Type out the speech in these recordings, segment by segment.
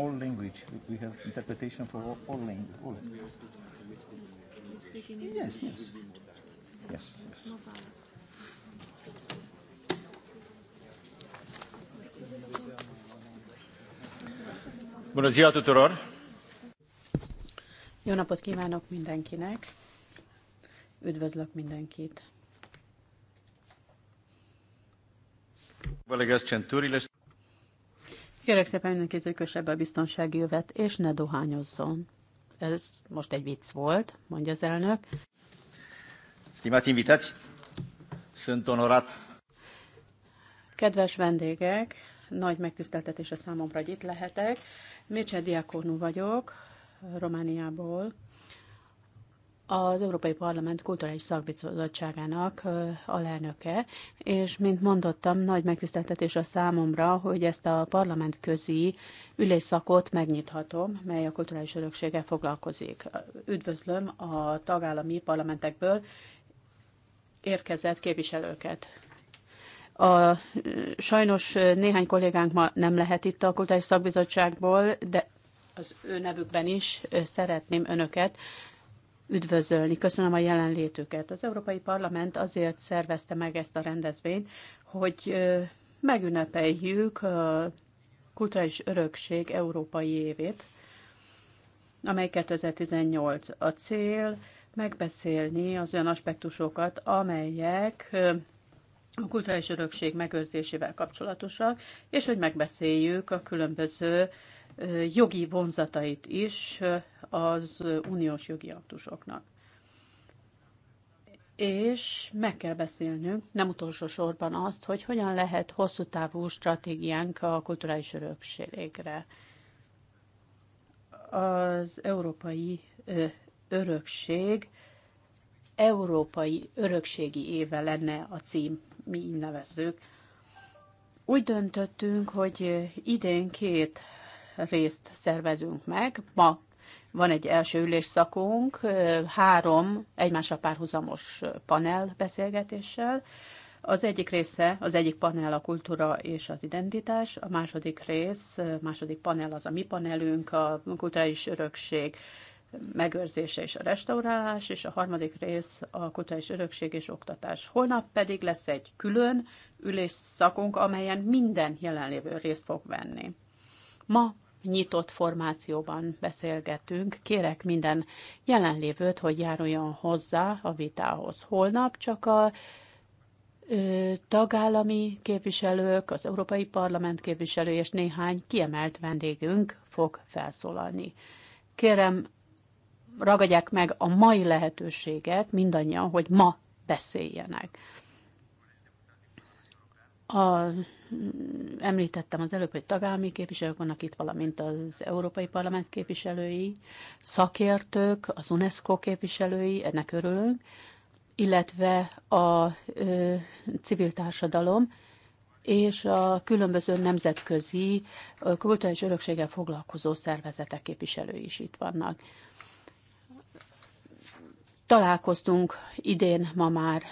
all language. We have interpretation for all, all language. All. language. Yes, yes. Yes, yes. Bună ziua tuturor! Jó napot kívánok mindenkinek! Üdvözlök mindenkit! Vă Colegas Centurile Kérek szépen mindenkit, hogy kösebb a biztonsági jövet, és ne dohányozzon. Ez most egy vicc volt, mondja az elnök. Stimați invitați, sunt onorat. Kedves vendégek, nagy megtiszteltetés a számomra, hogy itt lehetek. Mircea Diakonú vagyok, Romániából az Európai Parlament Kulturális Szakbizottságának alelnöke, és mint mondottam, nagy megtiszteltetés a számomra, hogy ezt a parlament közi ülésszakot megnyithatom, mely a kulturális öröksége foglalkozik. Üdvözlöm a tagállami parlamentekből érkezett képviselőket. A, sajnos néhány kollégánk ma nem lehet itt a Kulturális Szakbizottságból, de az ő nevükben is szeretném önöket üdvözölni. Köszönöm a jelenlétüket. Az Európai Parlament azért szervezte meg ezt a rendezvényt, hogy megünnepeljük a kulturális örökség európai évét, amely 2018. A cél megbeszélni az olyan aspektusokat, amelyek a kulturális örökség megőrzésével kapcsolatosak, és hogy megbeszéljük a különböző jogi vonzatait is az uniós jogi aktusoknak. És meg kell beszélnünk, nem utolsó sorban azt, hogy hogyan lehet hosszú távú stratégiánk a kulturális örökségre. Az európai örökség Európai Örökségi Éve lenne a cím, mi így nevezzük. Úgy döntöttünk, hogy idén két részt szervezünk meg. Ma van egy első ülésszakunk, három egymásra párhuzamos panel beszélgetéssel. Az egyik része, az egyik panel a kultúra és az identitás, a második rész, második panel az a mi panelünk, a kulturális örökség megőrzése és a restaurálás, és a harmadik rész a kulturális örökség és oktatás. Holnap pedig lesz egy külön ülésszakunk, amelyen minden jelenlévő részt fog venni. Ma nyitott formációban beszélgetünk. Kérek minden jelenlévőt, hogy járuljon hozzá a vitához. Holnap csak a ö, tagállami képviselők, az Európai Parlament képviselő és néhány kiemelt vendégünk fog felszólalni. Kérem, ragadják meg a mai lehetőséget mindannyian, hogy ma beszéljenek. A, említettem az előbb, hogy tagállami képviselők vannak itt, valamint az Európai Parlament képviselői, szakértők, az UNESCO képviselői, ennek örülünk, illetve a ö, civil társadalom és a különböző nemzetközi kulturális örökséggel foglalkozó szervezetek képviselői is itt vannak. Találkoztunk idén ma már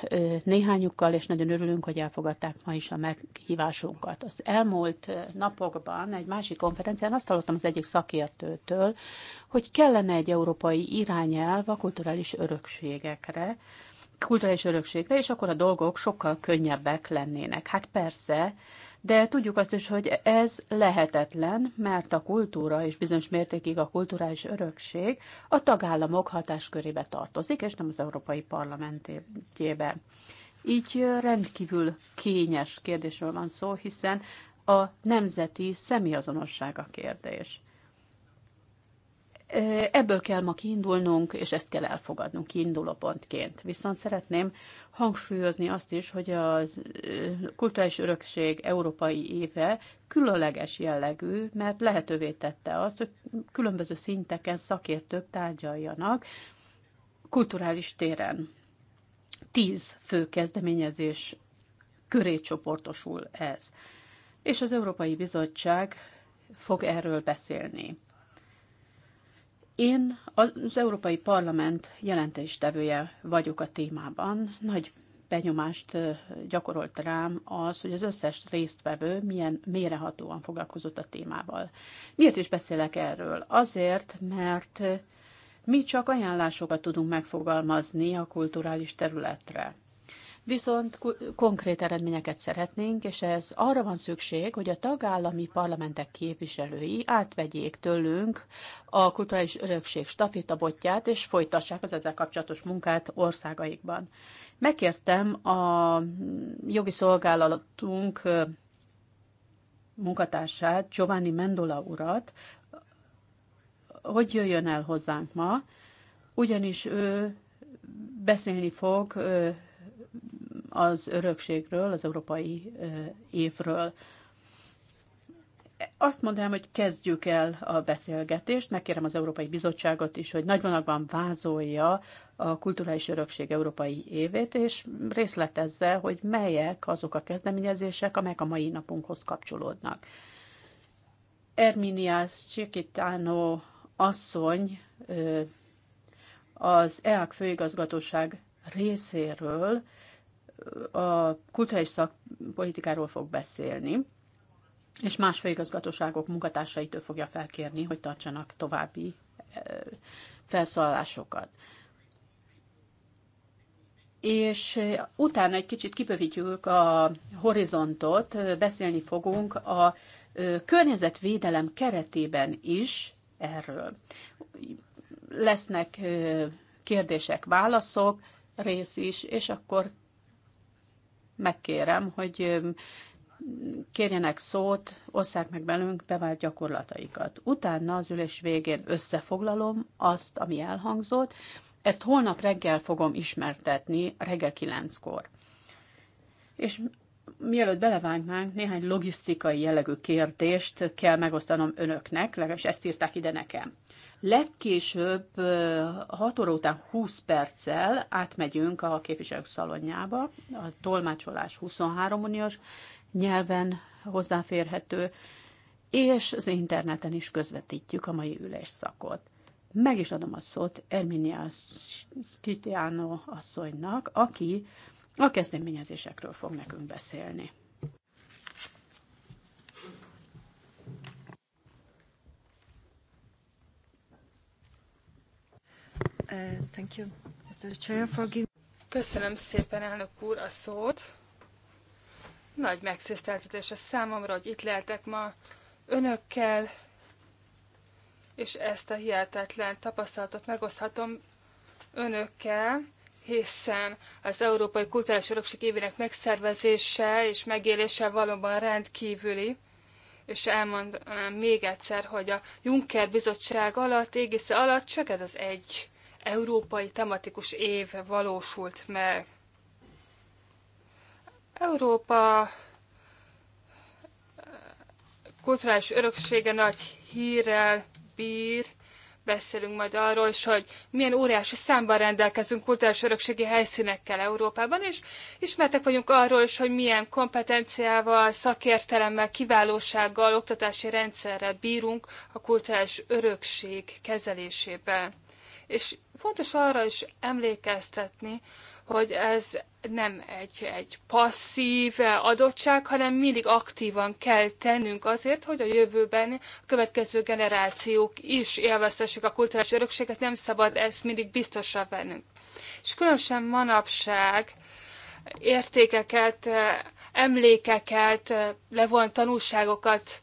néhányukkal, és nagyon örülünk, hogy elfogadták ma is a meghívásunkat. Az elmúlt napokban egy másik konferencián azt hallottam az egyik szakértőtől, hogy kellene egy európai irányelv a kulturális örökségekre, kulturális örökségre, és akkor a dolgok sokkal könnyebbek lennének. Hát persze, de tudjuk azt is, hogy ez lehetetlen, mert a kultúra és bizonyos mértékig a kulturális örökség a tagállamok hatáskörébe tartozik, és nem az Európai Parlamentjébe. Így rendkívül kényes kérdésről van szó, hiszen a nemzeti személyazonosság a kérdés. Ebből kell ma kiindulnunk, és ezt kell elfogadnunk kiinduló pontként. Viszont szeretném hangsúlyozni azt is, hogy a kulturális örökség európai éve különleges jellegű, mert lehetővé tette azt, hogy különböző szinteken szakértők tárgyaljanak kulturális téren. Tíz fő kezdeményezés köré csoportosul ez. És az Európai Bizottság fog erről beszélni én az Európai Parlament jelentéstevője vagyok a témában. Nagy benyomást gyakorolt rám az, hogy az összes résztvevő milyen mérehatóan foglalkozott a témával. Miért is beszélek erről? Azért, mert mi csak ajánlásokat tudunk megfogalmazni a kulturális területre. Viszont konkrét eredményeket szeretnénk, és ez arra van szükség, hogy a tagállami parlamentek képviselői átvegyék tőlünk a kulturális örökség stafitabotját, és folytassák az ezzel kapcsolatos munkát országaikban. Megkértem a jogi szolgálatunk munkatársát, Giovanni Mendola urat, hogy jöjjön el hozzánk ma, ugyanis ő beszélni fog az örökségről, az európai évről. Azt mondanám, hogy kezdjük el a beszélgetést. Megkérem az Európai Bizottságot is, hogy nagyvonalban vázolja a Kulturális Örökség Európai Évét, és részletezze, hogy melyek azok a kezdeményezések, amelyek a mai napunkhoz kapcsolódnak. Erminiás Csikitánó asszony az EAK főigazgatóság részéről a kulturális szakpolitikáról fog beszélni, és más főigazgatóságok munkatársaitől fogja felkérni, hogy tartsanak további felszólalásokat. És utána egy kicsit kibővítjük a horizontot, beszélni fogunk a környezetvédelem keretében is erről. Lesznek kérdések, válaszok, rész is, és akkor megkérem, hogy kérjenek szót, osszák meg velünk bevált gyakorlataikat. Utána az ülés végén összefoglalom azt, ami elhangzott. Ezt holnap reggel fogom ismertetni, reggel kilenckor. És mielőtt belevágnánk, néhány logisztikai jellegű kérdést kell megosztanom önöknek, legalábbis ezt írták ide nekem. Legkésőbb 6 óra után 20 perccel átmegyünk a képviselők szalonjába, a tolmácsolás 23 uniós nyelven hozzáférhető, és az interneten is közvetítjük a mai ülésszakot. Meg is adom a szót Erminia Skitiano asszonynak, aki a kezdeményezésekről fog nekünk beszélni. Köszönöm szépen, elnök úr, a szót. Nagy megtiszteltetés a számomra, hogy itt lehetek ma önökkel, és ezt a hihetetlen tapasztalatot megoszthatom önökkel, hiszen az Európai Kulturális Örökség évének megszervezése és megélése valóban rendkívüli, és elmondanám még egyszer, hogy a Juncker bizottság alatt, égisze alatt csak ez az egy európai tematikus év valósult meg. Európa eh, kulturális öröksége nagy hírrel bír, beszélünk majd arról is, hogy milyen óriási számban rendelkezünk kulturális örökségi helyszínekkel Európában, és ismertek vagyunk arról is, hogy milyen kompetenciával, szakértelemmel, kiválósággal, oktatási rendszerrel bírunk a kulturális örökség kezelésében és fontos arra is emlékeztetni, hogy ez nem egy, egy passzív adottság, hanem mindig aktívan kell tennünk azért, hogy a jövőben a következő generációk is élvezhessék a kulturális örökséget, nem szabad ezt mindig biztosra vennünk. És különösen manapság értékeket, eh, emlékeket, eh, levon tanulságokat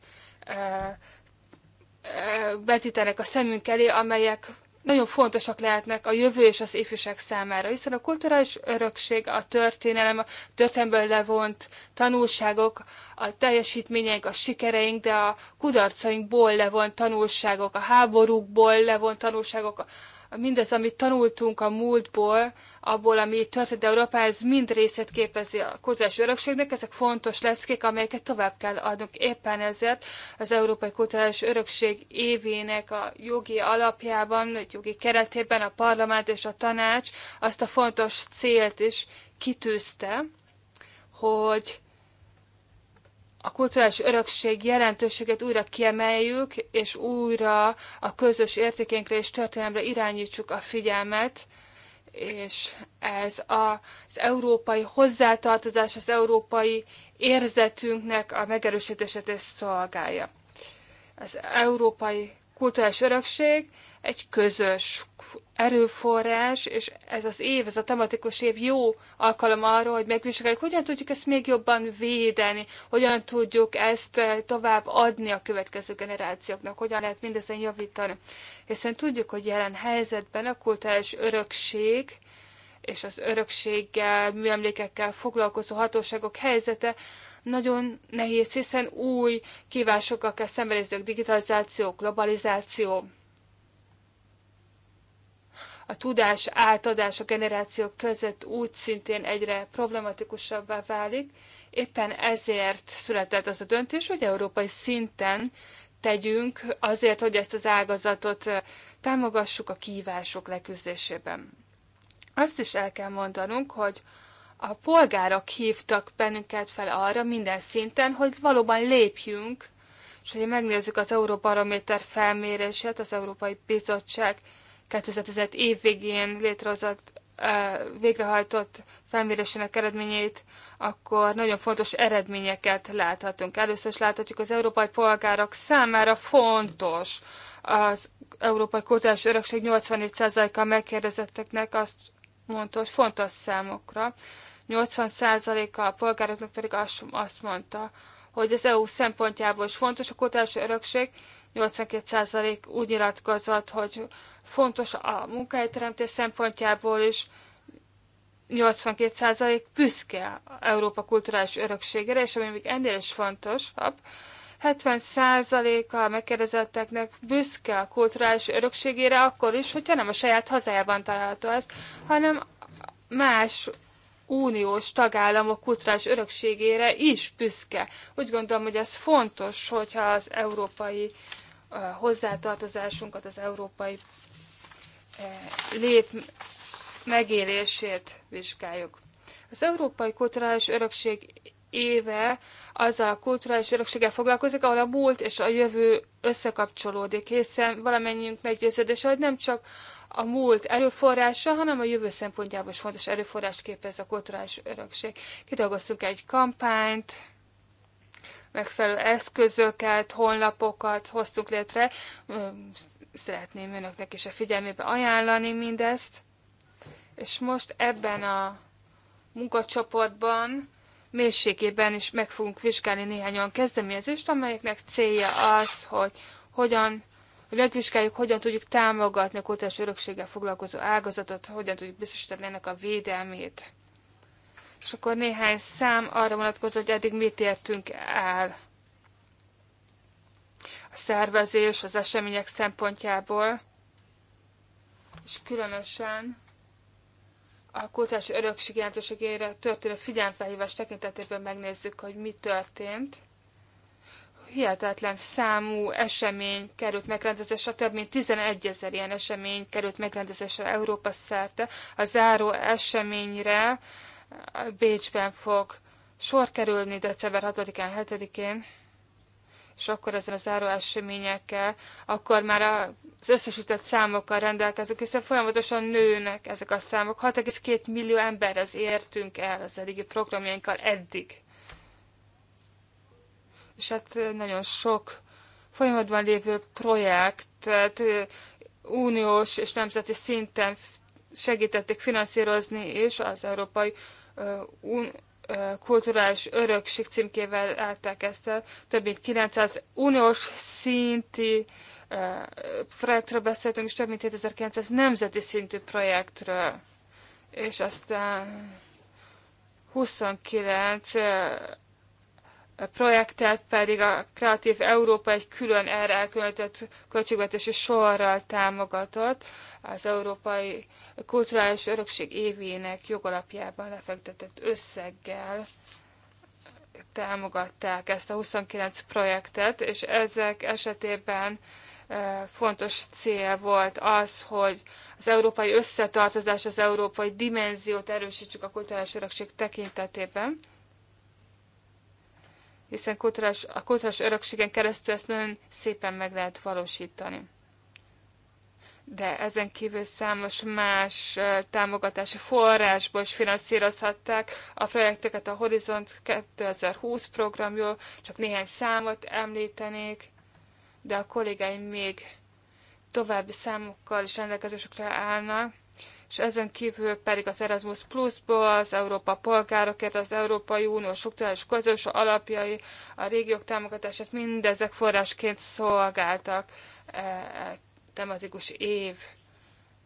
betítenek eh, a szemünk elé, amelyek nagyon fontosak lehetnek a jövő és az ifjúság számára, hiszen a kulturális örökség, a történelem, a történelmből levont tanulságok, a teljesítményeink, a sikereink, de a kudarcainkból levont tanulságok, a háborúkból levont tanulságok, mindez, amit tanultunk a múltból, abból, ami történt Európa, ez mind részét képezi a kulturális örökségnek, ezek fontos leckék, amelyeket tovább kell adnunk. Éppen ezért az Európai Kulturális Örökség évének a jogi alapjában, a jogi keretében a parlament és a tanács azt a fontos célt is kitűzte, hogy a kulturális örökség jelentőséget újra kiemeljük, és újra a közös értékénkre és történelemre irányítsuk a figyelmet, és ez az európai hozzátartozás, az európai érzetünknek a megerősítését és szolgálja. Az európai kulturális örökség egy közös erőforrás, és ez az év, ez a tematikus év jó alkalom arra, hogy megvizsgáljuk, hogyan tudjuk ezt még jobban védeni, hogyan tudjuk ezt eh, tovább adni a következő generációknak, hogyan lehet mindezen javítani. Hiszen tudjuk, hogy jelen helyzetben a kulturális örökség és az örökséggel, műemlékekkel foglalkozó hatóságok helyzete nagyon nehéz, hiszen új kívásokkal kell szembenézni, digitalizáció, globalizáció, a tudás átadás a generációk között úgy szintén egyre problematikusabbá válik. Éppen ezért született az a döntés, hogy európai szinten tegyünk azért, hogy ezt az ágazatot támogassuk a kívások leküzdésében. Azt is el kell mondanunk, hogy a polgárok hívtak bennünket fel arra minden szinten, hogy valóban lépjünk, és hogy megnézzük az Euróbarométer felmérését, az Európai Bizottság 2015 év végén létrehozott, végrehajtott felmérésének eredményeit, akkor nagyon fontos eredményeket láthatunk. Először is láthatjuk, az európai polgárok számára fontos az Európai kultúrás Örökség 84%-a megkérdezetteknek azt mondta, hogy fontos számokra. 80%-a a polgároknak pedig azt mondta, hogy az EU szempontjából is fontos a kultúrás örökség, 82% úgy nyilatkozott, hogy fontos a munkahelyteremtés szempontjából is, 82% büszke Európa kulturális örökségére, és ami még ennél is fontosabb, 70%-a megkérdezetteknek büszke a kulturális örökségére akkor is, hogyha nem a saját hazájában található ez, hanem más uniós tagállamok kulturális örökségére is büszke. Úgy gondolom, hogy ez fontos, hogyha az európai hozzátartozásunkat, az európai eh, lét megélését vizsgáljuk. Az Európai Kulturális Örökség éve azzal a kulturális örökséggel foglalkozik, ahol a múlt és a jövő összekapcsolódik, hiszen valamennyiünk meggyőződése, hogy nem csak a múlt erőforrása, hanem a jövő szempontjából is fontos erőforrást képez a kulturális örökség. Kidolgoztunk egy kampányt, megfelelő eszközöket, honlapokat hoztuk létre. Szeretném önöknek is a figyelmébe ajánlani mindezt. És most ebben a munkacsoportban mélységében is meg fogunk vizsgálni néhány olyan kezdeményezést, amelyeknek célja az, hogy hogyan hogy megvizsgáljuk, hogyan tudjuk támogatni a kutás örökséggel foglalkozó ágazatot, hogyan tudjuk biztosítani ennek a védelmét és akkor néhány szám arra vonatkozó, hogy eddig mit értünk el a szervezés, az események szempontjából, és különösen a kultási örökség jelentőségére történő figyelmfelhívás tekintetében megnézzük, hogy mi történt. Hihetetlen számú esemény került megrendezésre, több mint 11 ezer ilyen esemény került megrendezésre Európa szerte. A záró eseményre Bécsben fog sor kerülni december 6-án, 7-én, és akkor ezen az záró eseményekkel, akkor már az összesített számokkal rendelkezünk, hiszen folyamatosan nőnek ezek a számok. 6,2 millió emberhez értünk el az eddigi programjainkkal eddig. És hát nagyon sok folyamatban lévő projekt, tehát uniós és nemzeti szinten segítették finanszírozni, és az Európai Kulturális Örökség címkével állták ezt el. Több mint 900 uniós szinti projektről beszéltünk, és több mint 7900 nemzeti szintű projektről. És aztán 29 projektet pedig a Kreatív Európa egy külön erre elkülönített költségvetési sorral támogatott az Európai Kulturális Örökség évének jogalapjában lefektetett összeggel támogatták ezt a 29 projektet, és ezek esetében e, fontos cél volt az, hogy az európai összetartozás, az európai dimenziót erősítsük a kulturális örökség tekintetében hiszen kotras, a kotras örökségen keresztül ezt nagyon szépen meg lehet valósítani. De ezen kívül számos más támogatási forrásból is finanszírozhatták a projekteket, a Horizont 2020 programjól, csak néhány számot említenék, de a kollégáim még további számokkal is rendelkezésükre állnak és ezen kívül pedig az Erasmus Plus-ból az Európa polgárokért, az Európai Unió struktúrális közös alapjai, a régiók támogatását mindezek forrásként szolgáltak e, e, tematikus év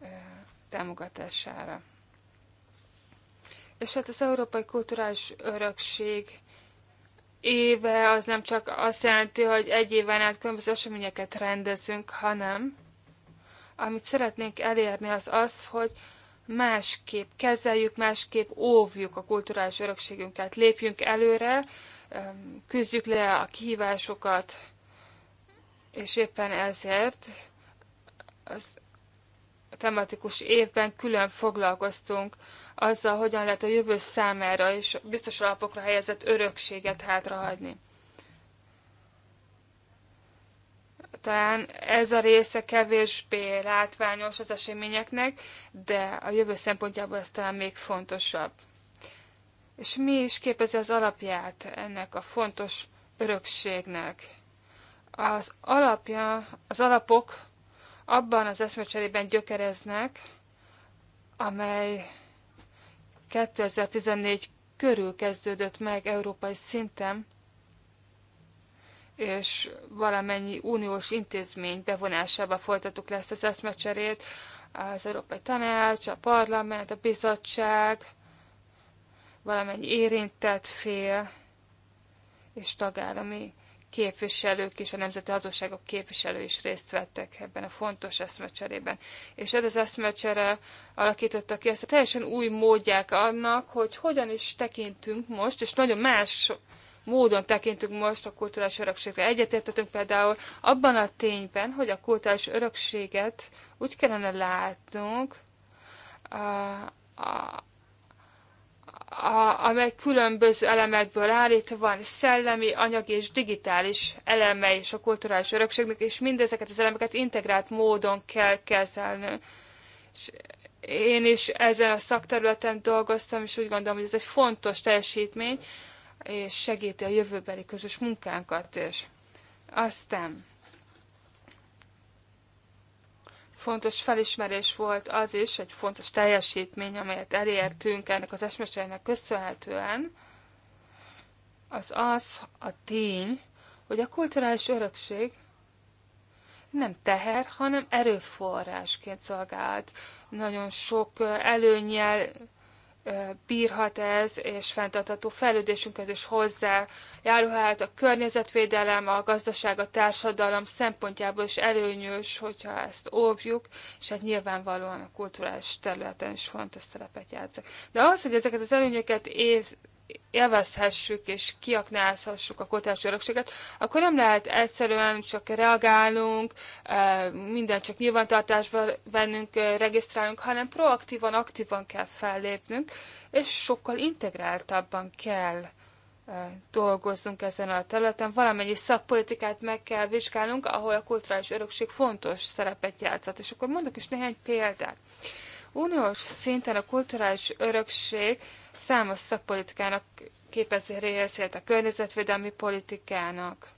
e, támogatására. És hát az Európai Kulturális Örökség éve az nem csak azt jelenti, hogy egy éven át különböző eseményeket rendezünk, hanem amit szeretnénk elérni az az, hogy másképp kezeljük, másképp óvjuk a kulturális örökségünket, lépjünk előre, küzdjük le a kihívásokat, és éppen ezért az tematikus évben külön foglalkoztunk azzal, hogyan lehet a jövő számára és biztos alapokra helyezett örökséget hátrahagyni. talán ez a része kevésbé látványos az eseményeknek, de a jövő szempontjából ez talán még fontosabb. És mi is képezi az alapját ennek a fontos örökségnek? Az alapja, az alapok abban az eszmecserében gyökereznek, amely 2014 körül kezdődött meg európai szinten, és valamennyi uniós intézmény bevonásába folytattuk le ezt az eszmecserét, az Európai Tanács, a Parlament, a Bizottság, valamennyi érintett fél és tagállami képviselők és a nemzeti hatóságok képviselői is részt vettek ebben a fontos eszmecserében. És ez az eszmecsere alakította ki ezt a teljesen új módják annak, hogy hogyan is tekintünk most, és nagyon más módon tekintünk most a kulturális örökségre. Egyetértetünk például abban a tényben, hogy a kulturális örökséget úgy kellene látnunk, a, a, a, amely különböző elemekből áll, itt van szellemi, anyagi és digitális elemei és a kulturális örökségnek, és mindezeket az elemeket integrált módon kell kezelni. És én is ezen a szakterületen dolgoztam, és úgy gondolom, hogy ez egy fontos teljesítmény, és segíti a jövőbeli közös munkánkat is. Aztán fontos felismerés volt az is, egy fontos teljesítmény, amelyet elértünk ennek az esmesének köszönhetően, az az a tény, hogy a kulturális örökség nem teher, hanem erőforrásként szolgált. Nagyon sok előnyel bírhat ez, és fenntartható fejlődésünkhez is hozzá járulhat a környezetvédelem, a gazdaság, a társadalom szempontjából is előnyös, hogyha ezt óvjuk, és hát nyilvánvalóan a kulturális területen is fontos szerepet játszik. De ahhoz, hogy ezeket az előnyöket élvezhessük és kiaknázhassuk a kotás örökséget, akkor nem lehet egyszerűen csak reagálnunk, minden csak nyilvántartásban vennünk, regisztrálunk, hanem proaktívan, aktívan kell fellépnünk, és sokkal integráltabban kell dolgozzunk ezen a területen. Valamennyi szakpolitikát meg kell vizsgálnunk, ahol a kulturális örökség fontos szerepet játszhat. És akkor mondok is néhány példát. Uniós szinten a kulturális örökség számos szakpolitikának képezi részét a környezetvédelmi politikának.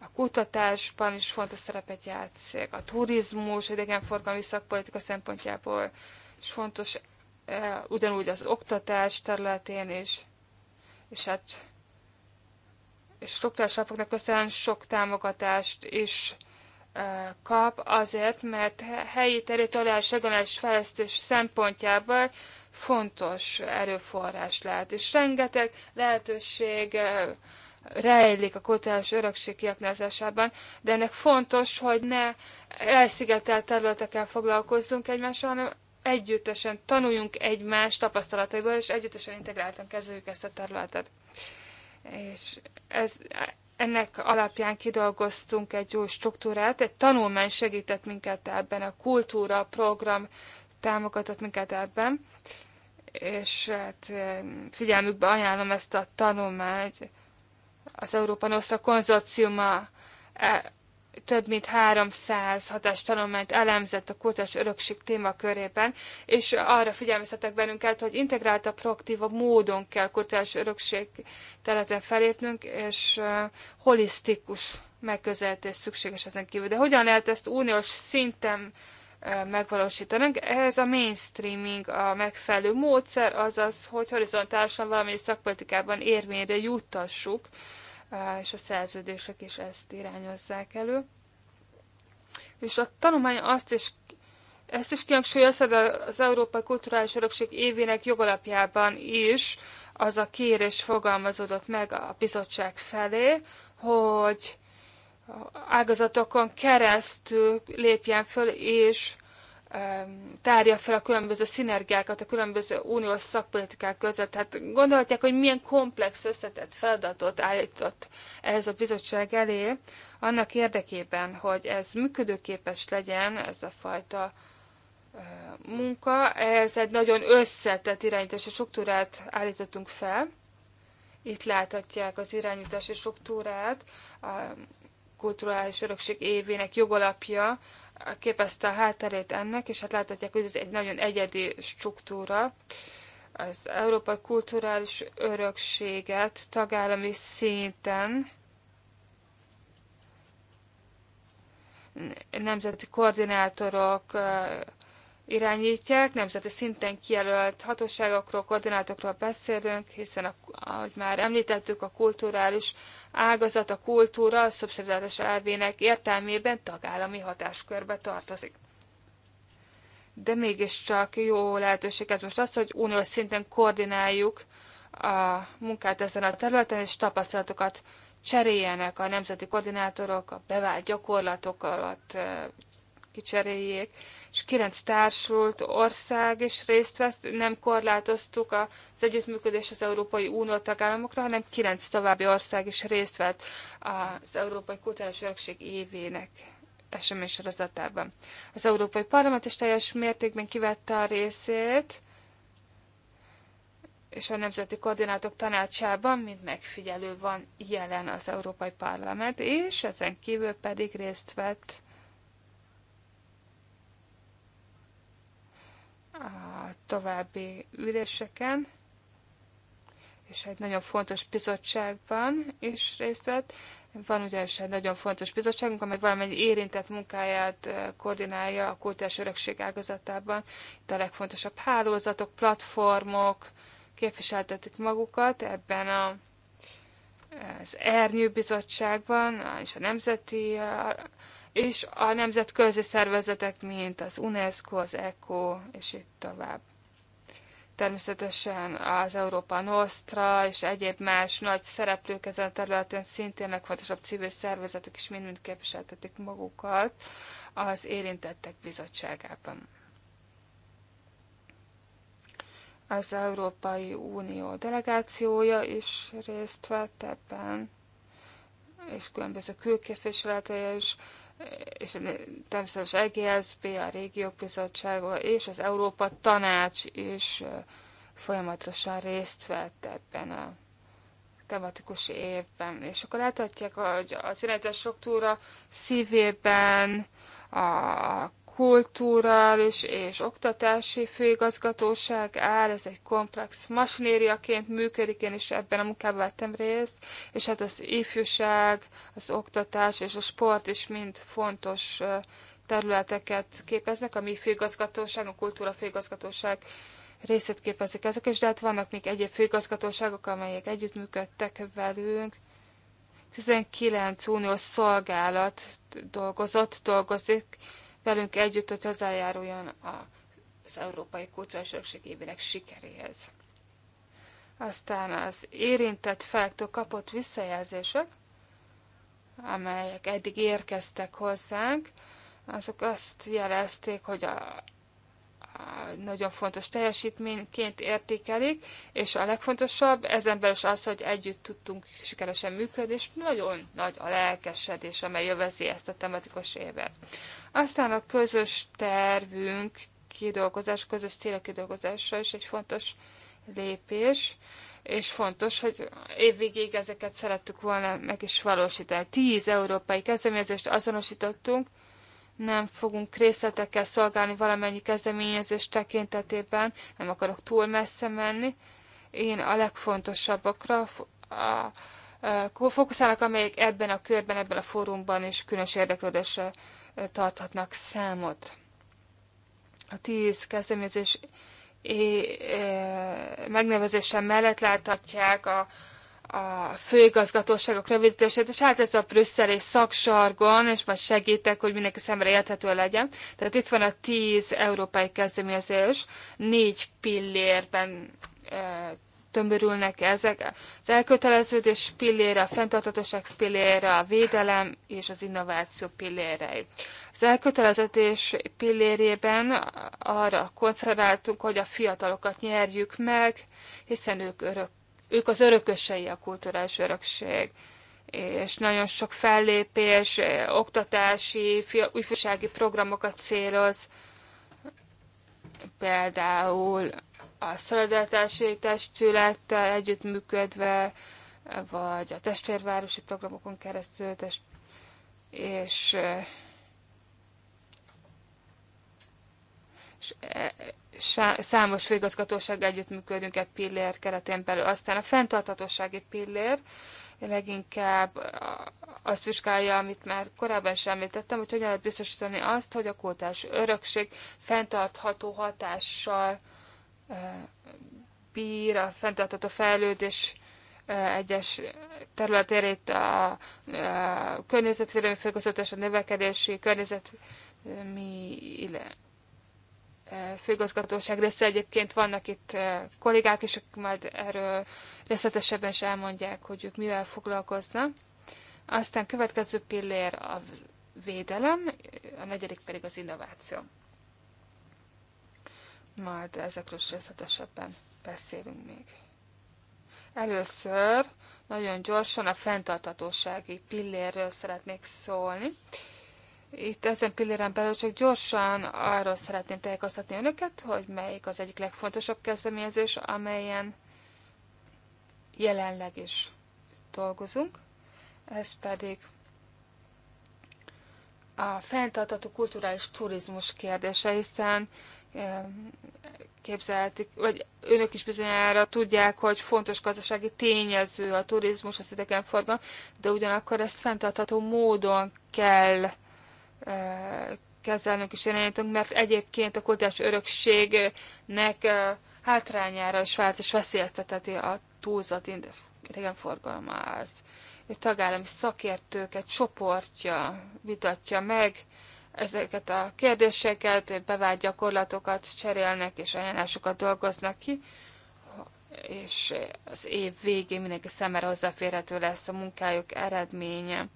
A kutatásban is fontos szerepet játszik. A turizmus, idegenforgalmi szakpolitika szempontjából is fontos, e, ugyanúgy az oktatás területén is, és hát és struktúrás alapoknak köszönhetően sok támogatást is kap azért, mert helyi teritoriális regionális fejlesztés szempontjából fontos erőforrás lehet. És rengeteg lehetőség eh, rejlik a kultúrás örökség kiaknázásában, de ennek fontos, hogy ne elszigetelt területekkel foglalkozzunk egymással, hanem együttesen tanuljunk egymás tapasztalataiból, és együttesen integráltan kezeljük ezt a területet. És ez ennek alapján kidolgoztunk egy új struktúrát, egy tanulmány segített minket ebben, a kultúra program támogatott minket ebben, és hát eh, figyelmükbe ajánlom ezt a tanulmányt, az Európa Nosza konzorciuma eh, több mint 300 hatástanulmányt elemzett a kutatás örökség témakörében, és arra figyelmeztetek bennünket, hogy integráltabb, proaktívabb módon kell kutatás örökség területen felépnünk, és uh, holisztikus megközelítés szükséges ezen kívül. De hogyan lehet ezt uniós szinten uh, megvalósítanunk. Ehhez a mainstreaming a megfelelő módszer, azaz, hogy horizontálisan valami szakpolitikában érvényre juttassuk és a szerződések is ezt irányozzák elő. És a tanulmány azt is, ezt is kihangsúlyozza, de az Európai Kulturális Örökség évének jogalapjában is az a kérés fogalmazódott meg a bizottság felé, hogy ágazatokon keresztül lépjen föl, és tárja fel a különböző szinergiákat a különböző uniós szakpolitikák között. Hát gondolhatják, hogy milyen komplex összetett feladatot állított ehhez a bizottság elé, annak érdekében, hogy ez működőképes legyen, ez a fajta munka, ez egy nagyon összetett irányítási struktúrát állítottunk fel. Itt láthatják az irányítási struktúrát, a kulturális örökség évének jogalapja, képezte a hátterét ennek, és hát láthatják, hogy ez egy nagyon egyedi struktúra. Az európai kulturális örökséget tagállami szinten nemzeti koordinátorok irányítják, nemzeti szinten kijelölt hatóságokról, koordinátokról beszélünk, hiszen, a, ahogy már említettük, a kulturális ágazat, a kultúra a szubszidiális elvének értelmében tagállami hatáskörbe tartozik. De mégiscsak jó lehetőség ez most az, hogy uniós szinten koordináljuk a munkát ezen a területen, és tapasztalatokat cseréljenek a nemzeti koordinátorok, a bevált gyakorlatokat kicseréljék, és kilenc társult ország is részt vesz, nem korlátoztuk az együttműködés az Európai Unió tagállamokra, hanem kilenc további ország is részt vett az Európai Kultúrás Örökség évének sorozatában. Az Európai Parlament is teljes mértékben kivette a részét, és a Nemzeti Koordinátok Tanácsában, mint megfigyelő van jelen az Európai Parlament, és ezen kívül pedig részt vett a további üléseken, és egy nagyon fontos bizottságban is részt vett. Van ugye egy nagyon fontos bizottságunk, amely valamennyi érintett munkáját koordinálja a kultúrás örökség ágazatában. Itt a legfontosabb hálózatok, platformok képviseltetik magukat ebben a az Ernyő Bizottságban, és a Nemzeti és a nemzetközi szervezetek, mint az UNESCO, az ECO, és itt tovább. Természetesen az Európa Nostra és egyéb más nagy szereplők ezen a területen szintén legfontosabb civil szervezetek is mind-mind képviseltetik magukat az érintettek bizottságában. Az Európai Unió delegációja is részt vett ebben, és különböző külképviseletei is és természetesen EGSB, a Régiók Bizottsága és az Európa Tanács is folyamatosan részt vett ebben a tematikus évben. És akkor láthatják, hogy az irányítás struktúra szívében a kulturális és oktatási főigazgatóság áll, ez egy komplex masinériaként működik, én is ebben a munkában vettem részt, és hát az ifjúság, az oktatás és a sport is mind fontos területeket képeznek, a mi főigazgatóság, a kultúra főigazgatóság részét képezik ezek, és de hát vannak még egyéb főigazgatóságok, amelyek együttműködtek velünk, 19 uniós szolgálat dolgozott, dolgozik velünk együtt, hogy hozzájáruljon az Európai Kulturális Örökség évének sikeréhez. Aztán az érintett felektől kapott visszajelzések, amelyek eddig érkeztek hozzánk, azok azt jelezték, hogy a, nagyon fontos teljesítményként értékelik, és a legfontosabb ezen belül is az, hogy együtt tudtunk sikeresen működni, és nagyon nagy a lelkesedés, amely jövezi ezt a tematikus évet. Aztán a közös tervünk kidolgozás, közös célok kidolgozása is egy fontos lépés, és fontos, hogy évvégéig ezeket szerettük volna meg is valósítani. Tíz európai kezdeményezést azonosítottunk, nem fogunk részletekkel szolgálni valamennyi kezdeményezés tekintetében, nem akarok túl messze menni. Én a legfontosabbakra a, a, a, fókuszálok, amelyek ebben a körben, ebben a fórumban is különös érdeklődésre tarthatnak számot. A tíz kezdeményezés é, é, megnevezése mellett láthatják a, a főigazgatóságok rövidítését, és hát ez a brüsszeli szaksargon, és majd segítek, hogy mindenki szemre érthető legyen. Tehát itt van a 10 európai kezdeményezés, négy pillérben e, tömörülnek ezek. Az elköteleződés pillére, a fenntartatóság pillére, a védelem és az innováció pillérei. Az elkötelezetés pillérében arra koncentráltunk, hogy a fiatalokat nyerjük meg, hiszen ők örök ők az örökösei a kulturális örökség és nagyon sok fellépés, oktatási, újfősági programokat céloz, például a szolidaritási testülettel együttműködve, vagy a testvérvárosi programokon keresztül, és E, számos főigazgatóság együttműködünk egy pillér keretén belül. Aztán a fenntarthatósági pillér leginkább azt vizsgálja, amit már korábban is említettem, hogy hogyan lehet biztosítani azt, hogy a kultás örökség fenntartható hatással e, bír a fenntartható fejlődés e, egyes területére itt a, a környezetvédelmi főközött és a növekedési környezet mi Főgazgatóság része. Egyébként vannak itt eh, kollégák is, akik majd erről részletesebben is elmondják, hogy ők mivel foglalkoznak. Aztán következő pillér a védelem, a negyedik pedig az innováció. Majd ezekről is részletesebben beszélünk még. Először nagyon gyorsan a fenntartatósági pillérről szeretnék szólni itt ezen pilléren belül csak gyorsan arról szeretném tájékoztatni önöket, hogy melyik az egyik legfontosabb kezdeményezés, amelyen jelenleg is dolgozunk. Ez pedig a fenntartató kulturális turizmus kérdése, hiszen képzelhetik, vagy önök is bizonyára tudják, hogy fontos gazdasági tényező a turizmus, az idegenforgalom, de ugyanakkor ezt fenntartható módon kell kezelnünk és irányítunk, mert egyébként a kultúrás örökségnek hátrányára is vált és veszélyezteteti a túlzott az. A tagállami szakértőket csoportja vitatja meg ezeket a kérdéseket, bevált gyakorlatokat cserélnek és ajánlásokat dolgoznak ki, és az év végén mindenki számára hozzáférhető lesz a munkájuk eredménye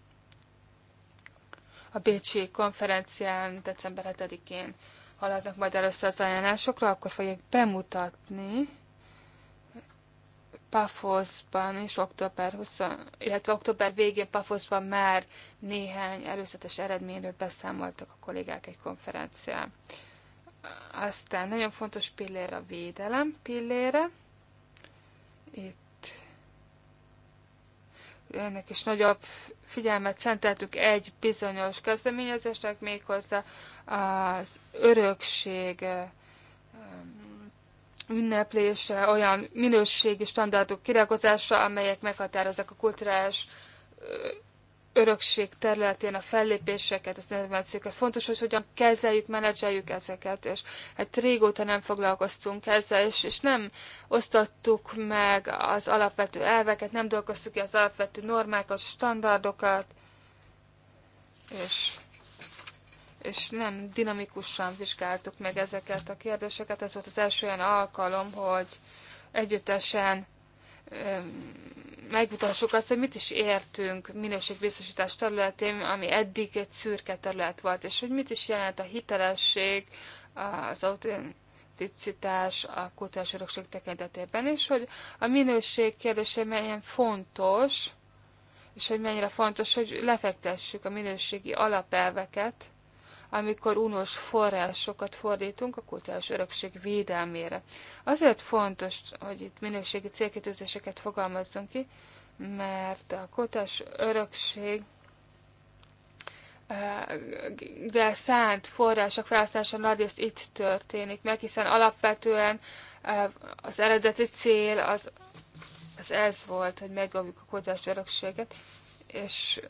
a Bécsi konferencián december 7-én haladnak majd először az ajánlásokra, akkor fogják bemutatni Pafoszban és október 20, illetve október végén Pafoszban már néhány előzetes eredményről beszámoltak a kollégák egy konferencián. Aztán nagyon fontos pillér a védelem pillére. Itt ennek is nagyobb figyelmet szenteltük egy bizonyos kezdeményezésnek, méghozzá az örökség ünneplése, olyan minőségi standardok kirakozása, amelyek meghatározzák a kulturális örökség területén a fellépéseket, az intervenciókat. Fontos, hogy hogyan kezeljük, menedzseljük ezeket, és hát régóta nem foglalkoztunk ezzel, és, és nem osztottuk meg az alapvető elveket, nem dolgoztuk ki az alapvető normákat, standardokat, és, és nem dinamikusan vizsgáltuk meg ezeket a kérdéseket. Ez volt az első olyan alkalom, hogy együttesen megmutassuk azt, hogy mit is értünk minőségbiztosítás területén, ami eddig egy szürke terület volt, és hogy mit is jelent a hitelesség, az autenticitás, a kultúrás örökség tekintetében, és hogy a minőség kérdése milyen fontos, és hogy mennyire fontos, hogy lefektessük a minőségi alapelveket, amikor uniós forrásokat fordítunk a kulturális örökség védelmére. Azért fontos, hogy itt minőségi célkitűzéseket fogalmazzunk ki, mert a kultúrás örökség eh, de szánt források felhasználása nagyrészt itt történik meg, hiszen alapvetően eh, az eredeti cél az, az ez volt, hogy megjavjuk a kultúrás örökséget, és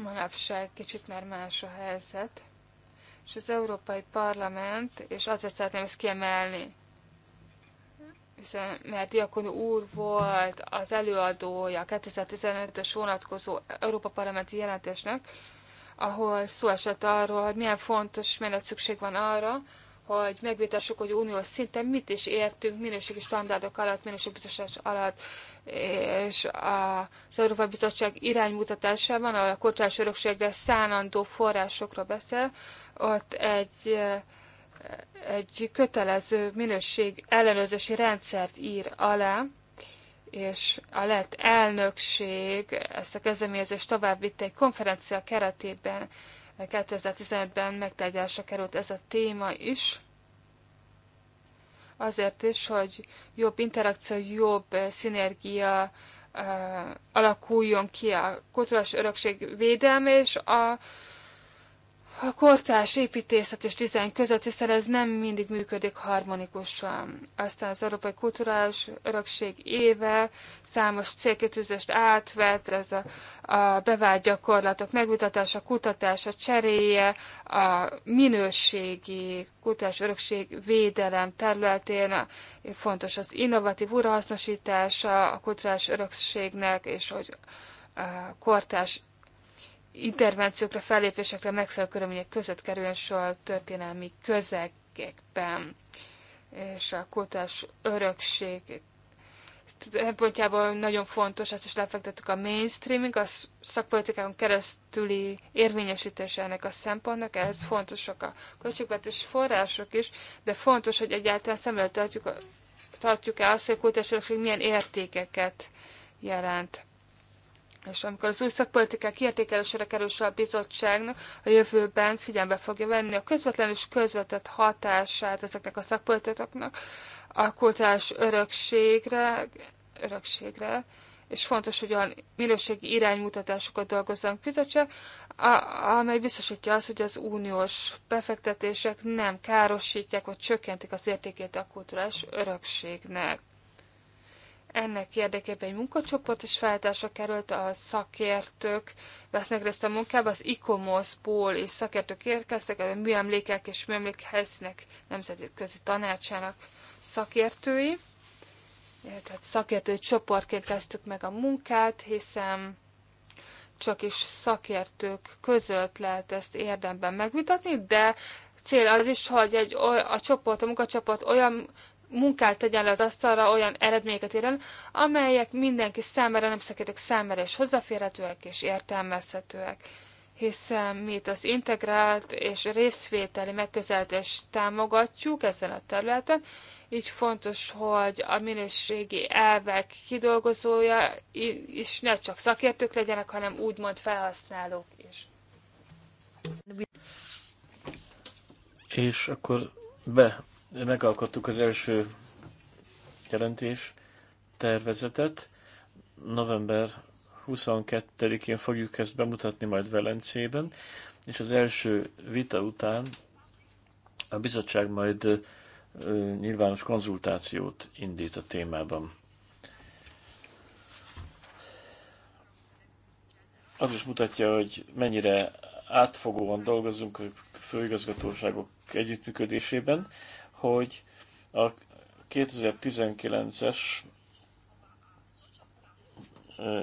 manapság kicsit már más a helyzet, és az Európai Parlament, és azért szeretném ezt kiemelni, hiszen, mert Diakon úr volt az előadója 2015-ös vonatkozó Európa Parlamenti jelentésnek, ahol szó esett arról, hogy milyen fontos, és szükség van arra, hogy megvitassuk, hogy uniós szinten mit is értünk minőségi standardok alatt, minőségbiztosítás alatt, és az Európai Bizottság iránymutatásában, ahol a kocsás örökségre szánandó forrásokra beszél, ott egy egy kötelező minőség ellenőrzési rendszert ír alá, és a lett elnökség ezt a kezdeményezést tovább vitte egy konferencia keretében 2015-ben megtárgyalásra került ez a téma is. Azért is, hogy jobb interakció, jobb eh, szinergia eh, alakuljon ki a kulturális örökség védelme és a a kortárs építészet és dizájn között, hiszen ez nem mindig működik harmonikusan. Aztán az Európai Kulturális Örökség éve számos célkitűzést átvett, ez a, a bevált gyakorlatok megvitatása, kutatása, cseréje, a minőségi kultúrás örökség védelem területén fontos az innovatív urahasznosítása a kulturális örökségnek, és hogy kortás intervenciókra, fellépésekre megfelelő körülmények között kerüljön sor a történelmi közegekben és a kultúrás örökség szempontjából nagyon fontos, ezt is lefektettük a mainstreaming, a szakpolitikán keresztüli érvényesítése ennek a szempontnak, ehhez fontosak a költségvetés források is, de fontos, hogy egyáltalán szemlélő tartjuk, tartjuk-e azt, hogy a örökség milyen értékeket jelent. És amikor az új szakpolitikák értékelésére kerül a bizottságnak, a jövőben figyelme fogja venni a közvetlen és közvetett hatását ezeknek a szakpolitikáknak a kultúrás örökségre, örökségre, és fontos, hogy olyan minőségi iránymutatásokat dolgozzunk bizottság, amely biztosítja azt, hogy az uniós befektetések nem károsítják vagy csökkentik az értékét a kulturális örökségnek. Ennek érdekében egy munkacsoport is feltársa került, a szakértők vesznek részt a munkába, az ICOMOS-ból is szakértők érkeztek, a műemlékek és műemlékhelyszínek nemzetközi tanácsának szakértői. Tehát szakértői csoportként kezdtük meg a munkát, hiszen csak is szakértők között lehet ezt érdemben megvitatni, de cél az is, hogy egy, a csoport, a munkacsoport olyan munkát tegyen le az asztalra, olyan eredményeket érjen, amelyek mindenki számára, nem szakértők számára is hozzáférhetőek és értelmezhetőek hiszen mi itt az integrált és részvételi megközelítést támogatjuk ezen a területen, így fontos, hogy a minőségi elvek kidolgozója is ne csak szakértők legyenek, hanem úgymond felhasználók is. És akkor be megalkottuk az első jelentés tervezetet. November 22-én fogjuk ezt bemutatni majd Velencében, és az első vita után a bizottság majd nyilvános konzultációt indít a témában. Az is mutatja, hogy mennyire átfogóan dolgozunk a főigazgatóságok együttműködésében hogy a 2019-es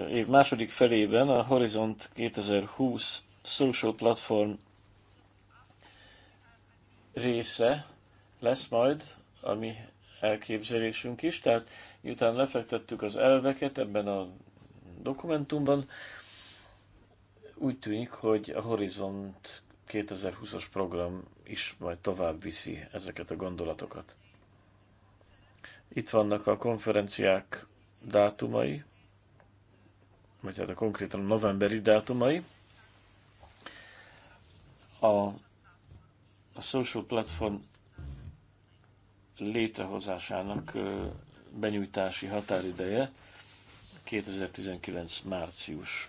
év második felében a Horizont 2020 social platform része lesz majd, ami elképzelésünk is, tehát miután lefektettük az elveket ebben a dokumentumban, úgy tűnik, hogy a Horizont 2020-as program is majd tovább viszi ezeket a gondolatokat. Itt vannak a konferenciák dátumai, vagy hát a konkrétan novemberi dátumai. A, a social platform létrehozásának benyújtási határideje 2019. március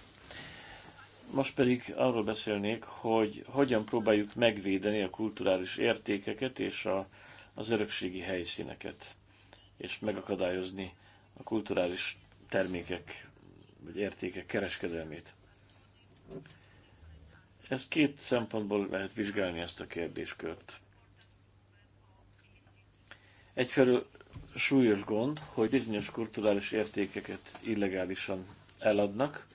most pedig arról beszélnék, hogy hogyan próbáljuk megvédeni a kulturális értékeket és a, az örökségi helyszíneket, és megakadályozni a kulturális termékek vagy értékek kereskedelmét. Ez két szempontból lehet vizsgálni ezt a kérdéskört. Egyfelől súlyos gond, hogy bizonyos kulturális értékeket illegálisan eladnak,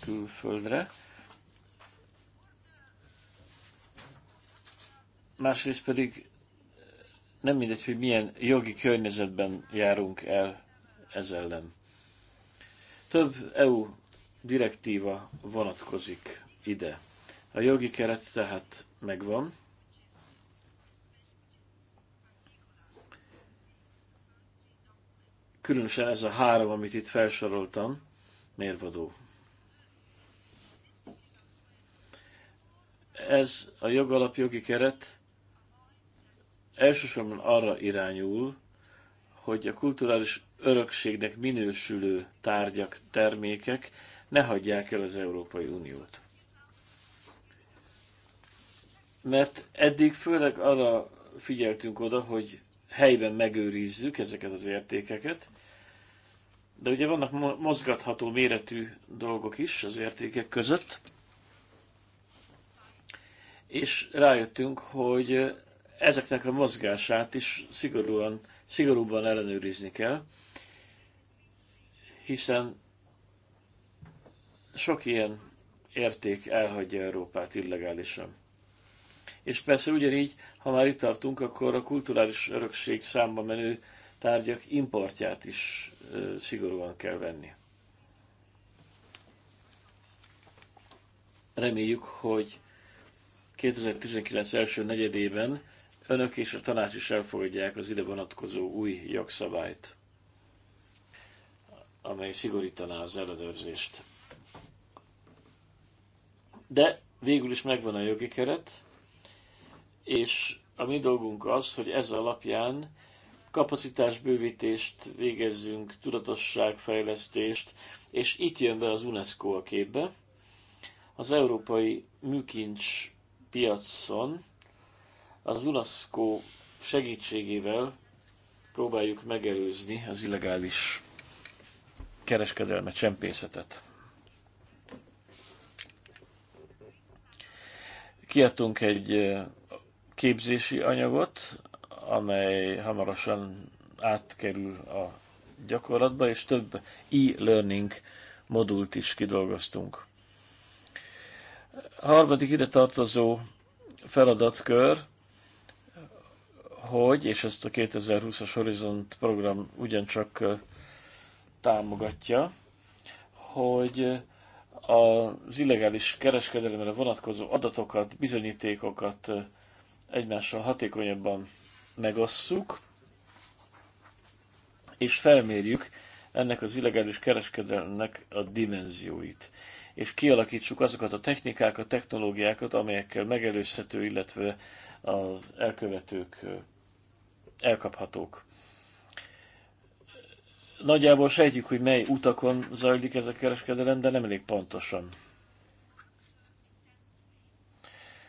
külföldre. Másrészt pedig nem mindegy, hogy milyen jogi környezetben járunk el ez ellen. Több EU direktíva vonatkozik ide. A jogi keret tehát megvan. Különösen ez a három, amit itt felsoroltam, mérvadó. ez a jogalapjogi keret elsősorban arra irányul, hogy a kulturális örökségnek minősülő tárgyak, termékek ne hagyják el az Európai Uniót. Mert eddig főleg arra figyeltünk oda, hogy helyben megőrizzük ezeket az értékeket, de ugye vannak mozgatható méretű dolgok is az értékek között, és rájöttünk, hogy ezeknek a mozgását is szigorúan, szigorúban ellenőrizni kell, hiszen sok ilyen érték elhagyja Európát illegálisan. És persze ugyanígy, ha már itt tartunk, akkor a kulturális örökség számba menő tárgyak importját is szigorúan kell venni. Reméljük, hogy 2019 első negyedében önök és a tanács is elfogadják az ide vonatkozó új jogszabályt, amely szigorítaná az ellenőrzést. De végül is megvan a jogi keret, és a mi dolgunk az, hogy ez alapján kapacitásbővítést végezzünk, tudatosságfejlesztést, és itt jön be az UNESCO a képbe. Az Európai Műkincs piacon, az UNASCO segítségével próbáljuk megelőzni az illegális kereskedelmet, csempészetet. Kiadtunk egy képzési anyagot, amely hamarosan átkerül a gyakorlatba, és több e-learning modult is kidolgoztunk. A harmadik ide tartozó feladatkör, hogy, és ezt a 2020-as Horizont program ugyancsak támogatja, hogy az illegális kereskedelemre vonatkozó adatokat, bizonyítékokat egymással hatékonyabban megosszuk, és felmérjük ennek az illegális kereskedelemnek a dimenzióit és kialakítsuk azokat a technikákat, technológiákat, amelyekkel megelőzhető, illetve az elkövetők elkaphatók. Nagyjából sejtjük, hogy mely utakon zajlik ez a kereskedelem, de nem elég pontosan.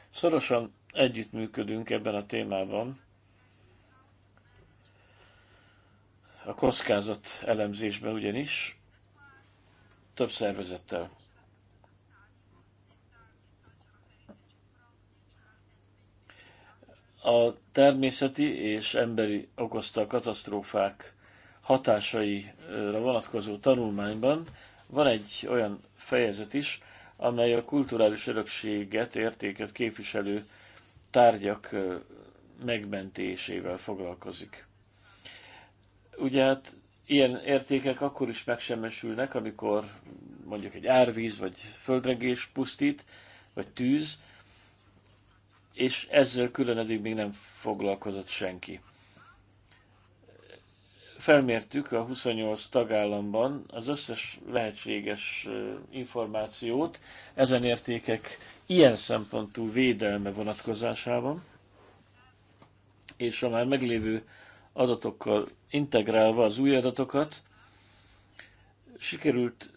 Szorosan együttműködünk ebben a témában. A kockázat elemzésben ugyanis több szervezettel. a természeti és emberi okozta katasztrófák hatásaira vonatkozó tanulmányban van egy olyan fejezet is, amely a kulturális örökséget, értéket képviselő tárgyak megmentésével foglalkozik. Ugye hát ilyen értékek akkor is megsemmisülnek, amikor mondjuk egy árvíz, vagy földrengés pusztít, vagy tűz, és ezzel külön eddig még nem foglalkozott senki. Felmértük a 28 tagállamban az összes lehetséges információt ezen értékek ilyen szempontú védelme vonatkozásában, és a már meglévő adatokkal integrálva az új adatokat, sikerült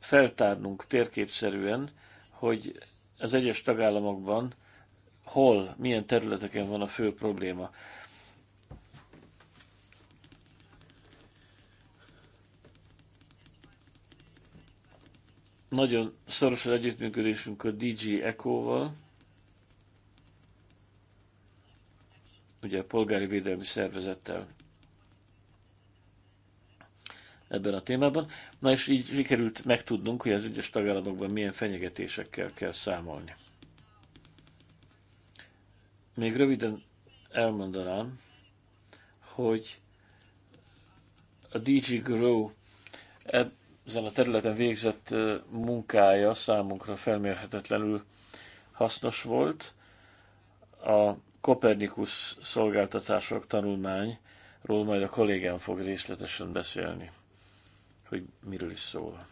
feltárnunk térképszerűen, hogy az egyes tagállamokban hol, milyen területeken van a fő probléma. Nagyon szoros az együttműködésünk a DG Eco-val, ugye a polgári védelmi szervezettel ebben a témában. Na és így sikerült megtudnunk, hogy az egyes tagállamokban milyen fenyegetésekkel kell számolni. Még röviden elmondanám, hogy a DG Grow ezen a területen végzett munkája számunkra felmérhetetlenül hasznos volt. A Kopernikus szolgáltatások tanulmányról majd a kollégám fog részletesen beszélni hogy miről is szól.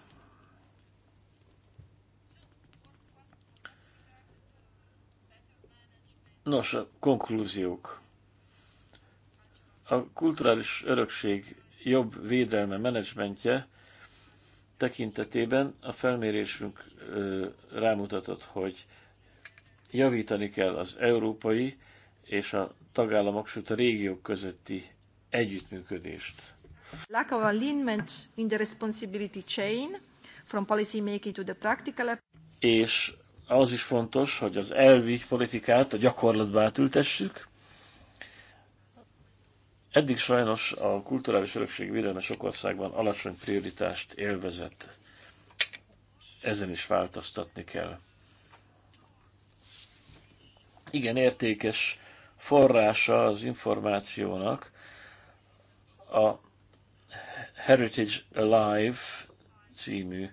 Nos, a konklúziók. A kulturális örökség jobb védelme, menedzsmentje tekintetében a felmérésünk rámutatott, hogy javítani kell az európai és a tagállamok, sőt a régiók közötti együttműködést. Lack of alignment in the responsibility chain, from policy making to the practical... És az is fontos, hogy az elvi politikát a gyakorlatba átültessük. Eddig sajnos a kulturális örökség védelme sok országban alacsony prioritást élvezett. Ezen is változtatni kell. Igen, értékes forrása az információnak a Heritage Alive című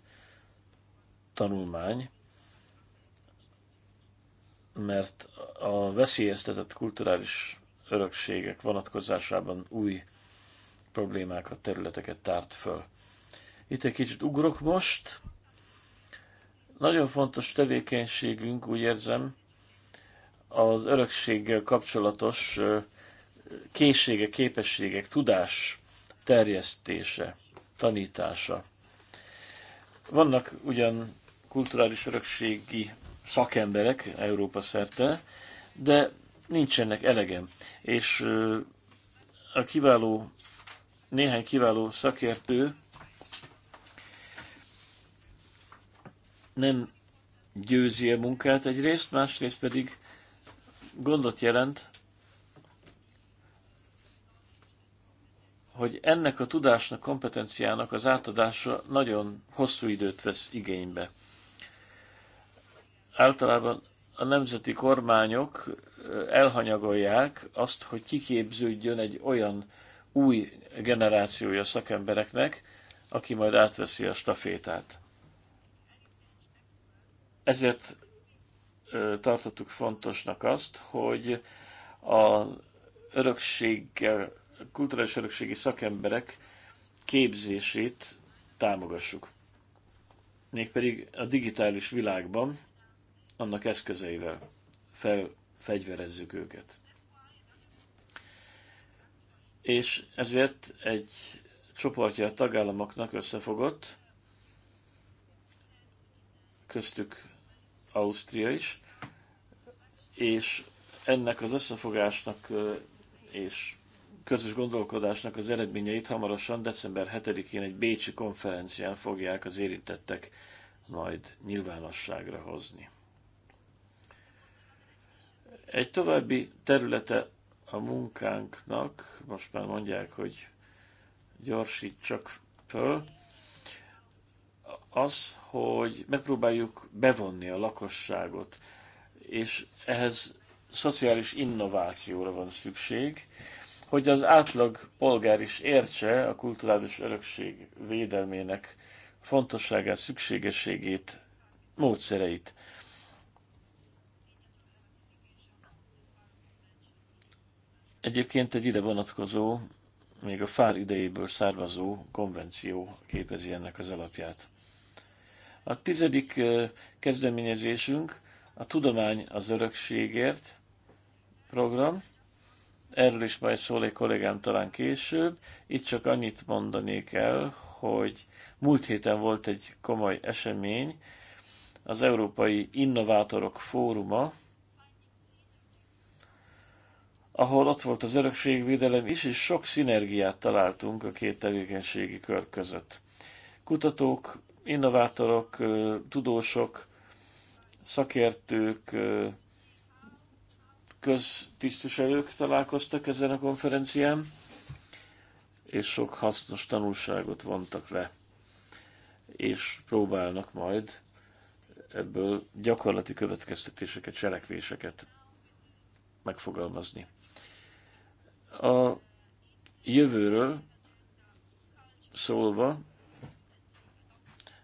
tanulmány, mert a veszélyeztetett kulturális örökségek vonatkozásában új problémákat, területeket tárt föl. Itt egy kicsit ugrok most. Nagyon fontos tevékenységünk, úgy érzem, az örökséggel kapcsolatos készségek, képességek, tudás terjesztése, tanítása. Vannak ugyan kulturális örökségi szakemberek Európa szerte, de nincsenek elegem. És a kiváló, néhány kiváló szakértő nem győzi a munkát egyrészt, másrészt pedig gondot jelent, hogy ennek a tudásnak, kompetenciának az átadása nagyon hosszú időt vesz igénybe. Általában a nemzeti kormányok elhanyagolják azt, hogy kiképződjön egy olyan új generációja szakembereknek, aki majd átveszi a stafétát. Ezért tartottuk fontosnak azt, hogy a örökséggel kulturális örökségi szakemberek képzését támogassuk. Mégpedig a digitális világban annak eszközeivel felfegyverezzük őket. És ezért egy csoportja a tagállamoknak összefogott, köztük Ausztria is, és ennek az összefogásnak és közös gondolkodásnak az eredményeit hamarosan december 7-én egy bécsi konferencián fogják az érintettek majd nyilvánosságra hozni. Egy további területe a munkánknak, most már mondják, hogy gyorsítsak föl, az, hogy megpróbáljuk bevonni a lakosságot, és ehhez szociális innovációra van szükség, hogy az átlag polgár is értse a kulturális örökség védelmének fontosságát, szükségességét, módszereit. Egyébként egy ide vonatkozó, még a fár idejéből származó konvenció képezi ennek az alapját. A tizedik kezdeményezésünk a Tudomány az Örökségért program, erről is majd szól egy kollégám talán később. Itt csak annyit mondanék el, hogy múlt héten volt egy komoly esemény, az Európai Innovátorok Fóruma, ahol ott volt az örökségvédelem is, és sok szinergiát találtunk a két tevékenységi kör között. Kutatók, innovátorok, tudósok, szakértők, köztisztviselők találkoztak ezen a konferencián, és sok hasznos tanulságot vontak le, és próbálnak majd ebből gyakorlati következtetéseket, cselekvéseket megfogalmazni. A jövőről szólva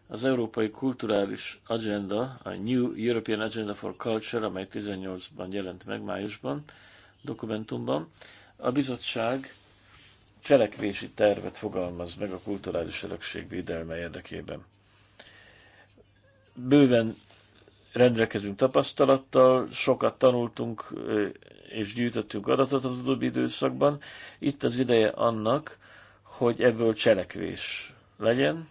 az Európai Kulturális Agenda, a New European Agenda for Culture, amely 18-ban jelent meg májusban, dokumentumban, a bizottság cselekvési tervet fogalmaz meg a kulturális örökség védelme érdekében. Bőven rendelkezünk tapasztalattal, sokat tanultunk eh, és gyűjtöttünk adatot az utóbbi időszakban. Itt az ideje annak, hogy ebből cselekvés legyen,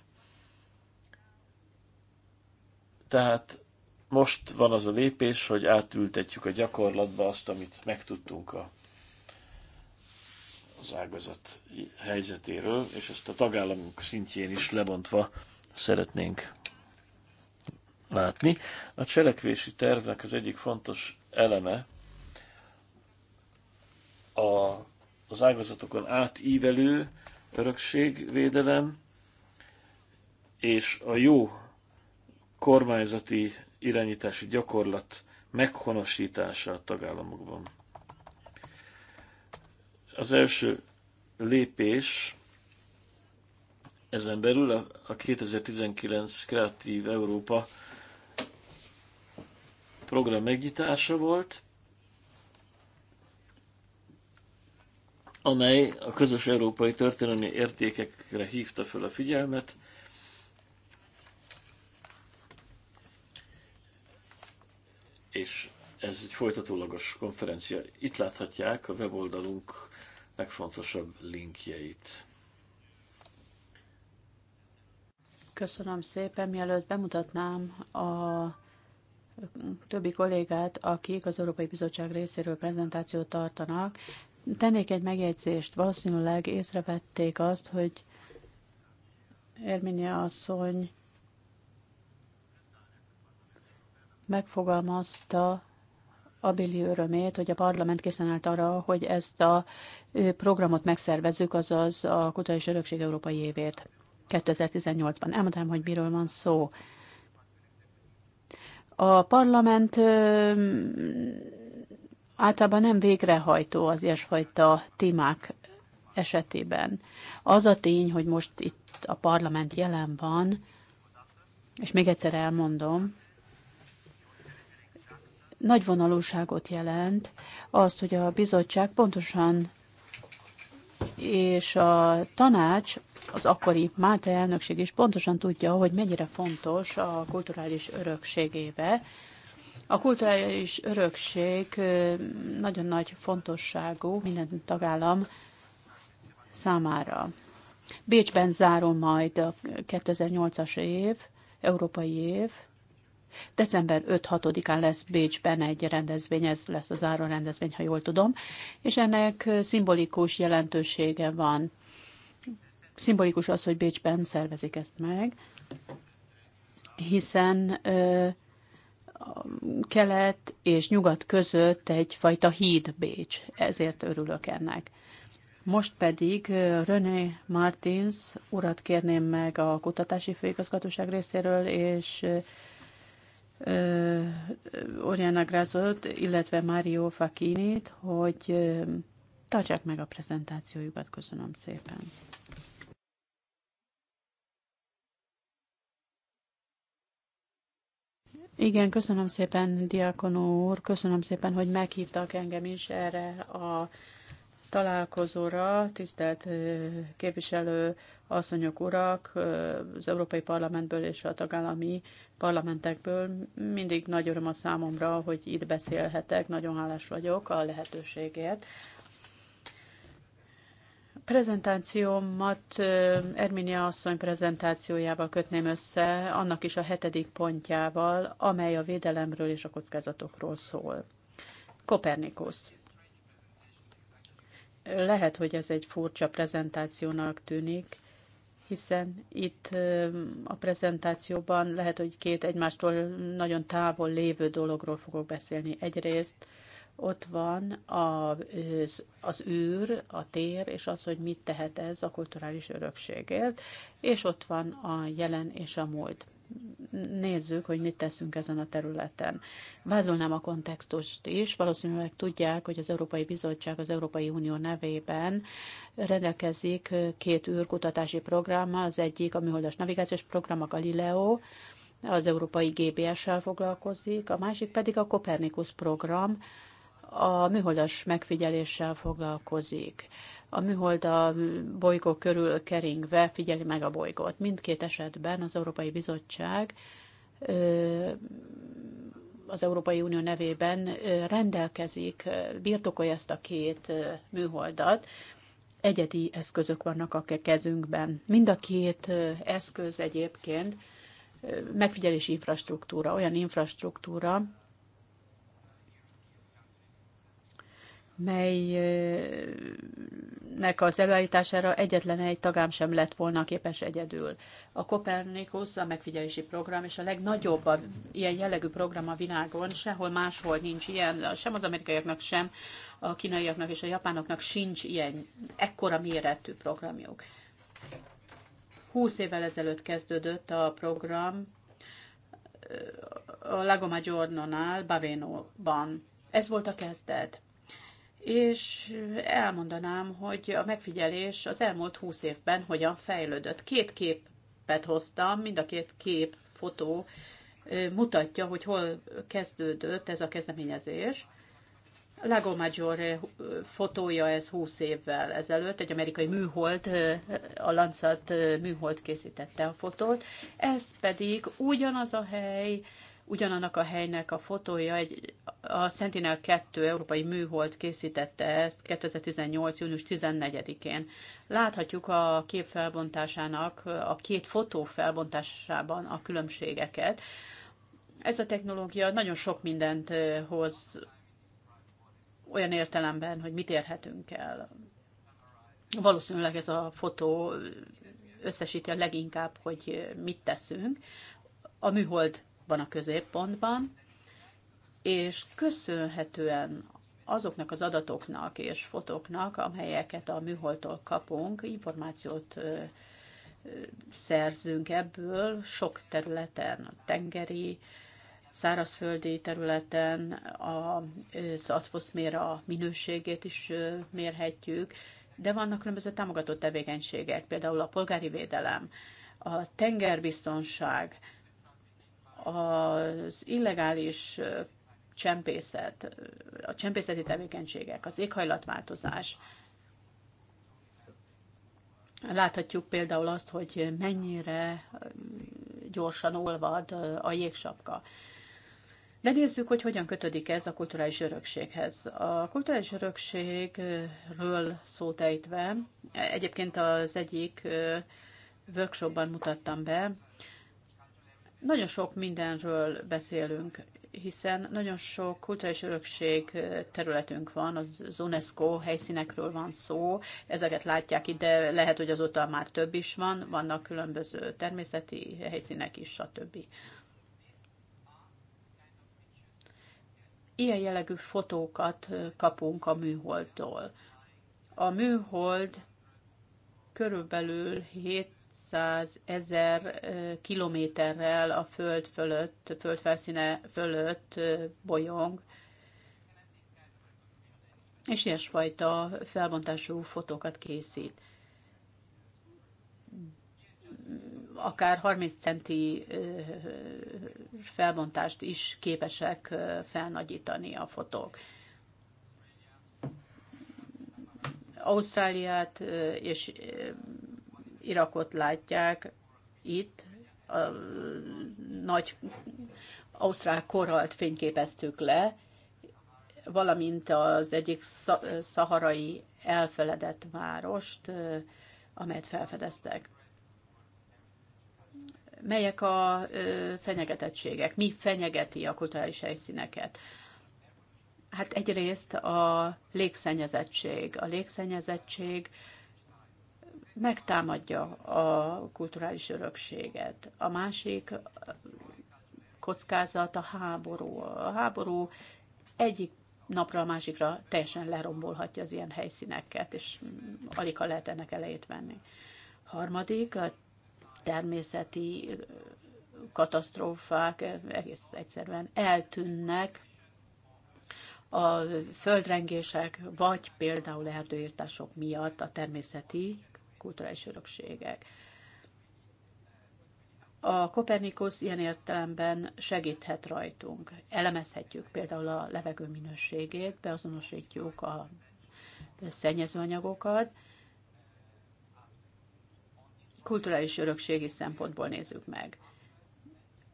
tehát most van az a lépés, hogy átültetjük a gyakorlatba azt, amit megtudtunk a, az ágazat helyzetéről, és ezt a tagállamunk szintjén is lebontva szeretnénk látni. A cselekvési tervnek az egyik fontos eleme a, az ágazatokon átívelő örökségvédelem és a jó kormányzati irányítási gyakorlat meghonosítása a tagállamokban. Az első lépés ezen belül a 2019 Kreatív Európa program megnyitása volt, amely a közös európai történelmi értékekre hívta fel a figyelmet, és ez egy folytatólagos konferencia. Itt láthatják a weboldalunk legfontosabb linkjeit. Köszönöm szépen, mielőtt bemutatnám a többi kollégát, akik az Európai Bizottság részéről prezentációt tartanak. Tennék egy megjegyzést. Valószínűleg észrevették azt, hogy Erminia asszony megfogalmazta abili örömét, hogy a parlament készen állt arra, hogy ezt a programot megszervezzük, azaz a Kutatási Örökség Európai Évét 2018-ban. Elmondtam, hogy miről van szó. A parlament általában nem végrehajtó az ilyesfajta témák esetében. Az a tény, hogy most itt a parlament jelen van, és még egyszer elmondom, nagyvonalúságot jelent azt, hogy a bizottság pontosan és a tanács, az akkori Máte elnökség is pontosan tudja, hogy mennyire fontos a kulturális örökségébe. A kulturális örökség nagyon nagy fontosságú minden tagállam számára. Bécsben zárul majd a 2008-as év, európai év, December 5-6-án lesz Bécsben egy rendezvény, ez lesz az áron rendezvény, ha jól tudom, és ennek szimbolikus jelentősége van. Szimbolikus az, hogy Bécsben szervezik ezt meg, hiszen ö, kelet és nyugat között egyfajta híd Bécs, ezért örülök ennek. Most pedig René Martins urat kérném meg a kutatási főigazgatóság részéről, és Oriana Grazot, illetve Mario Fakinit, hogy tartsák meg a prezentációjukat. Köszönöm szépen. Igen, köszönöm szépen, Diakonó úr, köszönöm szépen, hogy meghívtak engem is erre a találkozóra, tisztelt képviselő asszonyok, urak, az Európai Parlamentből és a tagállami parlamentekből. Mindig nagy öröm a számomra, hogy itt beszélhetek, nagyon hálás vagyok a lehetőségért. Prezentációmat Erminia asszony prezentációjával kötném össze, annak is a hetedik pontjával, amely a védelemről és a kockázatokról szól. Kopernikusz. Lehet, hogy ez egy furcsa prezentációnak tűnik, hiszen itt a prezentációban lehet, hogy két egymástól nagyon távol lévő dologról fogok beszélni. Egyrészt ott van az, az űr, a tér, és az, hogy mit tehet ez a kulturális örökségért, és ott van a jelen és a múlt nézzük, hogy mit teszünk ezen a területen. Vázolnám a kontextust is. Valószínűleg tudják, hogy az Európai Bizottság az Európai Unió nevében rendelkezik két űrkutatási programmal. Az egyik a műholdas navigációs program, a Galileo, az európai GBS-sel foglalkozik, a másik pedig a Kopernikus program, a műholdas megfigyeléssel foglalkozik a műhold a bolygó körül keringve figyeli meg a bolygót. Mindkét esetben az Európai Bizottság az Európai Unió nevében rendelkezik, birtokolja ezt a két műholdat. Egyedi eszközök vannak a kezünkben. Mind a két eszköz egyébként megfigyelési infrastruktúra, olyan infrastruktúra, melynek az előállítására egyetlen egy tagám sem lett volna képes egyedül. A Kopernikus, a megfigyelési program, és a legnagyobb a, ilyen jellegű program a világon, sehol máshol nincs ilyen, sem az amerikaiaknak, sem a kínaiaknak és a japánoknak sincs ilyen ekkora méretű programjuk. 20 évvel ezelőtt kezdődött a program a Lagoma Giornonál, Bavénóban. Ez volt a kezdet és elmondanám, hogy a megfigyelés az elmúlt húsz évben hogyan fejlődött. Két képet hoztam, mind a két kép, fotó mutatja, hogy hol kezdődött ez a kezdeményezés. Lago Maggiore fotója ez 20 évvel ezelőtt, egy amerikai műhold, a Lancet műhold készítette a fotót. Ez pedig ugyanaz a hely, ugyanannak a helynek a fotója, egy, a Sentinel 2 európai műhold készítette ezt 2018. június 14-én. Láthatjuk a kép felbontásának, a két fotó felbontásában a különbségeket. Ez a technológia nagyon sok mindent hoz olyan értelemben, hogy mit érhetünk el. Valószínűleg ez a fotó összesíti a leginkább, hogy mit teszünk. A műhold van a középpontban, és köszönhetően azoknak az adatoknak és fotóknak, amelyeket a műholdtól kapunk, információt szerzünk ebből sok területen, a tengeri, szárazföldi területen, az atmoszféra minőségét is mérhetjük, de vannak különböző támogató tevékenységek, például a polgári védelem, a tengerbiztonság, az illegális csempészet, a csempészeti tevékenységek, az éghajlatváltozás. Láthatjuk például azt, hogy mennyire gyorsan olvad a jégsapka. De nézzük, hogy hogyan kötődik ez a kulturális örökséghez. A kulturális örökségről szót ejtve, egyébként az egyik workshopban mutattam be, nagyon sok mindenről beszélünk, hiszen nagyon sok kulturális örökség területünk van, az UNESCO helyszínekről van szó, ezeket látják itt, de lehet, hogy azóta már több is van, vannak különböző természeti helyszínek is, stb. Ilyen jellegű fotókat kapunk a műholdtól. A műhold körülbelül 7 200 ezer kilométerrel a föld fölött, földfelszíne fölött bolyong, és ilyesfajta felbontású fotókat készít. Akár 30 centi felbontást is képesek felnagyítani a fotók. Ausztráliát és Irakot látják itt, a nagy ausztrál koralt fényképeztük le, valamint az egyik szaharai elfeledett várost, amelyet felfedeztek. Melyek a fenyegetettségek? Mi fenyegeti a kulturális helyszíneket? Hát egyrészt a légszennyezettség. A légszennyezettség megtámadja a kulturális örökséget. A másik kockázat a háború. A háború egyik napra a másikra teljesen lerombolhatja az ilyen helyszíneket, és alig ha lehet ennek elejét venni. Harmadik, a természeti katasztrófák egész egyszerűen eltűnnek, a földrengések, vagy például erdőírtások miatt a természeti kulturális örökségek. A Kopernikus ilyen értelemben segíthet rajtunk. Elemezhetjük például a levegő minőségét, beazonosítjuk a szennyezőanyagokat, kulturális örökségi szempontból nézzük meg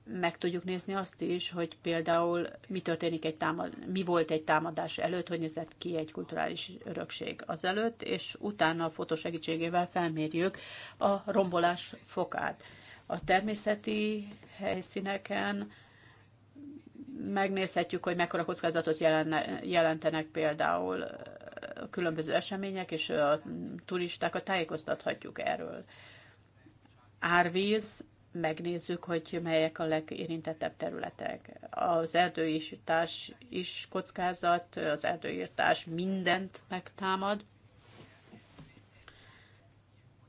meg tudjuk nézni azt is, hogy például mi történik egy támad, mi volt egy támadás előtt, hogy nézett ki egy kulturális örökség előtt, és utána a fotó segítségével felmérjük a rombolás fokát. A természeti helyszíneken megnézhetjük, hogy mekkora kockázatot jelentenek például a különböző események, és a turistákat tájékoztathatjuk erről. Árvíz megnézzük, hogy melyek a legérintettebb területek. Az erdőírtás is kockázat, az erdőírtás mindent megtámad.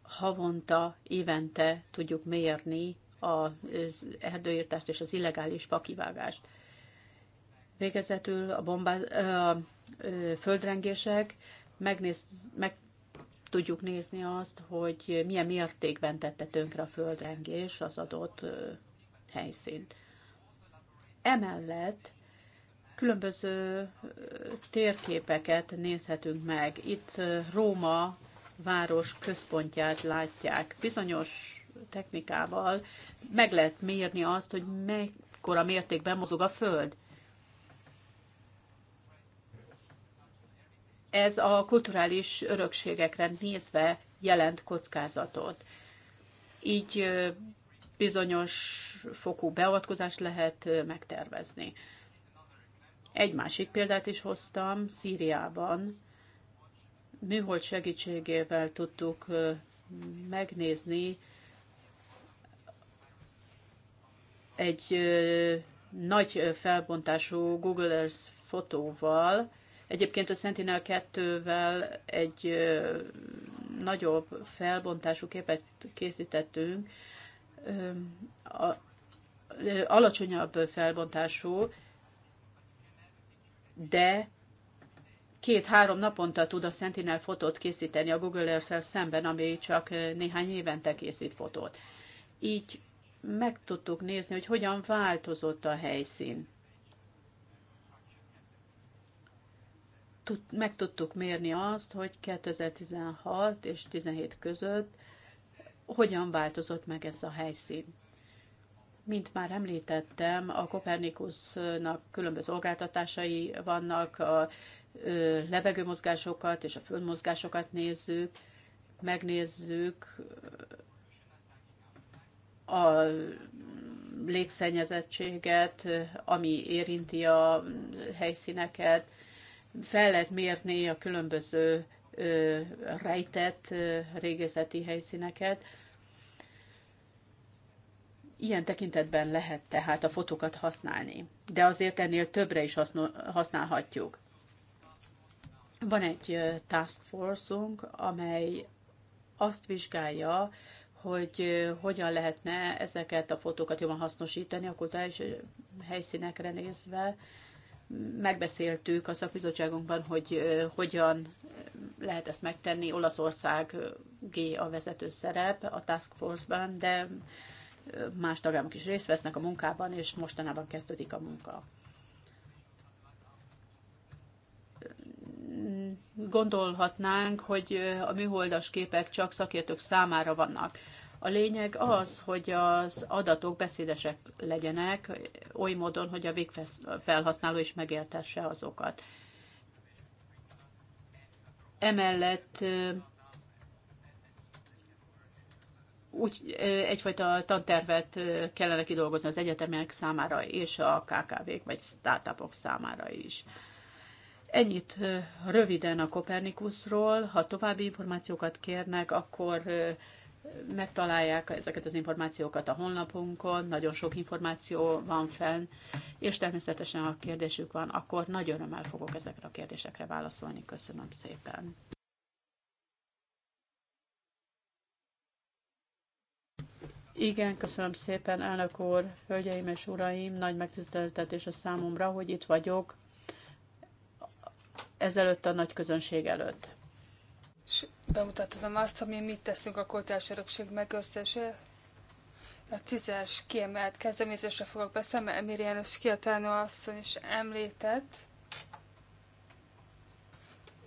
Havonta, évente tudjuk mérni az erdőírtást és az illegális fakivágást. Végezetül a bombá, a földrengések, megnéz, meg tudjuk nézni azt, hogy milyen mértékben tette tönkre a földrengés az adott helyszínt. Emellett különböző térképeket nézhetünk meg. Itt Róma város központját látják. Bizonyos technikával meg lehet mérni azt, hogy mekkora mértékben mozog a Föld. ez a kulturális örökségekre nézve jelent kockázatot. Így bizonyos fokú beavatkozást lehet megtervezni. Egy másik példát is hoztam, Szíriában műhold segítségével tudtuk megnézni egy nagy felbontású Google Earth fotóval, Egyébként a Sentinel-2-vel egy nagyobb felbontású képet készítettünk, a, alacsonyabb felbontású, de két-három naponta tud a Sentinel fotót készíteni a Google earth szemben, ami csak néhány évente készít fotót. Így meg tudtuk nézni, hogy hogyan változott a helyszín. tud, meg tudtuk mérni azt, hogy 2016 és 17 között hogyan változott meg ez a helyszín. Mint már említettem, a Kopernikusnak különböző szolgáltatásai vannak, a levegőmozgásokat és a földmozgásokat nézzük, megnézzük a légszennyezettséget, ami érinti a helyszíneket, fel lehet mérni a különböző rejtett régészeti helyszíneket. Ilyen tekintetben lehet tehát a fotókat használni, de azért ennél többre is használhatjuk. Van egy task force-unk, amely azt vizsgálja, hogy hogyan lehetne ezeket a fotókat jobban hasznosítani a kulturális helyszínekre nézve, megbeszéltük a szakbizottságunkban, hogy hogyan lehet ezt megtenni. Olaszország G a vezető szerep a Task Force-ban, de más tagállamok is részt vesznek a munkában, és mostanában kezdődik a munka. Gondolhatnánk, hogy a műholdas képek csak szakértők számára vannak a lényeg az, hogy az adatok beszédesek legyenek, oly módon, hogy a végfelhasználó is megértesse azokat. Emellett úgy egyfajta tantervet kellene kidolgozni az egyetemek számára és a KKV-k vagy startupok számára is. Ennyit röviden a Kopernikusról. Ha további információkat kérnek, akkor megtalálják ezeket az információkat a honlapunkon, nagyon sok információ van fenn, és természetesen, ha kérdésük van, akkor nagy örömmel fogok ezekre a kérdésekre válaszolni. Köszönöm szépen! Igen, köszönöm szépen, elnök úr, hölgyeim és uraim, nagy megtiszteltetés a számomra, hogy itt vagyok ezelőtt a nagy közönség előtt és bemutatom azt, hogy mi mit teszünk a kortárs örökség megőrzése. A tízes kiemelt kezdeményezésre fogok beszélni, mert János Kiatánó asszony is említett.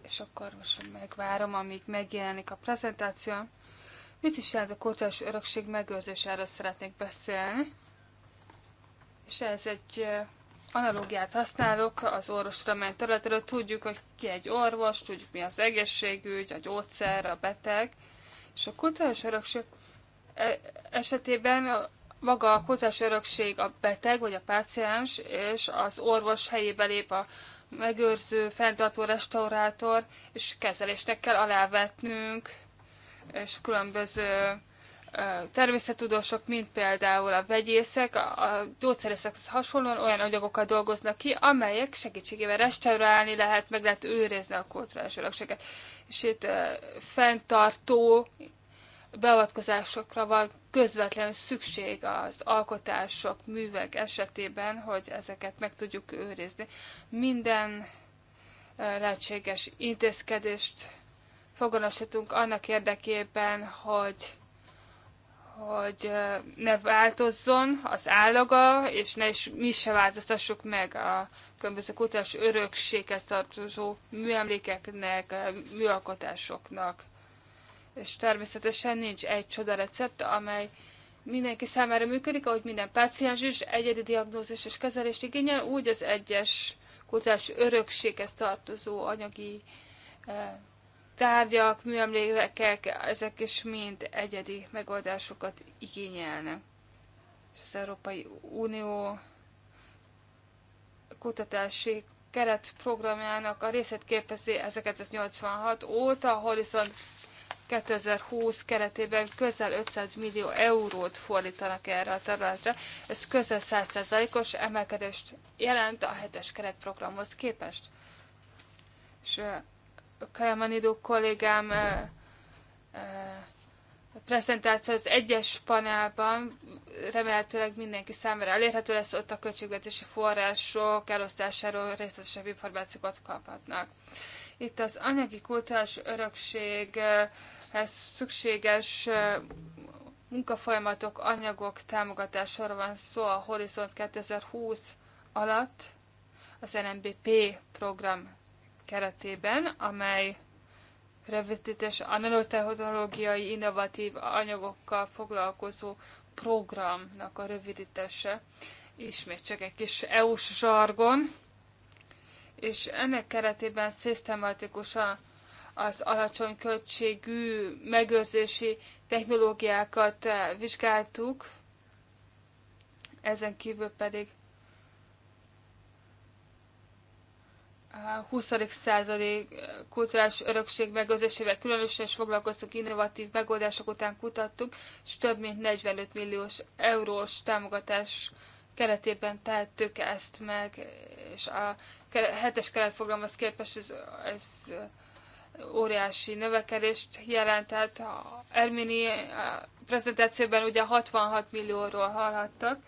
És akkor most megvárom, amíg megjelenik a prezentáció. Mit is jelent a kultúrás örökség megőrzése, erről szeretnék beszélni. És ez egy analógiát használok az orvosra ment területről, tudjuk, hogy ki egy orvos, tudjuk mi az egészségügy, a gyógyszer, a beteg, és a kutatás örökség e- esetében maga a kutatás örökség a beteg vagy a páciens, és az orvos helyébe lép a megőrző, fenntartó restaurátor, és kezelésnek kell alávetnünk, és különböző természettudósok, mint például a vegyészek, a gyógyszerészekhez hasonlóan olyan anyagokat dolgoznak ki, amelyek segítségével restaurálni lehet, meg lehet őrizni a kulturális örökséget. És itt fenntartó beavatkozásokra van közvetlen szükség az alkotások, művek esetében, hogy ezeket meg tudjuk őrizni. Minden lehetséges intézkedést foganosítunk annak érdekében, hogy hogy ne változzon az állaga, és ne is mi se változtassuk meg a különböző kutatás örökséghez tartozó műemlékeknek, műalkotásoknak. És természetesen nincs egy csoda recept, amely mindenki számára működik, ahogy minden páciens is egyedi diagnózis és kezelést igényel, úgy az egyes kutatás örökséghez tartozó anyagi tárgyak, műemlékek, ezek is mind egyedi megoldásokat igényelnek. És az Európai Unió kutatási keretprogramjának a részét képezi 1986 óta, Horizon 2020 keretében közel 500 millió eurót fordítanak erre a területre. Ez közel 100%-os emelkedést jelent a hetes keretprogramhoz képest. És Kajamanidó kollégám prezentáció az egyes panelban remélhetőleg mindenki számára elérhető lesz, ott a költségvetési források elosztásáról részletesebb információkat kaphatnak. Itt az anyagi kulturális örökséghez szükséges munkafolyamatok, anyagok támogatására van szó a Horizont 2020 alatt az NMBP program keretében, amely rövidítés a innovatív anyagokkal foglalkozó programnak a rövidítése. Ismét csak egy kis EU-s zsargon. És ennek keretében szisztematikusan az alacsony költségű megőrzési technológiákat vizsgáltuk, ezen kívül pedig a 20. századi eh, kulturális örökség megőrzésével különösen is foglalkoztunk, innovatív megoldások után kutattuk, és több mint 45 milliós eurós támogatás keretében tehettük ezt meg, és a hetes keretprogramhoz képest ez, ez eh, óriási növekedést jelent. Tehát a Ermini eh, prezentációban ugye 66 millióról hallhattak,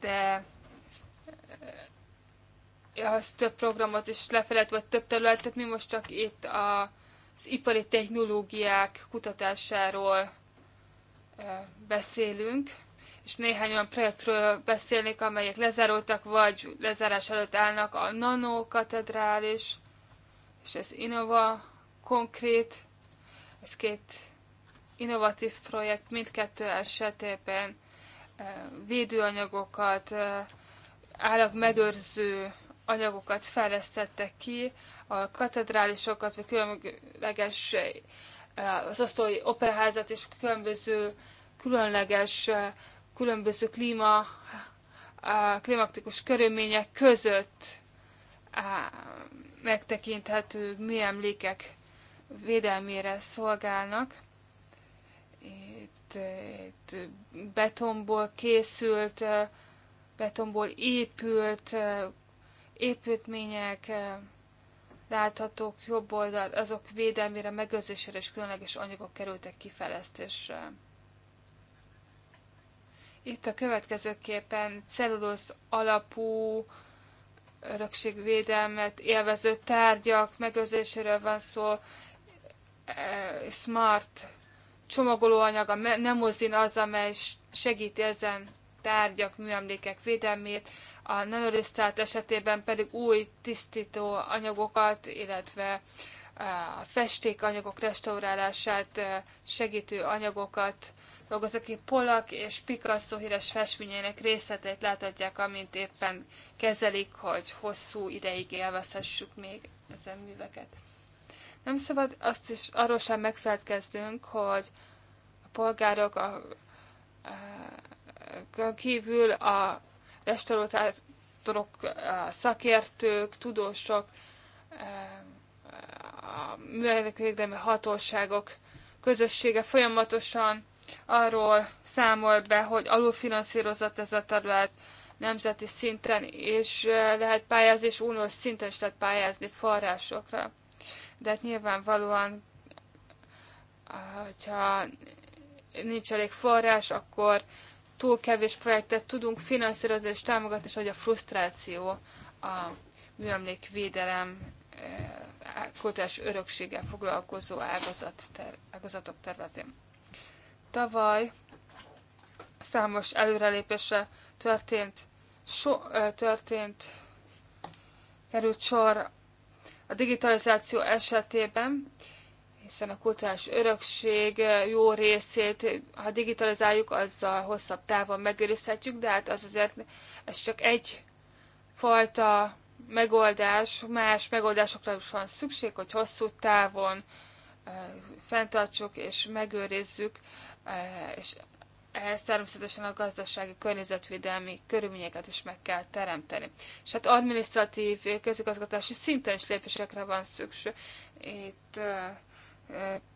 de az több programot is lefelett, vagy több területet, mi most csak itt a, az ipari technológiák kutatásáról beszélünk, és néhány olyan projektről beszélnék, amelyek lezárultak, vagy lezárás előtt állnak, a Nano katedrális, és ez Innova konkrét, ez két innovatív projekt, mindkettő esetében védőanyagokat, állatmegőrző anyagokat fejlesztettek ki, a katedrálisokat, vagy különleges eh, az asztói operaházat és különböző különleges, eh, különböző klíma, eh, klimaktikus körülmények között megtekinthető műemlékek védelmére szolgálnak. Itt, itt betonból készült, betonból épült épültmények eh, láthatók jobb oldalt, azok védelmére, megőrzésére és különleges anyagok kerültek kifejlesztésre. Itt a következőképpen cellulóz alapú örökségvédelmet élvező tárgyak megőrzéséről van szó, eh, smart csomagolóanyag, a nemozdin az, amely segíti ezen tárgyak, műemlékek védelmét, a nanorisztált esetében pedig új tisztító anyagokat, illetve eh, a festékanyagok restaurálását eh, segítő anyagokat dolgozik ki. Polak és Picasso híres festményeinek részleteit láthatják, amint éppen kezelik, hogy hosszú ideig élvezhessük még ezen műveket. Nem szabad azt is arról sem megfelelkeznünk, hogy a polgárok a, a, eh, a, kívül a restaurátorok, szakértők, tudósok, e, a művelekvédelmi hatóságok közössége folyamatosan arról számol be, hogy alulfinanszírozott ez a terület nemzeti szinten, és e, lehet pályázni, és uniós szinten is lehet pályázni forrásokra. De hát nyilvánvalóan, hogyha nincs elég forrás, akkor túl kevés projektet tudunk finanszírozni és támogatni, és hogy a frusztráció a műemlékvédelem eh, kultúrás örökséggel foglalkozó ágazat ter, ágazatok területén. Tavaly számos előrelépése történt, so, eh, történt került sor a digitalizáció esetében, hiszen a kulturális örökség jó részét, ha digitalizáljuk, azzal hosszabb távon megőrizhetjük, de hát az azért ez csak egy fajta megoldás, más megoldásokra is van szükség, hogy hosszú távon fenntartsuk és megőrizzük, és ehhez természetesen a gazdasági környezetvédelmi körülményeket is meg kell teremteni. És hát administratív, közigazgatási szinten is lépésekre van szükség. Itt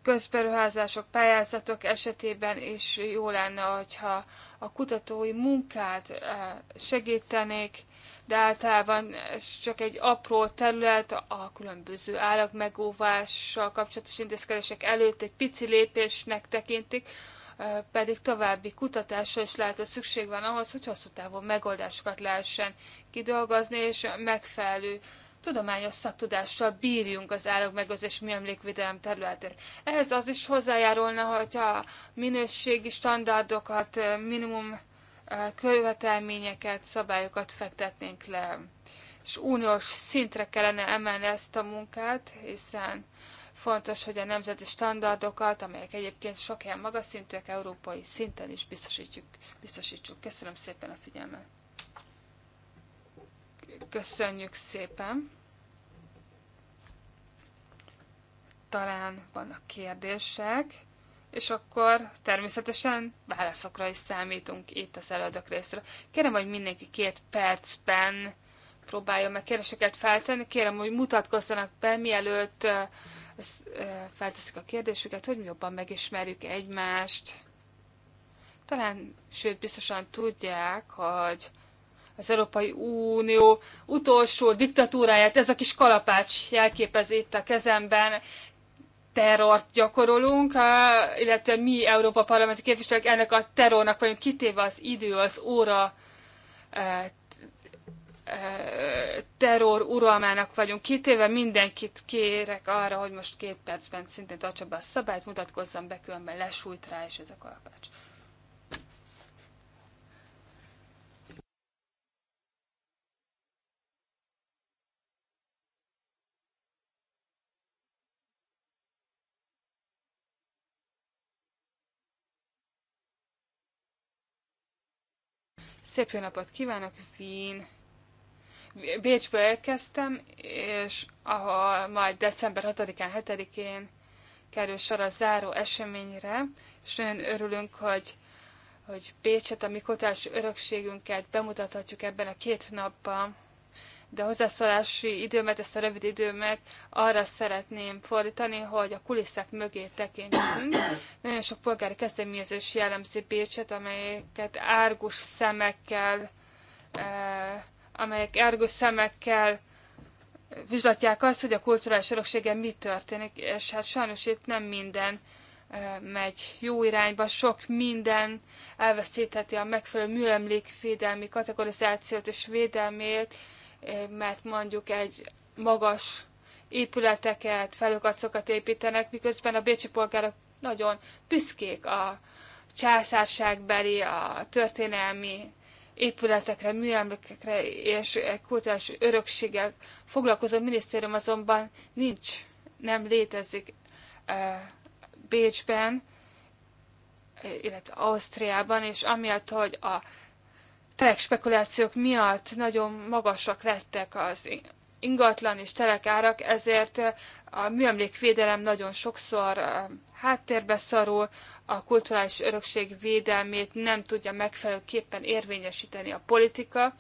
közperuházások, pályázatok esetében is jó lenne, hogyha a kutatói munkát eh, segítenék, de általában ez csak egy apró terület, a különböző állagmegóvással kapcsolatos intézkedések előtt egy pici lépésnek tekintik, eh, pedig további kutatásra is lehet, hogy szükség van ahhoz, hogy hosszú távon megoldásokat lehessen kidolgozni, és megfelelő tudományos szaktudással bírjunk az állagmegőrzés műemlékvédelem területén. Ehhez az is hozzájárulna, hogyha minőségi standardokat, minimum követelményeket, szabályokat fektetnénk le. És uniós szintre kellene emelni ezt a munkát, hiszen fontos, hogy a nemzeti standardokat, amelyek egyébként sok helyen magas szintűek, európai szinten is biztosítjuk. biztosítsuk. Köszönöm szépen a figyelmet! Köszönjük szépen! Talán vannak kérdések, és akkor természetesen válaszokra is számítunk itt az előadók részről. Kérem, hogy mindenki két percben próbálja meg kérdéseket feltenni. Kérem, hogy mutatkozzanak be, mielőtt felteszik a kérdésüket, hogy jobban megismerjük egymást. Talán, sőt, biztosan tudják, hogy az Európai Unió utolsó diktatúráját, ez a kis kalapács jelképez itt a kezemben, terrort gyakorolunk, illetve mi Európa Parlamenti képviselők ennek a terrornak vagyunk kitéve az idő, az óra terror uralmának vagyunk kitéve. Mindenkit kérek arra, hogy most két percben szintén tartsa be a szabályt, mutatkozzam be, különben lesújt rá, és ez a kalapács. Szép jó napot kívánok, Vín! Bécsből érkeztem, és ahol majd december 6-án, 7-én kerül sor a záró eseményre, és nagyon örülünk, hogy, hogy Bécset, a mi örökségünket bemutathatjuk ebben a két napban de hozzászólási időmet, ezt a rövid időmet arra szeretném fordítani, hogy a kulisszák mögé tekintünk. Nagyon sok polgári kezdeményezés jellemzi Bécset, amelyeket árgus szemekkel, eh, amelyek árgus szemekkel vizsgálják azt, hogy a kulturális öröksége mi történik, és hát sajnos itt nem minden eh, megy jó irányba, sok minden elveszítheti a megfelelő műemlékvédelmi kategorizációt és védelmét, Eh, mert mondjuk egy magas épületeket, felőkacokat építenek, miközben a bécsi polgárok nagyon büszkék a császárságbeli, a történelmi épületekre, műemlékekre és e, kultúrás örökséggel foglalkozó minisztérium azonban nincs, nem létezik e, Bécsben, e, illetve Ausztriában, és amiatt, hogy a telek spekulációk miatt nagyon magasak lettek az ingatlan és telekárak, ezért a műemlékvédelem nagyon sokszor háttérbe szorul, a kulturális örökség védelmét nem tudja megfelelőképpen érvényesíteni a politika.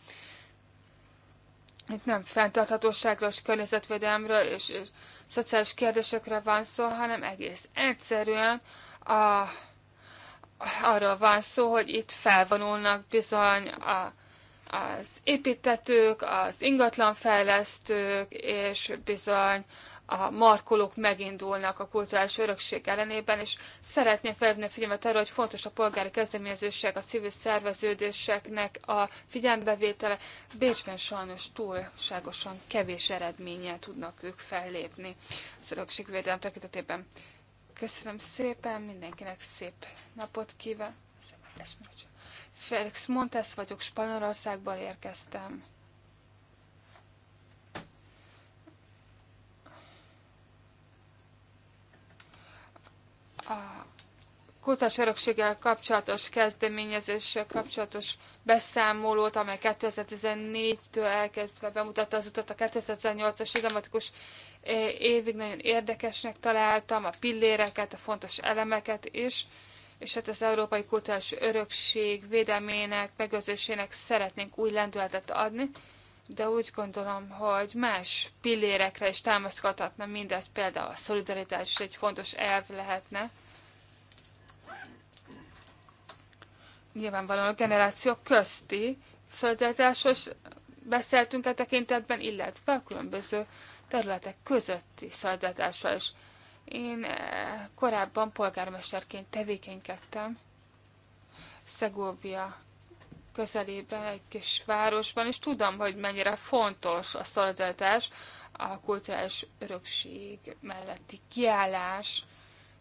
Itt nem fenntarthatóságról és környezetvédelemről és, és szociális kérdésekről van szó, hanem egész egyszerűen a arról van szó, hogy itt felvonulnak bizony a, az építetők, az ingatlanfejlesztők, és bizony a markolók megindulnak a kulturális örökség ellenében, és szeretném felhívni a figyelmet arra, hogy fontos a polgári kezdeményezések, a civil szerveződéseknek a figyelmbevétele. Bécsben sajnos túlságosan kevés eredménnyel tudnak ők fellépni az örökségvédelem tekintetében. Köszönöm szépen, mindenkinek szép napot kívánok. Felix Montes vagyok, Spanyolországból érkeztem. A kutatás örökséggel kapcsolatos kezdeményezéssel kapcsolatos beszámolót, amely 2014-től elkezdve bemutatta az utat a 2018-as idematikus évig nagyon érdekesnek találtam, a pilléreket, a fontos elemeket is, és hát az Európai Kultúrás Örökség védelmének, megőrzésének szeretnénk új lendületet adni, de úgy gondolom, hogy más pillérekre is támaszkodhatna mindez, például a szolidaritás is egy fontos elv lehetne. Nyilvánvalóan a generációk közti szolidaritásos beszéltünk a e tekintetben, illetve a különböző területek közötti szolidaritásra is. Én eh, korábban polgármesterként tevékenykedtem Szegóvia közelében, egy kis városban, és tudom, hogy mennyire fontos a szolidaritás, a kulturális örökség melletti kiállás,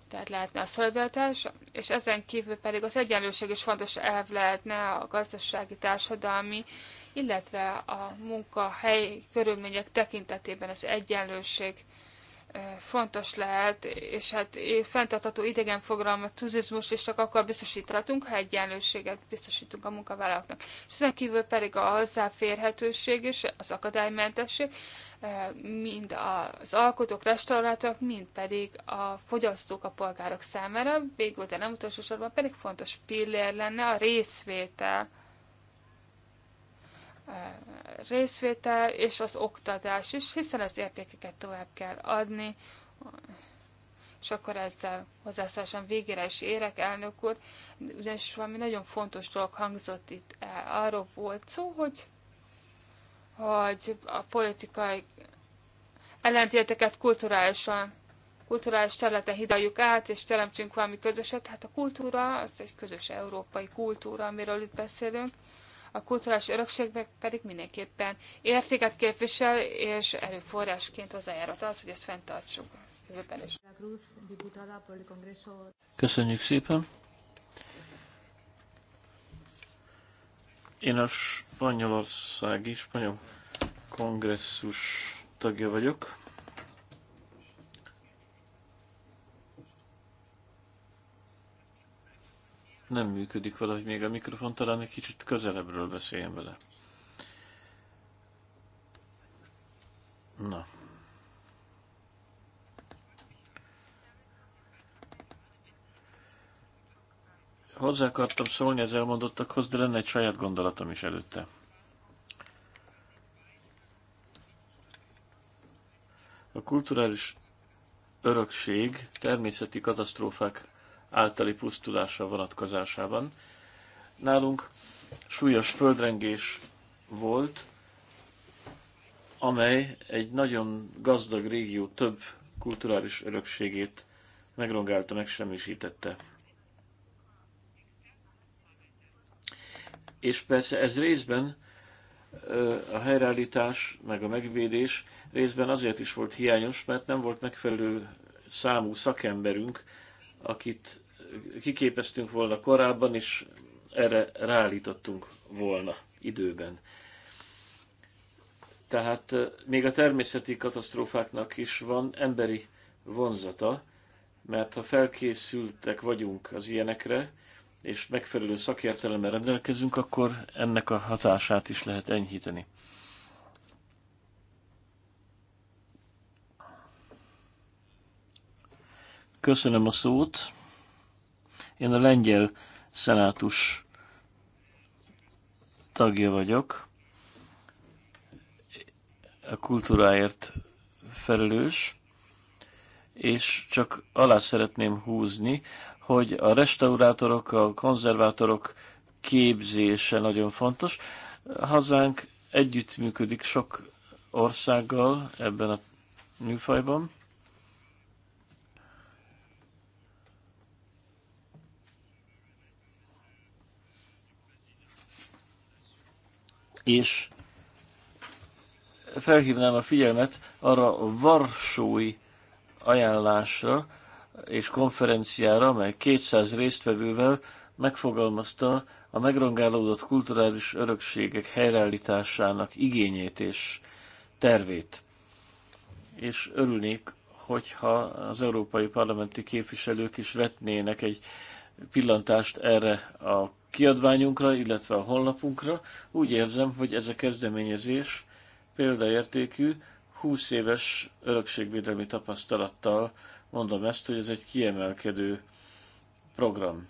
tehát lehetne a szolidaritás, és ezen kívül pedig az egyenlőség is fontos elv lehetne a gazdasági, társadalmi illetve a munkahely körülmények tekintetében az egyenlőség fontos lehet, és hát fenntartható idegenfogalmat, turizmus és csak akkor biztosíthatunk, ha egyenlőséget biztosítunk a munkavállalóknak. És ezen kívül pedig a hozzáférhetőség és az akadálymentesség, mind az alkotók, restaurátorok, mind pedig a fogyasztók, a polgárok számára, végül, de nem utolsó sorban pedig fontos pillér lenne a részvétel részvétel és az oktatás is, hiszen az értékeket tovább kell adni, és akkor ezzel hozzászólásom végére is érek, elnök úr, ugyanis valami nagyon fontos dolog hangzott itt el. Arról volt szó, hogy, hogy a politikai ellentéteket kulturálisan, kulturális területen hidaljuk át, és teremtsünk valami közöset. Hát a kultúra, az egy közös európai kultúra, amiről itt beszélünk, a kulturális örökségbe pedig mindenképpen értéket képvisel, és erőforrásként hozzájárult az, hogy ezt fenntartsuk jövőben is. Köszönjük szépen! Én a Spanyolországi Spanyol Kongresszus tagja vagyok. nem működik valahogy még a mikrofon, talán egy kicsit közelebbről beszéljen vele. Na. Hozzá akartam szólni az elmondottakhoz, de lenne egy saját gondolatom is előtte. A kulturális örökség természeti katasztrófák általi pusztulásra vonatkozásában. Nálunk súlyos földrengés volt, amely egy nagyon gazdag régió több kulturális örökségét megrongálta, megsemmisítette. És persze ez részben a helyreállítás, meg a megvédés részben azért is volt hiányos, mert nem volt megfelelő számú szakemberünk, akit kiképeztünk volna korábban, és erre ráállítottunk volna időben. Tehát még a természeti katasztrófáknak is van emberi vonzata, mert ha felkészültek vagyunk az ilyenekre, és megfelelő szakértelemmel rendelkezünk, akkor ennek a hatását is lehet enyhíteni. Köszönöm a szót. Én a lengyel szenátus tagja vagyok. A kultúráért felelős, és csak alá szeretném húzni, hogy a restaurátorok, a konzervátorok képzése nagyon fontos. Hazánk együttműködik sok országgal ebben a műfajban, és felhívnám a figyelmet arra a varsói ajánlásra és konferenciára, amely 200 résztvevővel megfogalmazta a megrongálódott kulturális örökségek helyreállításának igényét és tervét. És örülnék, hogyha az európai parlamenti képviselők is vetnének egy pillantást erre a kiadványunkra, illetve a honlapunkra. Úgy érzem, hogy ez a kezdeményezés példaértékű, 20 éves örökségvédelmi tapasztalattal mondom ezt, hogy ez egy kiemelkedő program.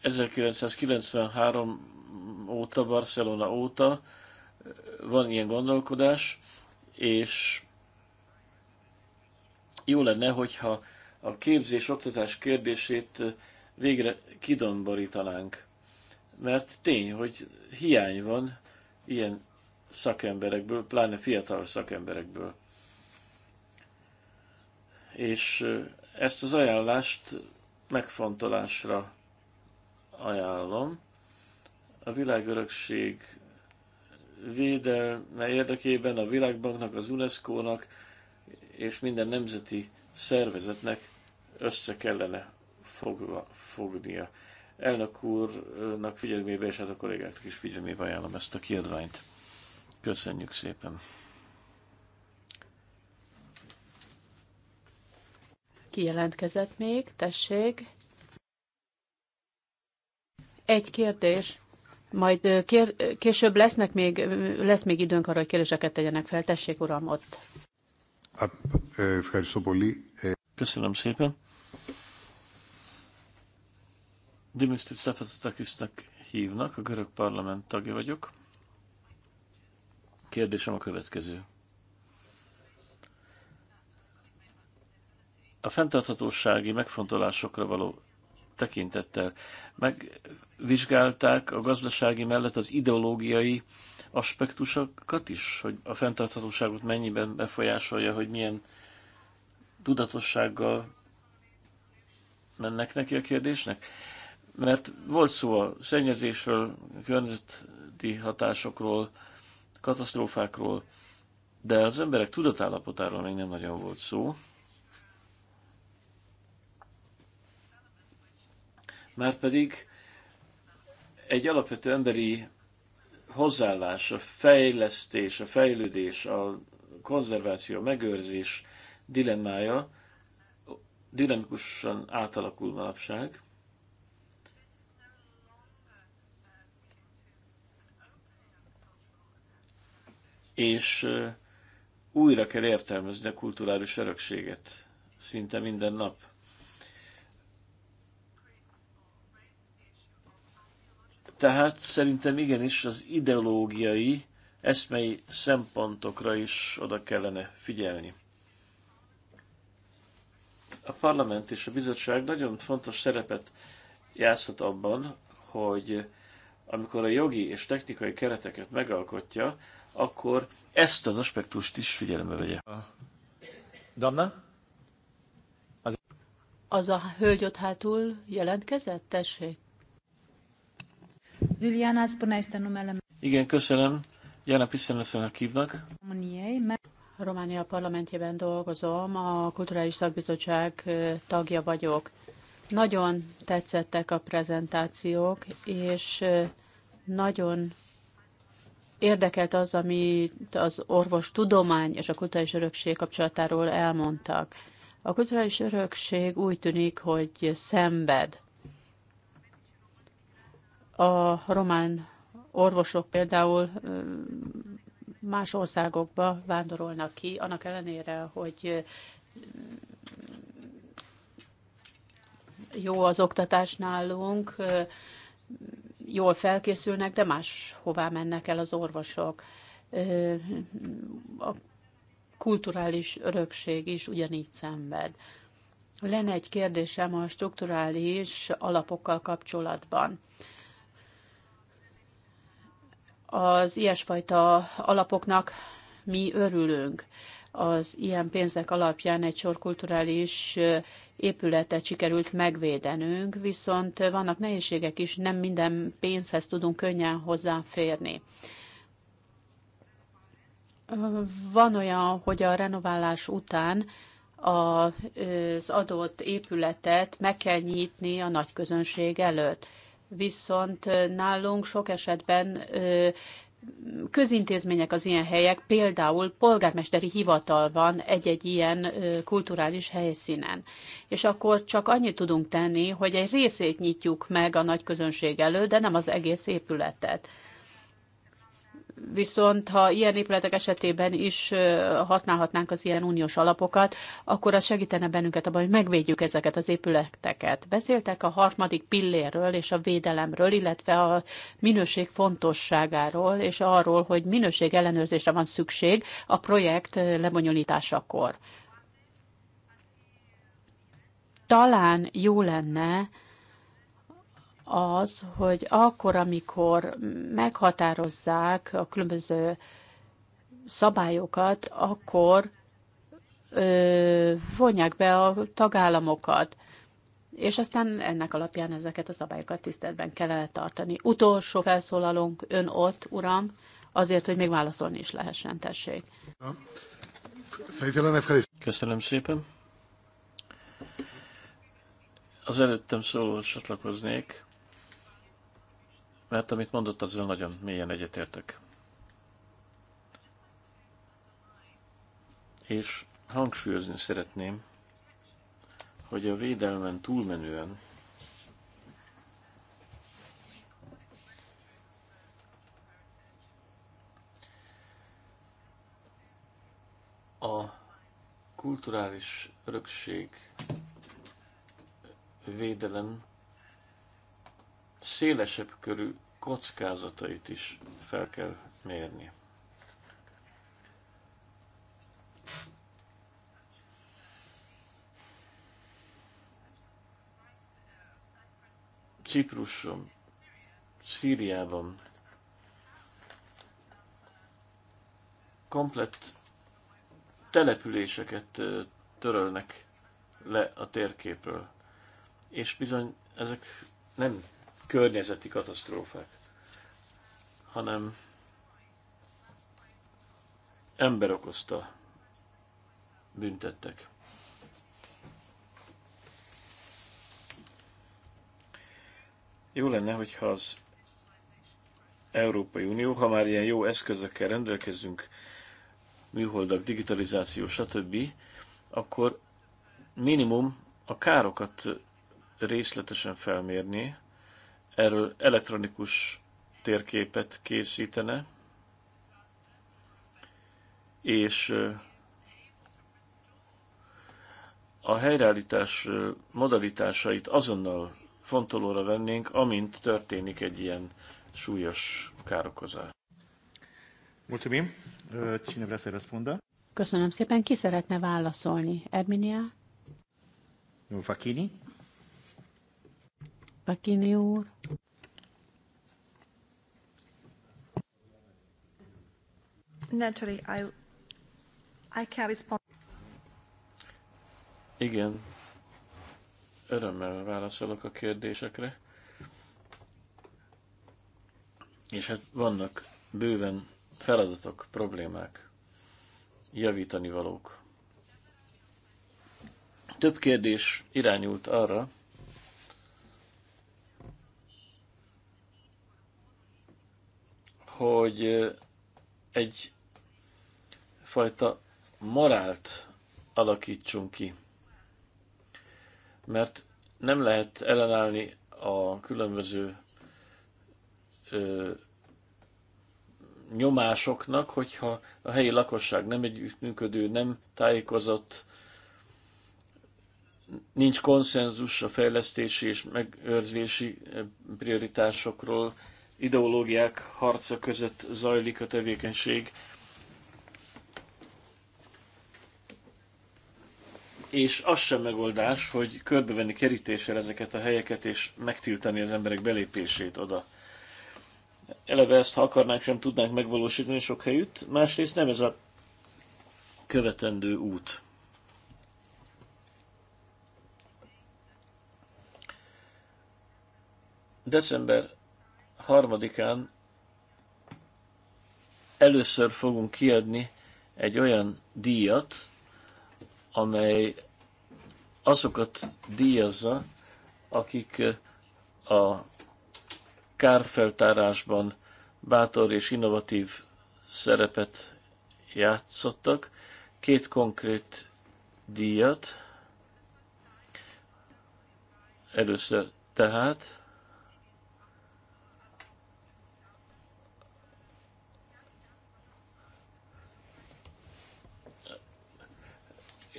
1993 óta, Barcelona óta van ilyen gondolkodás, és jó lenne, hogyha a képzés-oktatás kérdését végre kidomborítanánk. Mert tény, hogy hiány van ilyen szakemberekből, pláne fiatal szakemberekből. És ezt az ajánlást megfontolásra ajánlom. A világörökség védelme érdekében a Világbanknak, az UNESCO-nak és minden nemzeti szervezetnek össze kellene fogva, fognia. Elnök úrnak figyelmébe, és hát a kollégáknak is figyelmébe ajánlom ezt a kiadványt. Köszönjük szépen! Kijelentkezett még, tessék. Egy kérdés. Majd kér, később lesznek még, lesz még időnk arra, hogy kérdéseket tegyenek fel. Tessék, uram, ott. Köszönöm szépen. Dimitris Stefanstakisnak hívnak, a görög parlament tagja vagyok. Kérdésem a következő. A fenntarthatósági megfontolásokra való tekintettel. Megvizsgálták a gazdasági mellett az ideológiai aspektusokat is, hogy a fenntarthatóságot mennyiben befolyásolja, hogy milyen tudatossággal mennek neki a kérdésnek. Mert volt szó a szennyezésről, a környezeti hatásokról, katasztrófákról, de az emberek tudatállapotáról még nem nagyon volt szó. Márpedig egy alapvető emberi hozzáállás, a fejlesztés, a fejlődés, a konzerváció, a megőrzés dilemmája dinamikusan átalakul manapság. És újra kell értelmezni a kulturális örökséget szinte minden nap. Tehát szerintem igenis az ideológiai, eszmei szempontokra is oda kellene figyelni. A parlament és a bizottság nagyon fontos szerepet játszhat abban, hogy amikor a jogi és technikai kereteket megalkotja, akkor ezt az aspektust is figyelembe vegye. Damna? Az, a hölgy ott hátul jelentkezett? Tessék. Juliana, spuneai este numele Igen, köszönöm. Jana Pisztenesenek hívnak. Románia parlamentjében dolgozom, a Kulturális Szakbizottság tagja vagyok. Nagyon tetszettek a prezentációk, és nagyon érdekelt az, amit az orvos tudomány és a kulturális örökség kapcsolatáról elmondtak. A kulturális örökség úgy tűnik, hogy szenved. A román orvosok például más országokba vándorolnak ki, annak ellenére, hogy jó az oktatás nálunk, jól felkészülnek, de más hová mennek el az orvosok. A kulturális örökség is ugyanígy szenved. Lenne egy kérdésem a strukturális alapokkal kapcsolatban. Az ilyesfajta alapoknak mi örülünk. Az ilyen pénzek alapján egy sor kulturális épületet sikerült megvédenünk, viszont vannak nehézségek is, nem minden pénzhez tudunk könnyen hozzáférni. Van olyan, hogy a renoválás után az adott épületet meg kell nyitni a nagy közönség előtt viszont nálunk sok esetben közintézmények az ilyen helyek, például polgármesteri hivatal van egy-egy ilyen kulturális helyszínen. És akkor csak annyit tudunk tenni, hogy egy részét nyitjuk meg a nagy közönség elő, de nem az egész épületet viszont ha ilyen épületek esetében is használhatnánk az ilyen uniós alapokat, akkor az segítene bennünket abban, hogy megvédjük ezeket az épületeket. Beszéltek a harmadik pillérről és a védelemről, illetve a minőség fontosságáról, és arról, hogy minőség ellenőrzésre van szükség a projekt lebonyolításakor. Talán jó lenne, az, hogy akkor, amikor meghatározzák a különböző szabályokat, akkor ö, vonják be a tagállamokat, és aztán ennek alapján ezeket a szabályokat tiszteletben kellene tartani. Utolsó felszólalónk ön ott, uram, azért, hogy még válaszolni is lehessen, tessék. Köszönöm szépen. Az előttem szóló csatlakoznék mert amit mondott, azzal nagyon mélyen egyetértek. És hangsúlyozni szeretném, hogy a védelmen túlmenően a kulturális örökség védelem szélesebb körű kockázatait is fel kell mérni. Cipruson, Szíriában komplett településeket törölnek le a térképről. És bizony ezek nem környezeti katasztrófák, hanem ember okozta büntettek. Jó lenne, hogyha az Európai Unió, ha már ilyen jó eszközökkel rendelkezünk, műholdak, digitalizáció, stb., akkor minimum a károkat részletesen felmérni, erről elektronikus térképet készítene, és a helyreállítás modalitásait azonnal fontolóra vennénk, amint történik egy ilyen súlyos károkozás. Mulțumim. Cine vrea să răspundă? Köszönöm szépen. Ki szeretne válaszolni? Erminia? Fakini? Pakini úr. Naturally, I, I can respond. Igen, örömmel válaszolok a kérdésekre. És hát vannak bőven feladatok, problémák, javítani valók. Több kérdés irányult arra, hogy egy fajta morált alakítsunk ki. Mert nem lehet ellenállni a különböző ö, nyomásoknak, hogyha a helyi lakosság nem együttműködő, nem tájékozott, nincs konszenzus a fejlesztési és megőrzési prioritásokról, ideológiák harca között zajlik a tevékenység. És az sem megoldás, hogy körbevenni kerítéssel ezeket a helyeket, és megtiltani az emberek belépését oda. Eleve ezt, ha akarnánk, sem tudnánk megvalósítani sok helyütt, másrészt nem ez a követendő út. December 3-án először fogunk kiadni egy olyan díjat, amely azokat díjazza, akik eh, a kárfeltárásban bátor és innovatív szerepet játszottak. Két konkrét díjat. Először tehát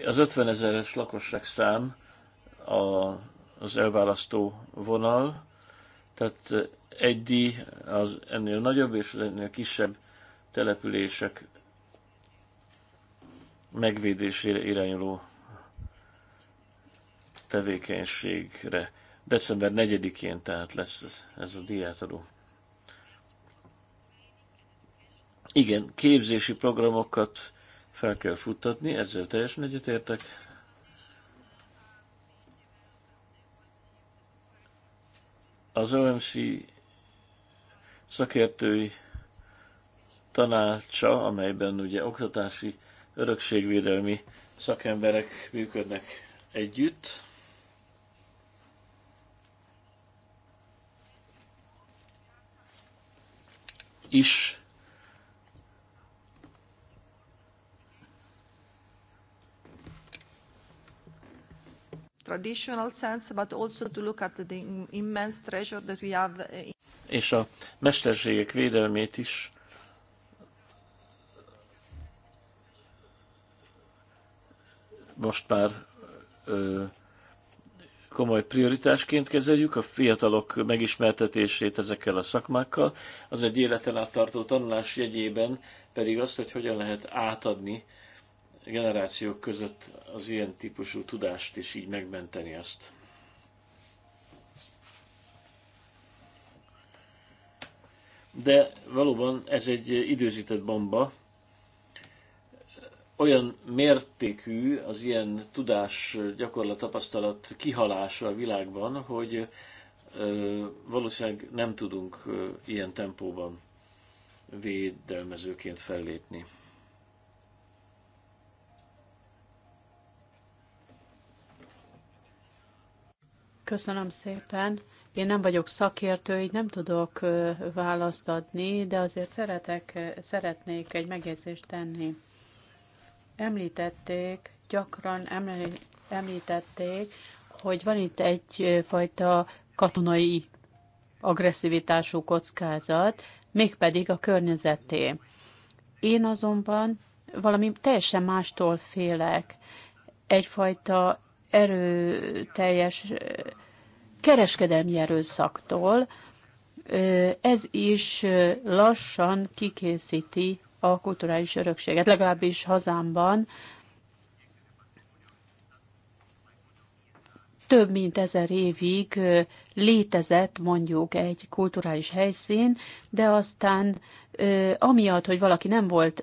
Az 50 ezeres lakosság szám a, az elválasztó vonal, tehát egy díj az ennél nagyobb és ennél kisebb települések megvédésére irányuló tevékenységre. December 4-én tehát lesz ez a diátadó. Igen, képzési programokat fel kell futtatni, ezzel teljesen egyetértek. Az OMC szakértői tanácsa, amelyben ugye oktatási örökségvédelmi szakemberek működnek együtt. Is traditional sense, but also to look at the immense treasure that we have. Eh, És a mesterségek védelmét is most már ö, komoly prioritásként kezeljük, a fiatalok megismertetését ezekkel a szakmákkal, az egy életen át tartó tanulás jegyében pedig azt, hogy hogyan lehet átadni generációk között az ilyen típusú tudást, és így megmenteni ezt, De valóban ez egy időzített bomba. Olyan mértékű az ilyen tudás, gyakorlat, tapasztalat kihalása a világban, hogy valószínűleg nem tudunk ilyen tempóban védelmezőként fellépni. Köszönöm szépen. Én nem vagyok szakértő, így nem tudok választ adni, de azért szeretek, szeretnék egy megjegyzést tenni. Említették, gyakran említették, hogy van itt egyfajta katonai agresszivitású kockázat, mégpedig a környezeté. Én azonban valami teljesen mástól félek. Egyfajta erőteljes kereskedelmi erőszaktól. Ez is lassan kikészíti a kulturális örökséget, legalábbis hazámban. Több mint ezer évig létezett mondjuk egy kulturális helyszín, de aztán amiatt, hogy valaki nem volt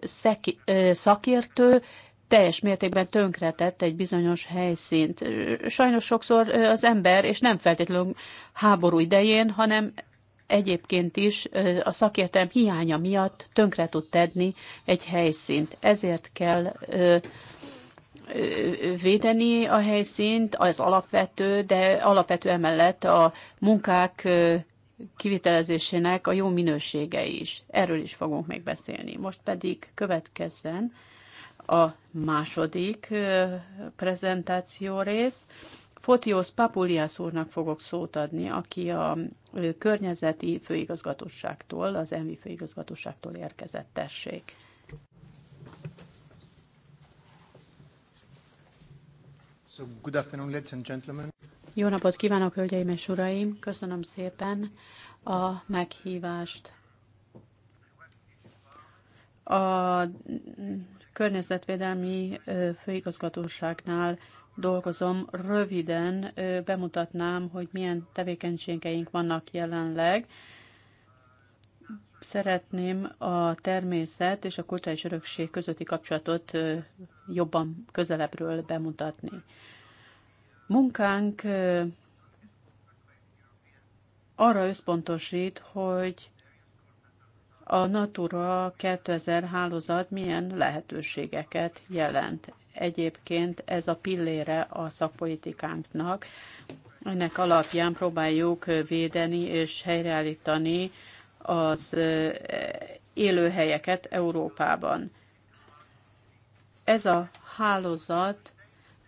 szakértő, teljes mértékben tönkretett egy bizonyos helyszínt. Sajnos sokszor az ember, és nem feltétlenül háború idején, hanem egyébként is a szakértelm hiánya miatt tönkre tud tenni egy helyszínt. Ezért kell védeni a helyszínt, az alapvető, de alapvető emellett a munkák kivitelezésének a jó minősége is. Erről is fogunk még beszélni. Most pedig következzen a második prezentáció rész. Fotios Papulias úrnak fogok szót adni, aki a környezeti főigazgatóságtól, az ENVI főigazgatóságtól érkezett. Tessék! So, good afternoon, ladies and gentlemen. Jó napot kívánok, hölgyeim és uraim! Köszönöm szépen a meghívást. A környezetvédelmi főigazgatóságnál dolgozom. Röviden bemutatnám, hogy milyen tevékenységeink vannak jelenleg. Szeretném a természet és a kulturális örökség közötti kapcsolatot jobban közelebbről bemutatni. Munkánk arra összpontosít, hogy a Natura 2000 hálózat milyen lehetőségeket jelent. Egyébként ez a pillére a szakpolitikánknak. Ennek alapján próbáljuk védeni és helyreállítani az eh, élőhelyeket Európában. Ez a hálózat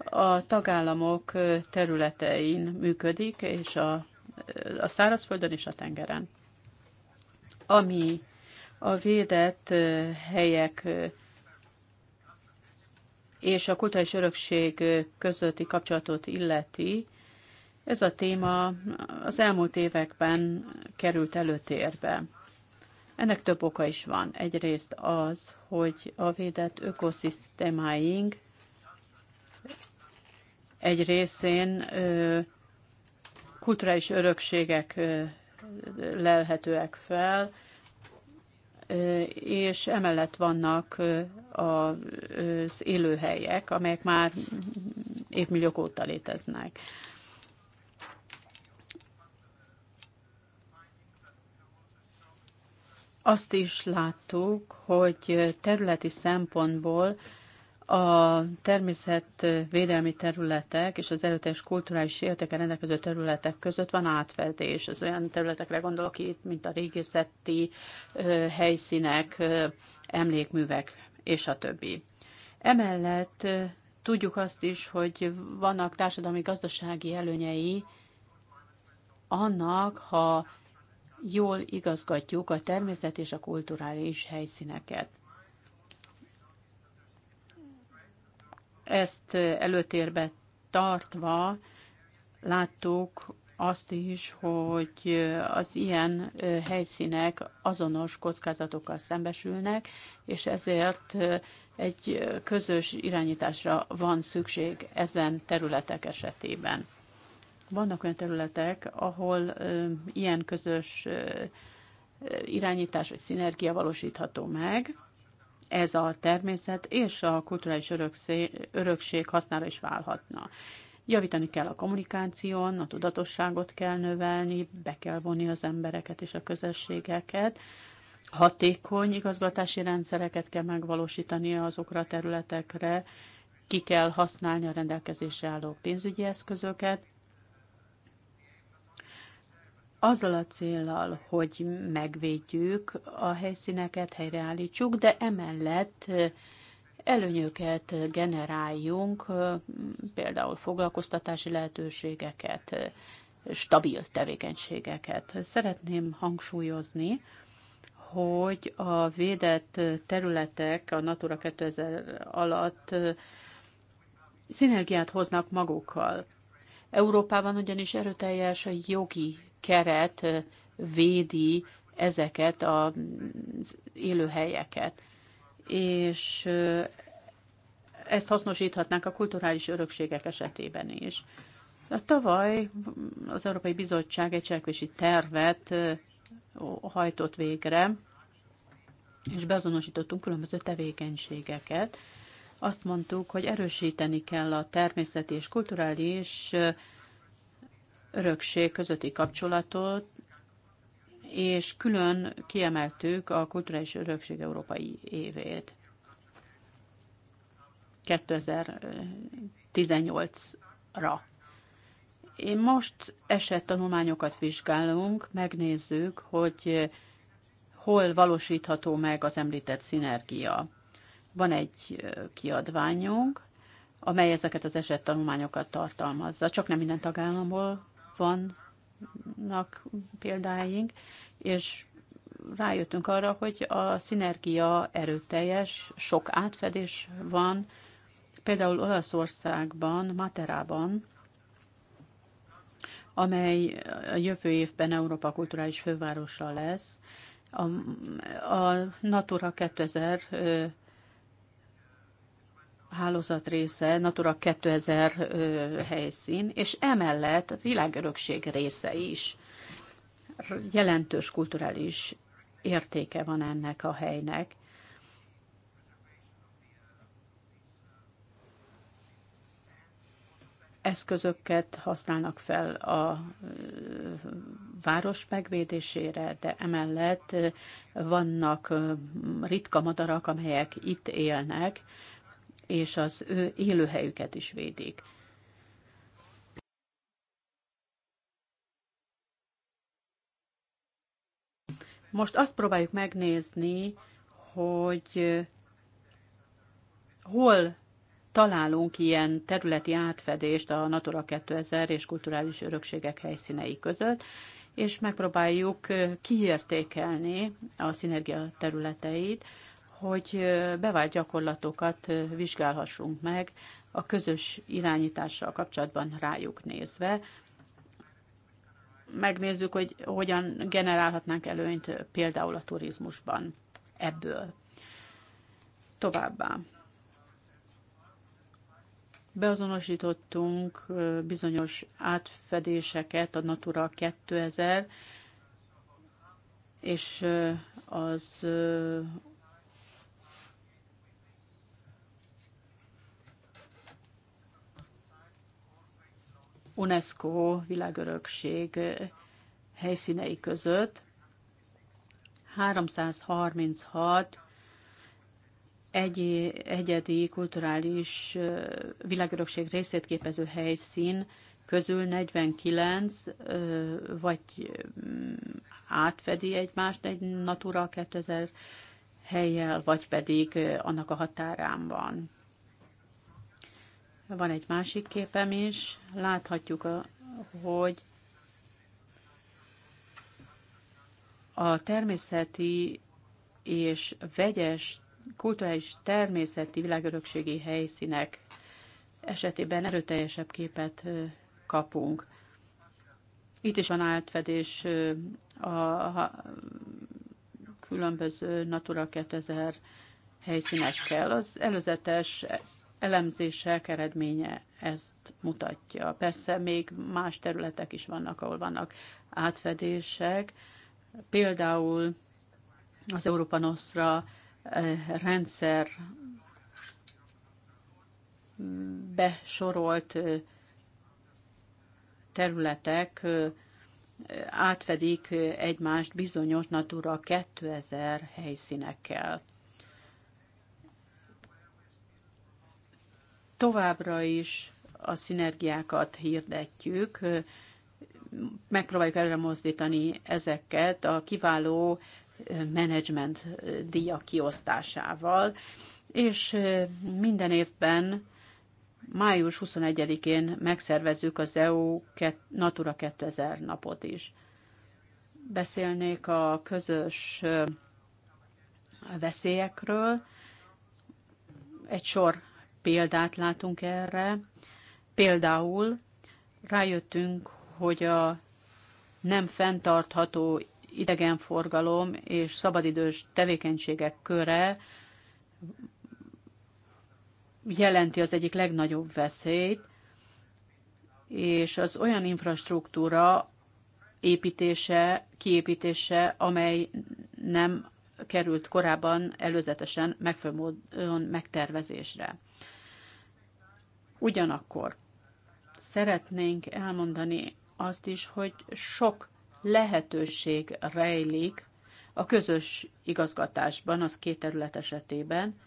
a tagállamok eh, területein működik, és a, eh, a szárazföldön és a tengeren. Ami a védett helyek és a kulturális örökség közötti kapcsolatot illeti, ez a téma az elmúlt években került előtérbe. Ennek több oka is van. Egyrészt az, hogy a védett ökoszisztémáink egy részén kulturális örökségek lelhetőek fel, és emellett vannak az élőhelyek, amelyek már évmilliók óta léteznek. Azt is láttuk, hogy területi szempontból a természetvédelmi területek és az erőteljes kulturális értéken rendelkező területek között van átfedés. Az olyan területekre gondolok itt, mint a régészeti helyszínek, emlékművek és a többi. Emellett tudjuk azt is, hogy vannak társadalmi-gazdasági előnyei annak, ha jól igazgatjuk a természet és a kulturális helyszíneket. Ezt előtérbe tartva láttuk azt is, hogy az ilyen helyszínek azonos kockázatokkal szembesülnek, és ezért egy közös irányításra van szükség ezen területek esetében. Vannak olyan területek, ahol ilyen közös irányítás vagy szinergia valósítható meg, ez a természet és a kulturális örökség, hasznára is válhatna. Javítani kell a kommunikáción, a tudatosságot kell növelni, be kell vonni az embereket és a közösségeket, hatékony igazgatási rendszereket kell megvalósítani azokra a területekre, ki kell használni a rendelkezésre álló pénzügyi eszközöket, azzal a célral, hogy megvédjük a helyszíneket, helyreállítsuk, de emellett előnyöket generáljunk, például foglalkoztatási lehetőségeket, stabil tevékenységeket. Szeretném hangsúlyozni, hogy a védett területek a Natura 2000 alatt szinergiát hoznak magukkal. Európában ugyanis erőteljes a jogi keret védi ezeket az élőhelyeket. És ezt hasznosíthatnánk a kulturális örökségek esetében is. A tavaly az Európai Bizottság egy cselekvési tervet hajtott végre, és beazonosítottunk különböző tevékenységeket. Azt mondtuk, hogy erősíteni kell a természeti és kulturális örökség közötti kapcsolatot, és külön kiemeltük a Kulturális Örökség Európai évét. 2018-ra. Én most esettanulmányokat vizsgálunk, megnézzük, hogy hol valósítható meg az említett szinergia. Van egy kiadványunk, amely ezeket az esettanulmányokat tartalmazza, csak nem minden tagállamból vannak példáink, és rájöttünk arra, hogy a szinergia erőteljes, sok átfedés van. Például Olaszországban, Materában, amely a jövő évben Európa kulturális fővárosa lesz, a, a Natura 2000 hálózat része Natura 2000 helyszín, és emellett a világörökség része is. Jelentős kulturális értéke van ennek a helynek. eszközöket használnak fel a város megvédésére, de emellett vannak ritka madarak, amelyek itt élnek, és az ő élőhelyüket is védik. Most azt próbáljuk megnézni, hogy hol találunk ilyen területi átfedést a Natura 2000 és kulturális örökségek helyszínei között, és megpróbáljuk kiértékelni a szinergia területeit, hogy bevált gyakorlatokat vizsgálhassunk meg a közös irányítással kapcsolatban rájuk nézve. Megnézzük, hogy hogyan generálhatnánk előnyt például a turizmusban ebből. Továbbá beazonosítottunk bizonyos átfedéseket a Natura 2000 és az UNESCO világörökség helyszínei között 336 egy, egyedi kulturális világörökség részét képező helyszín közül 49 vagy átfedi egymást egy Natura 2000 helyjel, vagy pedig annak a határán van. Van egy másik képem is, láthatjuk, a, hogy a természeti és vegyes kulturális természeti világörökségi helyszínek esetében erőteljesebb képet kapunk. Itt is van átfedés a különböző Natura 2000 helyszínekkel. Az előzetes elemzések eredménye ezt mutatja. Persze még más területek is vannak, ahol vannak átfedések. Például az Európa Nostra eh, rendszer besorolt eh, területek eh, átfedik egymást bizonyos Natura 2000 helyszínekkel. továbbra is a szinergiákat hirdetjük, megpróbáljuk erre mozdítani ezeket a kiváló menedzsment díjak kiosztásával, és minden évben május 21-én megszervezzük az EU Natura 2000 napot is. Beszélnék a közös veszélyekről, egy sor példát látunk erre. Például rájöttünk, hogy a nem fenntartható idegenforgalom és szabadidős tevékenységek köre jelenti az egyik legnagyobb veszélyt, és az olyan infrastruktúra építése, kiépítése, amely nem került korábban előzetesen megfelelő módon megtervezésre. Ugyanakkor szeretnénk elmondani azt is, hogy sok lehetőség rejlik a közös igazgatásban, az két terület esetében.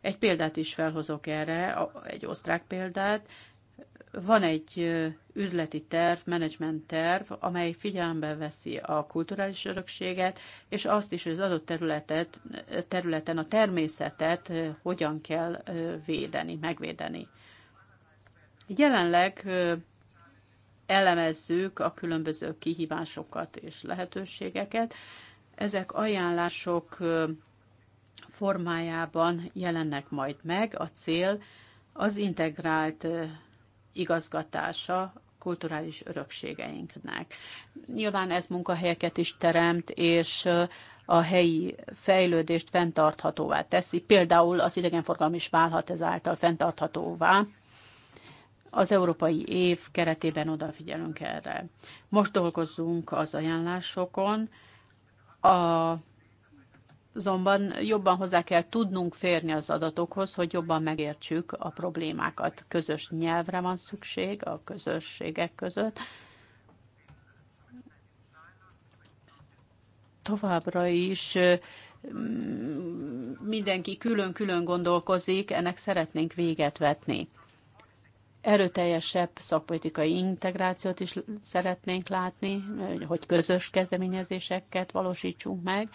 Egy példát is felhozok erre, egy osztrák példát. Van egy üzleti terv, menedzsment terv, amely figyelembe veszi a kulturális örökséget, és azt is, hogy az adott területet, területen a természetet hogyan kell védeni, megvédeni. Jelenleg elemezzük a különböző kihívásokat és lehetőségeket. Ezek ajánlások formájában jelennek majd meg. A cél az integrált igazgatása kulturális örökségeinknek. Nyilván ez munkahelyeket is teremt, és a helyi fejlődést fenntarthatóvá teszi. Például az idegenforgalom is válhat ezáltal fenntarthatóvá, az Európai Év keretében odafigyelünk erre. Most dolgozzunk az ajánlásokon, a azonban jobban hozzá kell tudnunk férni az adatokhoz, hogy jobban megértsük a problémákat. Közös nyelvre van szükség a közösségek között. Továbbra is mindenki külön-külön gondolkozik, ennek szeretnénk véget vetni erőteljesebb szakpolitikai integrációt is szeretnénk látni, hogy közös kezdeményezéseket valósítsunk meg,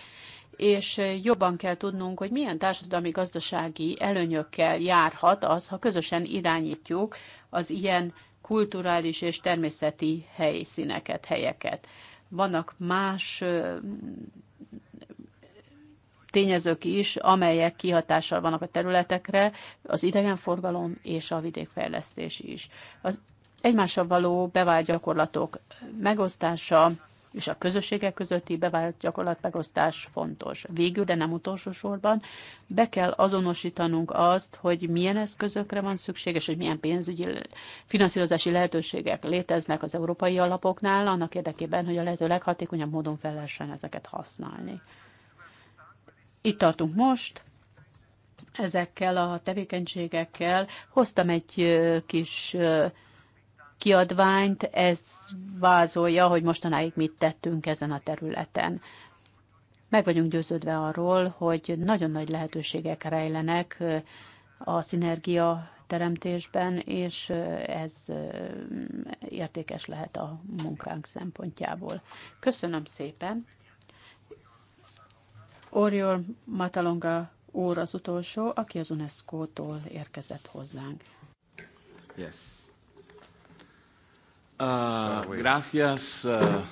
és jobban kell tudnunk, hogy milyen társadalmi gazdasági előnyökkel járhat az, ha közösen irányítjuk az ilyen kulturális és természeti helyszíneket, helyeket. Vannak más tényezők is, amelyek kihatással vannak a területekre, az idegenforgalom és a vidékfejlesztés is. Az egymással való bevált gyakorlatok megosztása és a közösségek közötti bevált gyakorlat megosztás fontos. Végül, de nem utolsó sorban, be kell azonosítanunk azt, hogy milyen eszközökre van szükség, és hogy milyen pénzügyi finanszírozási lehetőségek léteznek az európai alapoknál, annak érdekében, hogy a lehető leghatékonyabb módon fel lehessen ezeket használni itt tartunk most, ezekkel a tevékenységekkel. Hoztam egy kis kiadványt, ez vázolja, hogy mostanáig mit tettünk ezen a területen. Meg vagyunk győződve arról, hogy nagyon nagy lehetőségek rejlenek a szinergia teremtésben, és ez értékes lehet a munkánk szempontjából. Köszönöm szépen! Oriol Matalonga úr az utolsó, aki az UNESCO-tól érkezett hozzánk. Yes. Uh, gracias, uh,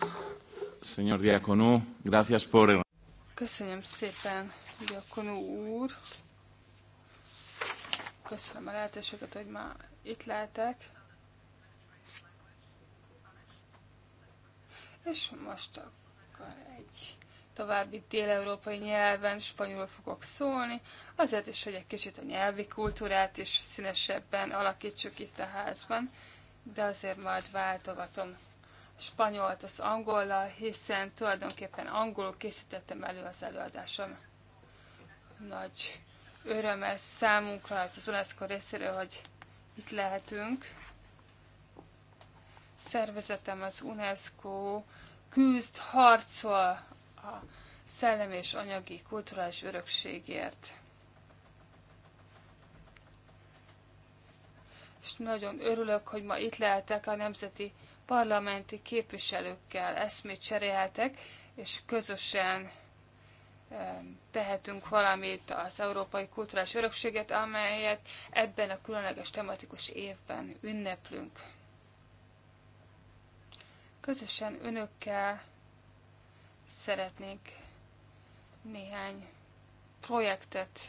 señor Diaconú. Gracias por... Köszönöm szépen, Diakonú úr. Köszönöm a lehetőséget, hogy ma itt lehetek. És most akkor egy további déleurópai nyelven spanyolul fogok szólni, azért is, hogy egy kicsit a nyelvi kultúrát is színesebben alakítsuk itt a házban, de azért majd váltogatom a spanyolt az angollal, hiszen tulajdonképpen angolul készítettem elő az előadásom. Nagy öröm ez számunkra, hát az UNESCO részéről, hogy itt lehetünk. Szervezetem az UNESCO küzd, harcol a szellemi és anyagi kulturális örökségért. És nagyon örülök, hogy ma itt lehetek a nemzeti parlamenti képviselőkkel, eszmét cserélhetek, és közösen tehetünk valamit az európai kulturális örökséget, amelyet ebben a különleges tematikus évben ünneplünk. Közösen önökkel szeretnénk néhány projektet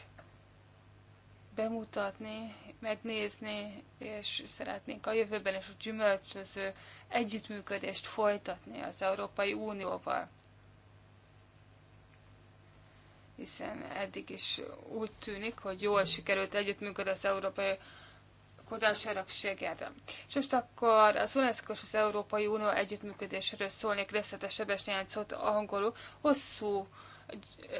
bemutatni, megnézni, és szeretnénk a jövőben is a gyümölcsöző együttműködést folytatni az Európai Unióval. Hiszen eddig is úgy tűnik, hogy jól sikerült együttműködni az Európai Unióval, kutatás örökségére. És most akkor az unesco és az Európai Unió együttműködésről szólnék részletesebb és néhány szót angolul. Hosszú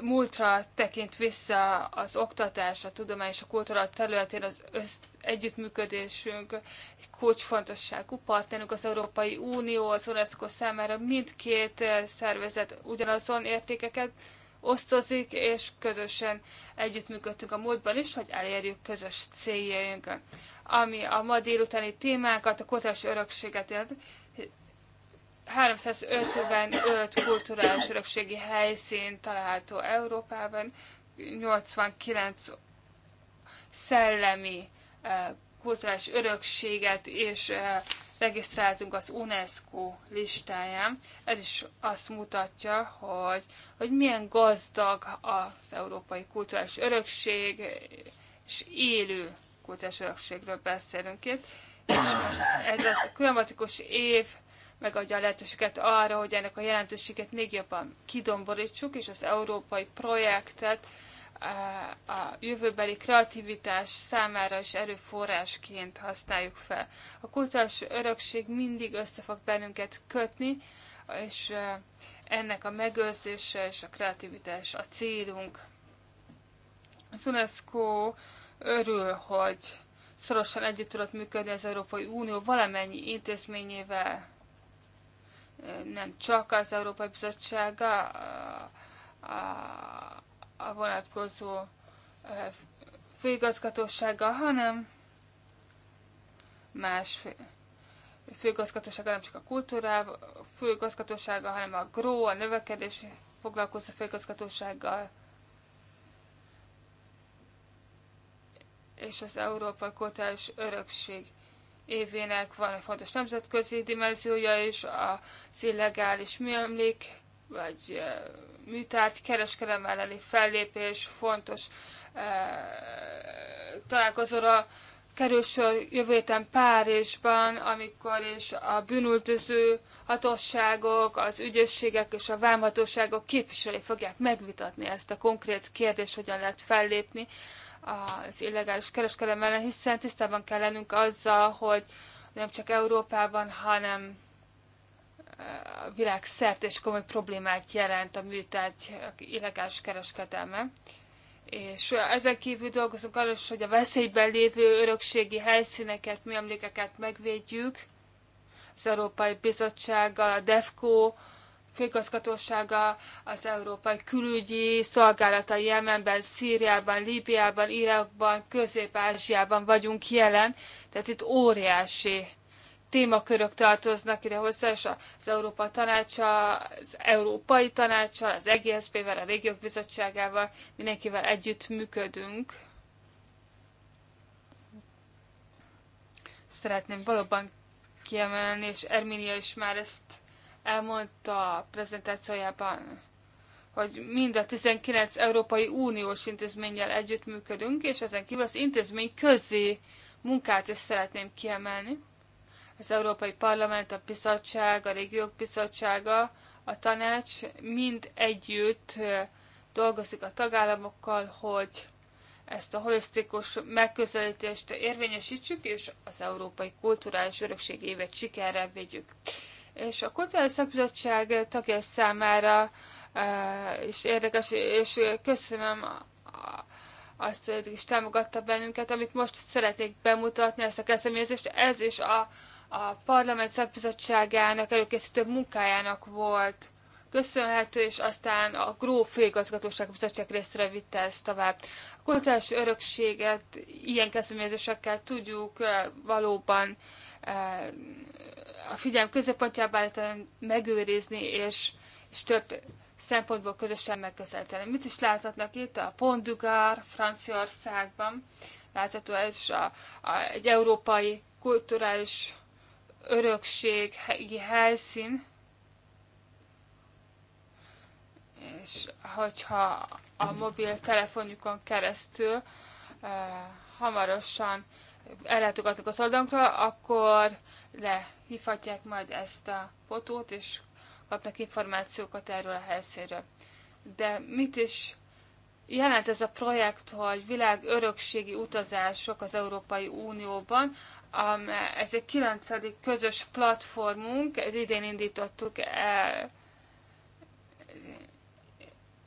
múltra tekint vissza az oktatás, a tudomány és a kultúra területén az össz együttműködésünk, egy kulcsfontosságú partnerünk az Európai Unió, az UNESCO számára mindkét szervezet ugyanazon értékeket osztozik, és közösen együttműködtünk a múltban is, hogy elérjük közös céljainkat ami a ma délutáni témákat, a kulturális örökséget illeti. 355 kulturális örökségi helyszín található Európában, 89 szellemi eh, kulturális örökséget és eh, regisztráltunk az UNESCO listáján. Ez is azt mutatja, hogy, hogy milyen gazdag az európai kulturális örökség, és élő kultúrás örökségről beszélünk itt, és most ez az klimatikus év megadja a lehetőséget arra, hogy ennek a jelentőséget még jobban kidomborítsuk, és az európai projektet eh, a jövőbeli kreativitás számára is erőforrásként használjuk fel. A kultúrás örökség mindig össze fog bennünket kötni, és eh, ennek a megőrzése és a kreativitás a célunk. Az UNESCO örül, hogy szorosan együtt tudott működni az Európai Unió valamennyi intézményével, nem csak az Európai Bizottsága, a, a vonatkozó főigazgatósága, hanem más főigazgatósága, nem csak a kultúrával, főigazgatósága, hanem a GRO, a növekedés foglalkozó főigazgatósággal, és az Európai Kulturális Örökség évének van egy fontos nemzetközi dimenziója is, az illegális műemlék vagy műtárgy kereskedelem elleni fellépés fontos találkozóra kerül sor jövő héten Párizsban, amikor is a bűnüldöző hatóságok, az ügyességek és a vámhatóságok képviselői fogják megvitatni ezt a konkrét kérdést, hogyan lehet fellépni az illegális kereskedelem ellen, hiszen tisztában kell lennünk azzal, hogy nem csak Európában, hanem a eh, világ szerte és komoly problémát jelent a műtárgy illegális kereskedelme. És ezen kívül dolgozunk arra is, hogy a veszélyben lévő örökségi helyszíneket, műemlékeket megvédjük. Az Európai Bizottsággal, a DEFCO, főigazgatósága, az Európai Külügyi Szolgálata Jemenben, Szíriában, Líbiában, Irakban, Közép-Ázsiában vagyunk jelen, tehát itt óriási témakörök tartoznak ide hozzá, és az Európa Tanácsa, az Európai Tanácsa, az EGSZP-vel, a Régiók Bizottságával, mindenkivel együtt működünk. Szeretném valóban kiemelni, és Erminia is már ezt elmondta a prezentációjában, hogy mind a 19 Európai Uniós intézménnyel együttműködünk, és ezen kívül az intézmény közé munkát is szeretném kiemelni. Az Európai Parlament, a Bizottság, a Régiók Bizottsága, a Tanács mind együtt dolgozik a tagállamokkal, hogy ezt a holisztikus megközelítést érvényesítsük, és az Európai Kulturális Örökség évet sikerrel vigyük és a Kulturális Szakbizottság tagja számára is eh, érdekes, és köszönöm azt is támogatta bennünket, amit most szeretnék bemutatni, ezt a kezdeményezést. Ez is a, a parlament szakbizottságának előkészítő munkájának volt köszönhető, és aztán a Gróf Főigazgatóság Bizottság részre vitte ezt tovább. A kulturális örökséget ilyen kezdeményezésekkel tudjuk eh, valóban eh, a figyelm középpontjába állítani, megőrizni, és, és több szempontból közösen megközelíteni. Mit is láthatnak itt? A Pont du Gard Franciaországban látható ez is a, a, egy európai kulturális örökségi helyszín, és hogyha a mobiltelefonjukon keresztül uh, hamarosan ellátogatnak a szaldankra, akkor lehívhatják majd ezt a fotót, és kapnak információkat erről a helyszínről. De mit is jelent ez a projekt, hogy világ örökségi utazások az Európai Unióban, ez egy 9. közös platformunk, ez idén indítottuk el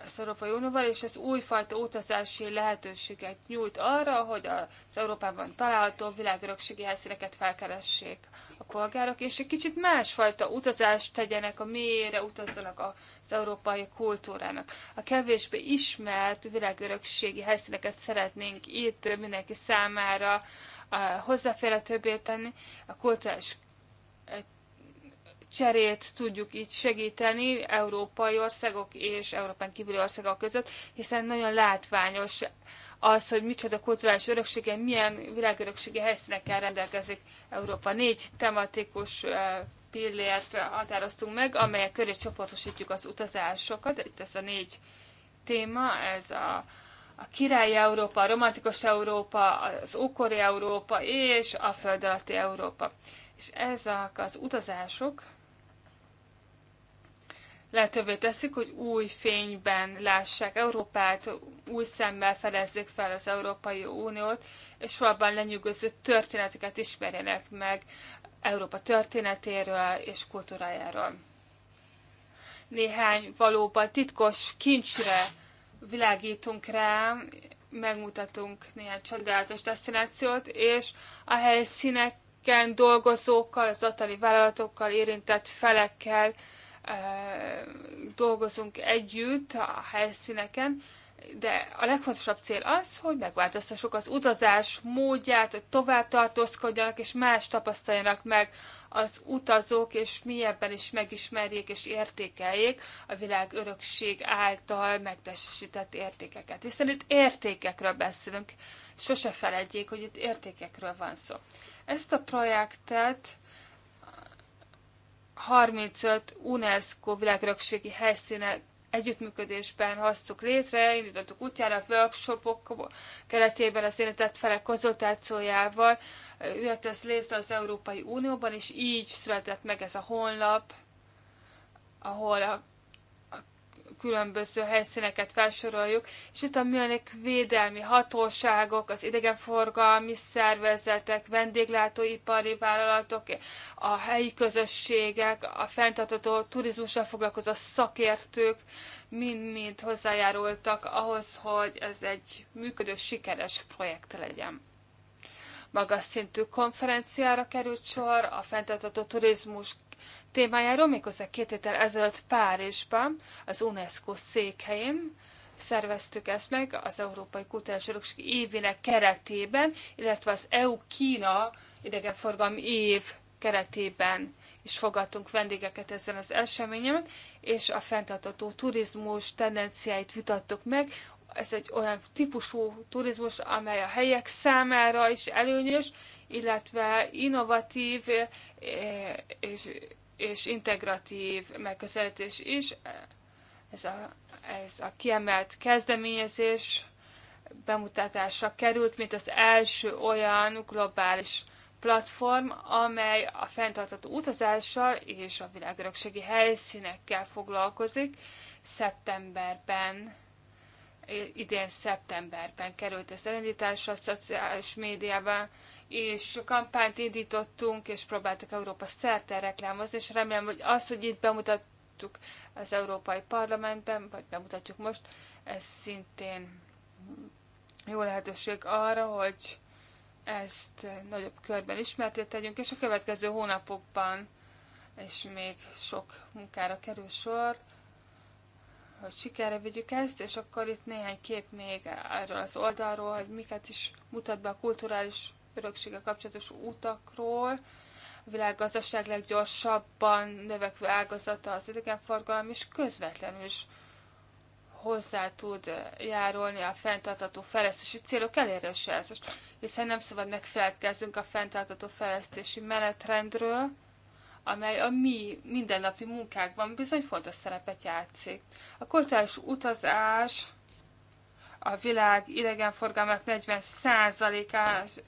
az Európai Unióval, és ez újfajta utazási lehetőséget nyújt arra, hogy az Európában található világörökségi helyszíneket felkeressék a polgárok, és egy kicsit másfajta utazást tegyenek, a mélyére utazzanak az európai kultúrának. A kevésbé ismert világörökségi helyszíneket szeretnénk itt mindenki számára eh, hozzáférhetőbbé tenni, a kulturális cserét tudjuk itt segíteni európai országok és Európán kívüli országok között, hiszen nagyon látványos az, hogy micsoda kulturális öröksége, milyen világöröksége helyszínekkel rendelkezik Európa. Négy tematikus pillért határoztunk meg, amelyek köré csoportosítjuk az utazásokat. Itt ez a négy téma, ez a, a király Európa, a romantikus Európa, az ókori Európa és a föld alatti Európa. És ezek az utazások lehetővé teszik, hogy új fényben lássák Európát, új szemmel fedezzék fel az Európai Uniót, és valóban lenyűgöző történeteket ismerjenek meg Európa történetéről és kultúrájáról. Néhány valóban titkos kincsre világítunk rá, megmutatunk néhány csodálatos destinációt, és a helyszíneken dolgozókkal, az ottani vállalatokkal, érintett felekkel, dolgozunk együtt a helyszíneken, de a legfontosabb cél az, hogy megváltoztassuk az utazás módját, hogy tovább tartózkodjanak, és más tapasztaljanak meg az utazók, és mélyebben is megismerjék és értékeljék a világ örökség által megtestesített értékeket. Hiszen itt értékekről beszélünk, sose felejtjék, hogy itt értékekről van szó. Ezt a projektet 35 UNESCO világörökségi helyszínek együttműködésben hoztuk létre, indítottuk útjára workshopok keretében az érintett felek konzultációjával, jött ez létre az Európai Unióban, és így született meg ez a honlap, ahol a különböző helyszíneket felsoroljuk, és itt a műanyag védelmi hatóságok, az idegenforgalmi szervezetek, vendéglátóipari vállalatok, a helyi közösségek, a fenntartató turizmussal foglalkozó szakértők mind-mind hozzájárultak ahhoz, hogy ez egy működő, sikeres projekt legyen magas szintű konferenciára került sor, a fenntartató turizmus témájáról, méghozzá két héttel ezelőtt Párizsban, az UNESCO székhelyén szerveztük ezt meg az Európai Kulturális Örökség évének keretében, illetve az EU-Kína idegenforgalmi év keretében is fogadtunk vendégeket ezen az eseményen, és a fenntartató turizmus tendenciáit vitattuk meg. Ez egy olyan típusú turizmus, amely a helyek számára is előnyös, illetve innovatív eh, és, és integratív megközelítés is. Ez a, ez a kiemelt kezdeményezés bemutatásra került, mint az első olyan globális platform, amely a fenntartató utazással és a világörökségi helyszínekkel foglalkozik. Szeptemberben, idén szeptemberben került ez elindításra a szociális médiában, és kampányt indítottunk, és próbáltuk Európa szerte reklámozni, és remélem, hogy az, hogy itt bemutattuk az Európai Parlamentben, vagy bemutatjuk most, ez szintén jó lehetőség arra, hogy ezt nagyobb körben ismerté tegyünk, és a következő hónapokban és még sok munkára kerül sor, hogy sikerre vigyük ezt, és akkor itt néhány kép még arról az oldalról, hogy miket is mutat be a kulturális örökséggel kapcsolatos útakról, a világgazdaság leggyorsabban növekvő ágazata az idegenforgalom, és közvetlenül is hozzá tud járulni a fenntartató fejlesztési célok eléréséhez. Hiszen nem szabad megfeledkezzünk a fenntartató fejlesztési menetrendről, amely a mi mindennapi munkákban bizony fontos szerepet játszik. A kulturális utazás a világ idegenforgalmának 40%-ért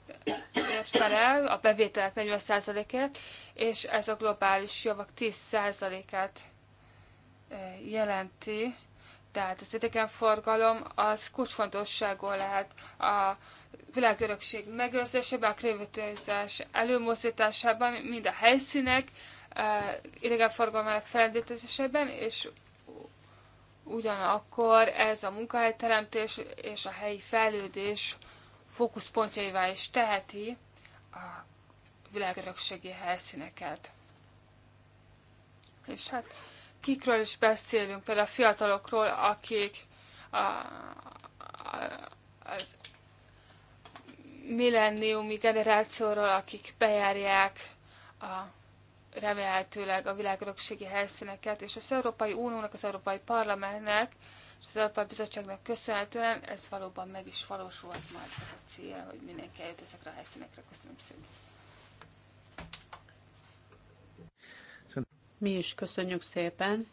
felel, a bevételek 40 át és ez a globális javak 10%-át eh, jelenti. Tehát az idegenforgalom az kulcsfontosságú lehet a világörökség megőrzésében, a krévetőzés előmozdításában, mind a helyszínek, eh, idegenforgalmának felendítésében, és ugyanakkor ez a munkahelyteremtés és a helyi fejlődés fókuszpontjaivá is teheti a világörökségi helyszíneket. És hát kikről is beszélünk, például a fiatalokról, akik a, a, az milleniumi generációról, akik bejárják a remélhetőleg a világörökségi helyszíneket, és az Európai Uniónak, az Európai Parlamentnek, és az Európai Bizottságnak köszönhetően ez valóban meg is valósult majd ez a cél, hogy mindenki eljött ezekre a helyszínekre. Köszönöm szépen. Mi is köszönjük szépen.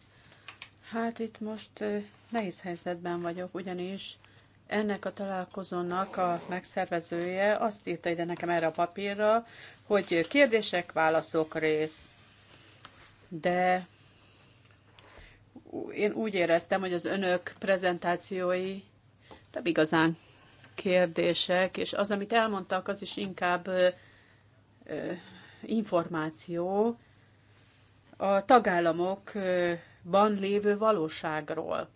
Hát itt most nehéz helyzetben vagyok, ugyanis ennek a találkozónak a megszervezője azt írta ide nekem erre a papírra, hogy kérdések, válaszok rész de én úgy éreztem, hogy az önök prezentációi nem igazán kérdések, és az, amit elmondtak, az is inkább ö, ö, információ a tagállamokban lévő valóságról.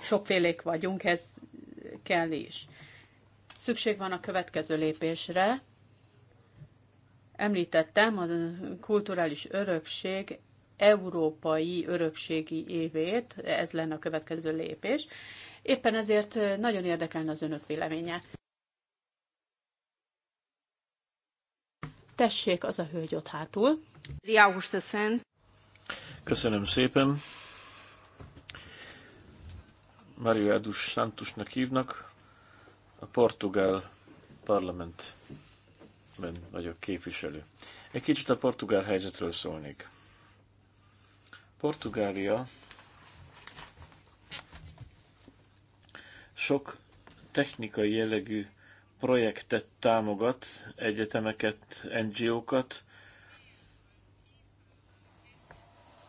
Sokfélék vagyunk, ez kell is. Szükség van a következő lépésre, Említettem a kulturális örökség európai örökségi évét, ez lenne a következő lépés. Éppen ezért nagyon érdekelne az önök véleménye. Tessék, az a hölgy ott hátul. Köszönöm szépen. Mario Edus Santusnak hívnak, a portugál parlament ben vagyok képviselő. Egy kicsit a portugál helyzetről szólnék. Portugália sok technikai jellegű projektet támogat, egyetemeket, NGO-kat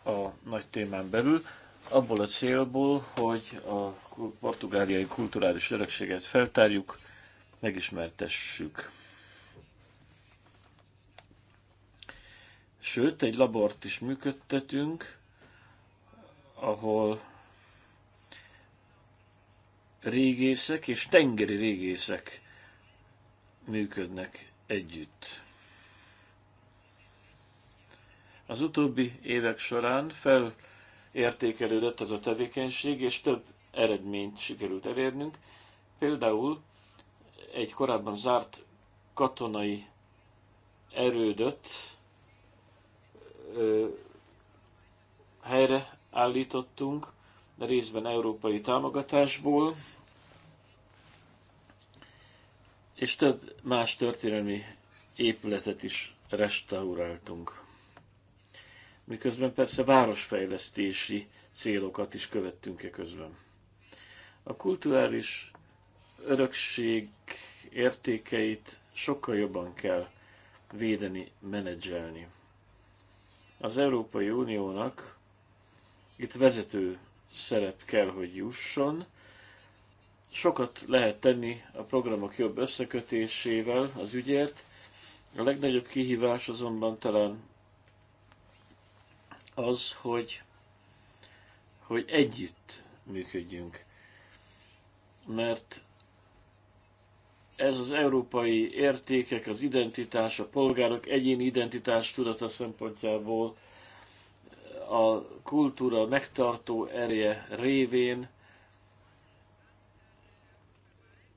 a nagy témán belül, abból a célból, hogy a portugáliai kulturális örökséget feltárjuk, megismertessük. Sőt, egy labort is működtetünk, ahol régészek és tengeri régészek működnek együtt. Az utóbbi évek során felértékelődött ez a tevékenység, és több eredményt sikerült elérnünk. Például egy korábban zárt katonai erődöt helyre állítottunk, de részben európai támogatásból, és több más történelmi épületet is restauráltunk. Miközben persze városfejlesztési célokat is követtünk e közben. A kulturális örökség értékeit sokkal jobban kell védeni, menedzselni az Európai Uniónak itt vezető szerep kell, hogy jusson. Sokat lehet tenni a programok jobb összekötésével az ügyért. A legnagyobb kihívás azonban talán az, hogy, hogy együtt működjünk. Mert ez az európai értékek, az identitás, a polgárok egyéni identitás tudata szempontjából a kultúra megtartó erje révén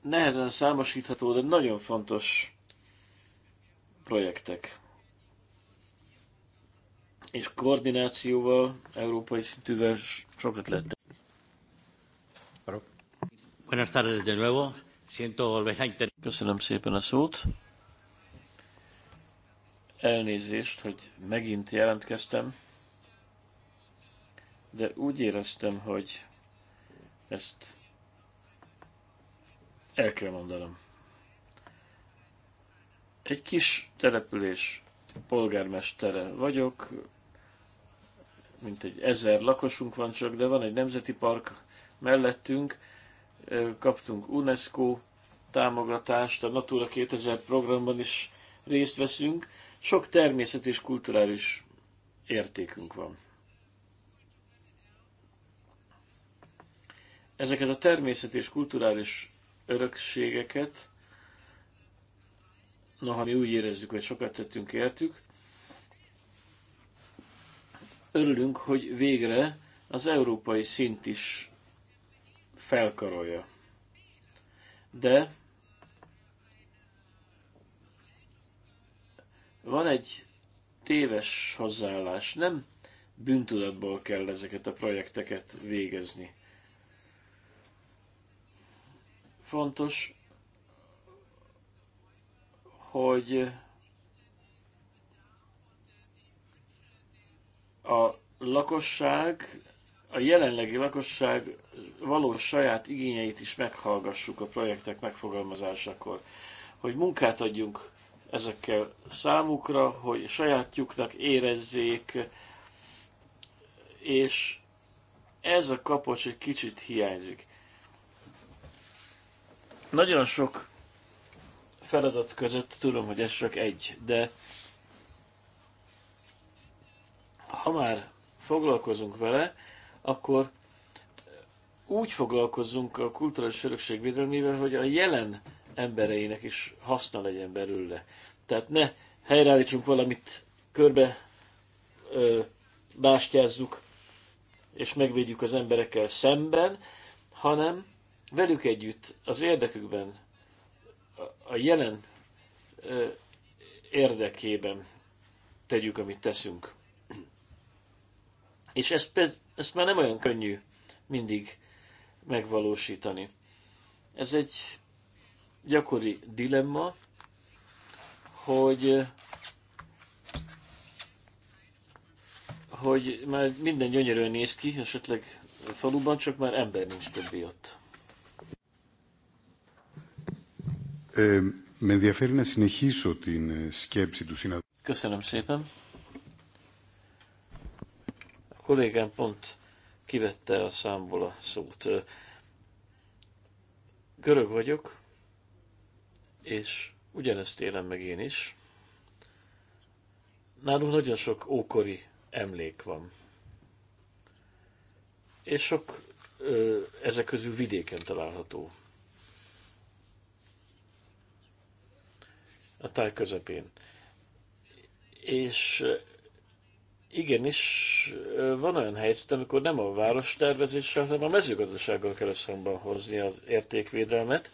nehezen számosítható, de nagyon fontos projektek. És koordinációval, európai szintűvel sokat lehet. Buenas tardes de nuevo. Köszönöm szépen a szót. Elnézést, hogy megint jelentkeztem, de úgy éreztem, hogy ezt el kell mondanom. Egy kis település polgármestere vagyok, mint egy ezer lakosunk van csak, de van egy nemzeti park mellettünk, kaptunk UNESCO támogatást, a Natura 2000 programban is részt veszünk. Sok természet és kulturális értékünk van. Ezeket a természet és kulturális örökségeket, noha mi úgy érezzük, hogy sokat tettünk értük, örülünk, hogy végre az európai szint is felkarolja. De van egy téves hozzáállás. Nem bűntudatból kell ezeket a projekteket végezni. Fontos, hogy a lakosság, a jelenlegi lakosság valós saját igényeit is meghallgassuk a projektek megfogalmazásakor, hogy munkát adjunk ezekkel számukra, hogy sajátjuknak érezzék, és ez a kapocs egy kicsit hiányzik. Nagyon sok feladat között tudom, hogy ez csak egy, de ha már foglalkozunk vele, akkor úgy foglalkozzunk a kulturális örökség védelmével, hogy a jelen embereinek is haszna legyen belőle. Tehát ne helyreállítsunk valamit, körbe ö, bástyázzuk, és megvédjük az emberekkel szemben, hanem velük együtt az érdekükben, a jelen ö, érdekében tegyük, amit teszünk. És ez, ezt már nem olyan könnyű mindig megvalósítani. Ez egy gyakori dilemma, hogy hogy már minden gyönyörűen néz ki, esetleg a faluban, csak már ember nincs többé ott. Με ενδιαφέρει να συνεχίσω την σκέψη του συναδέλφου. Köszönöm szépen. A kollégám pont kivette a számból a szót. Görög vagyok, és ugyanezt élem meg én is. Nálunk nagyon sok ókori emlék van. És sok ö, ezek közül vidéken található. A táj közepén. És igenis van olyan helyzet, amikor nem a tervezéssel, hanem a mezőgazdasággal kell összhangban hozni az értékvédelmet.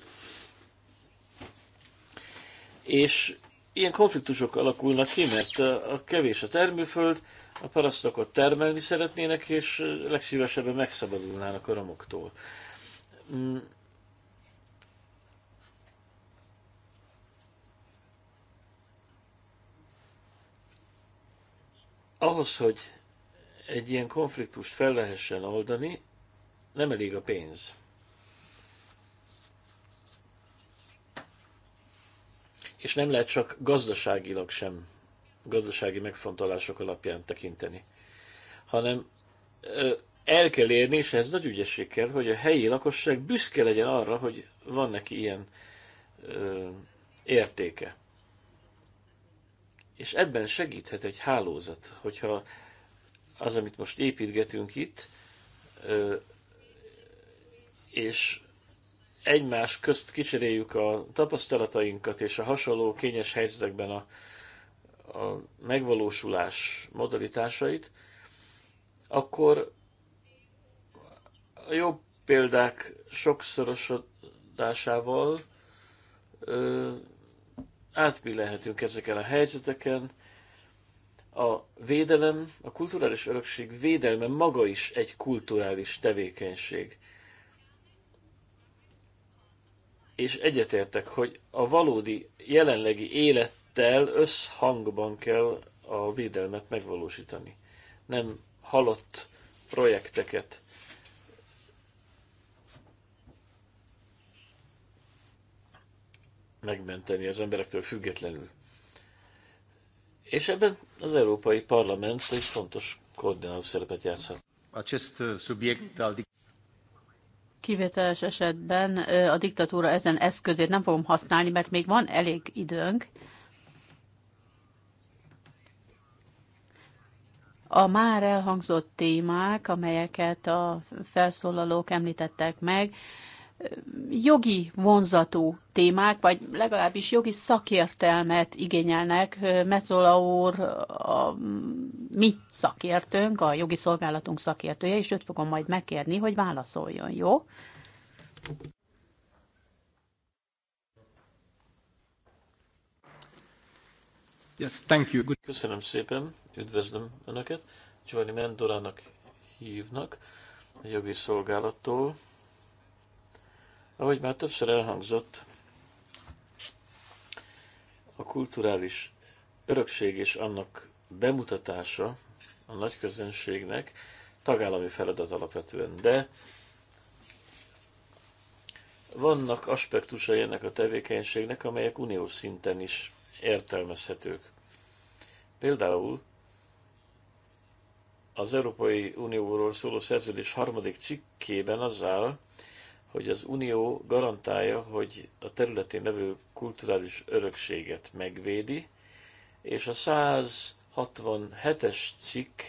És ilyen konfliktusok alakulnak ki, mert a kevés a termőföld, a parasztok ott termelni szeretnének, és legszívesebben megszabadulnának a romoktól. Mm, Ahhoz, hogy egy ilyen konfliktust fel lehessen oldani, nem elég a pénz. És nem lehet csak gazdaságilag sem, gazdasági megfontolások alapján tekinteni, hanem el kell érni, és ez nagy ügyesség kell, hogy a helyi lakosság büszke legyen arra, hogy van neki ilyen ö, értéke. És ebben segíthet egy hálózat, hogyha az, amit most építgetünk itt, és egymás közt kicseréljük a tapasztalatainkat és a hasonló kényes helyzetekben a, a megvalósulás modalitásait, akkor a jobb példák sokszorosodásával átbillenhetünk ezeken a helyzeteken. A védelem, a kulturális örökség védelme maga is egy kulturális tevékenység. És egyetértek, hogy a valódi jelenlegi élettel összhangban kell a védelmet megvalósítani. Nem halott projekteket megmenteni az emberektől függetlenül. És ebben az Európai Parlament egy fontos koordináló szerepet játszhat. A uh, Kivételes esetben a diktatúra ezen eszközét nem fogom használni, mert még van elég időnk. A már elhangzott témák, amelyeket a felszólalók említettek meg, jogi vonzatú témák, vagy legalábbis jogi szakértelmet igényelnek. Metzola úr a mi szakértőnk, a jogi szolgálatunk szakértője, és őt fogom majd megkérni, hogy válaszoljon, jó? Yes, thank you. Good. Köszönöm szépen, üdvözlöm Önöket. Giovanni Mendorának hívnak, a jogi szolgálattól ahogy már többször elhangzott, a kulturális örökség és annak bemutatása a nagy közönségnek tagállami feladat alapvetően, de vannak aspektusai ennek a tevékenységnek, amelyek uniós szinten is értelmezhetők. Például az Európai Unióról szóló szerződés harmadik cikkében az áll, hogy az Unió garantálja, hogy a területén levő kulturális örökséget megvédi, és a 167-es cikk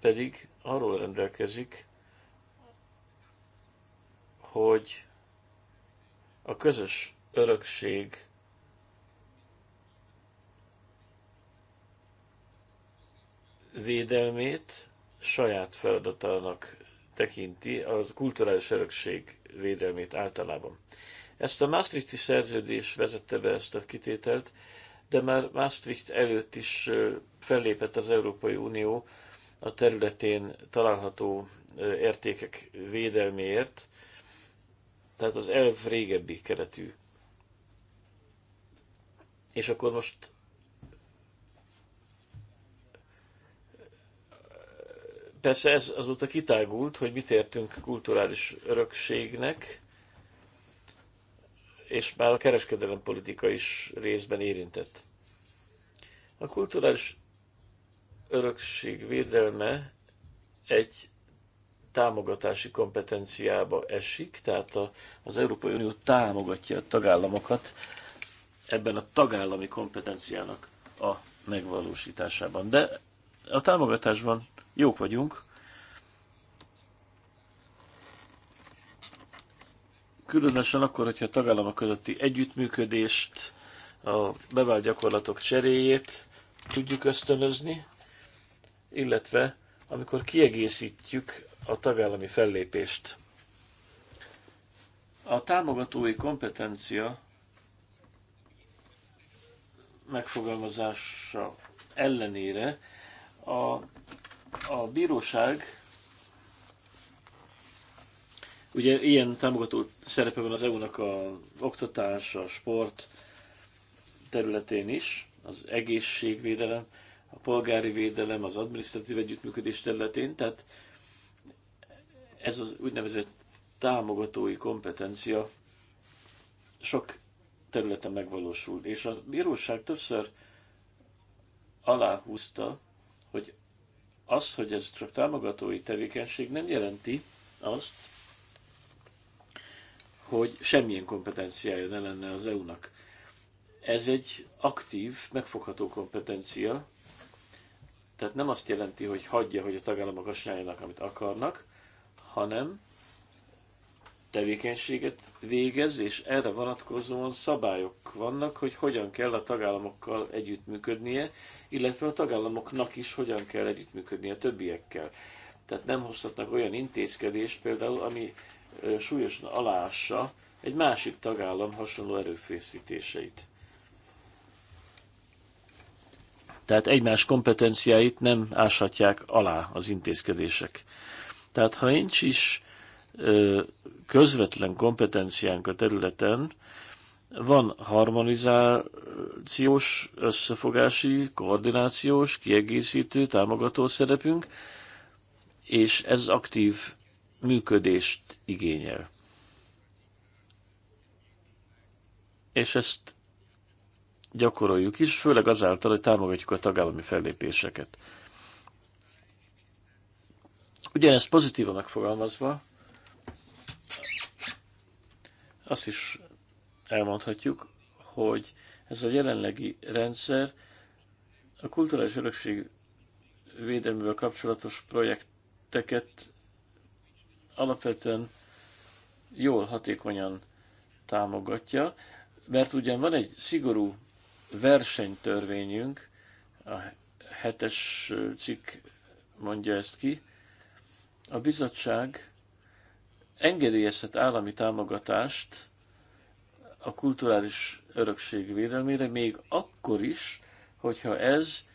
pedig arról rendelkezik, hogy a közös örökség védelmét saját feladatának tekinti a kulturális örökség védelmét általában. Ezt a Maastrichti szerződés vezette be ezt a kitételt, de már Maastricht előtt is fellépett az Európai Unió a területén található értékek védelméért, tehát az elv régebbi keretű. És akkor most Persze ez azóta kitágult, hogy mit értünk kulturális örökségnek, és már a kereskedelem politika is részben érintett. A kulturális örökség védelme egy támogatási kompetenciába esik, tehát a, az Európai Unió támogatja a tagállamokat ebben a tagállami kompetenciának a megvalósításában. De a támogatásban Jók vagyunk. Különösen akkor, hogyha a tagállamok közötti együttműködést, a bevált gyakorlatok cseréjét tudjuk ösztönözni, illetve amikor kiegészítjük a tagállami fellépést. A támogatói kompetencia megfogalmazása ellenére a a bíróság ugye ilyen támogató szerepe van az EU-nak a oktatás, a sport területén is, az egészségvédelem, a polgári védelem, az adminisztratív együttműködés területén, tehát ez az úgynevezett támogatói kompetencia sok területen megvalósul, és a bíróság többször aláhúzta, az, hogy ez csak támogatói tevékenység, nem jelenti azt, hogy semmilyen kompetenciája ne lenne az EU-nak. Ez egy aktív, megfogható kompetencia, tehát nem azt jelenti, hogy hagyja, hogy a tagállamok azt csináljanak, amit akarnak, hanem tevékenységet végez, és erre vonatkozóan szabályok vannak, hogy hogyan kell a tagállamokkal együttműködnie, illetve a tagállamoknak is hogyan kell együttműködnie a többiekkel. Tehát nem hozhatnak olyan intézkedést például, ami súlyosan aláássa egy másik tagállam hasonló erőfészítéseit. Tehát egymás kompetenciáit nem áshatják alá az intézkedések. Tehát ha nincs is közvetlen kompetenciánk a területen, van harmonizációs, összefogási, koordinációs, kiegészítő, támogató szerepünk, és ez aktív működést igényel. És ezt gyakoroljuk is, főleg azáltal, hogy támogatjuk a tagállami fellépéseket. Ugyanezt pozitívan megfogalmazva, azt is elmondhatjuk, hogy ez a jelenlegi rendszer a kulturális örökség védelmével kapcsolatos projekteket alapvetően jól, hatékonyan támogatja, mert ugyan van egy szigorú versenytörvényünk, a hetes cikk mondja ezt ki, a bizottság engedélyezhet állami támogatást a kulturális örökség védelmére, még akkor is, hogyha ez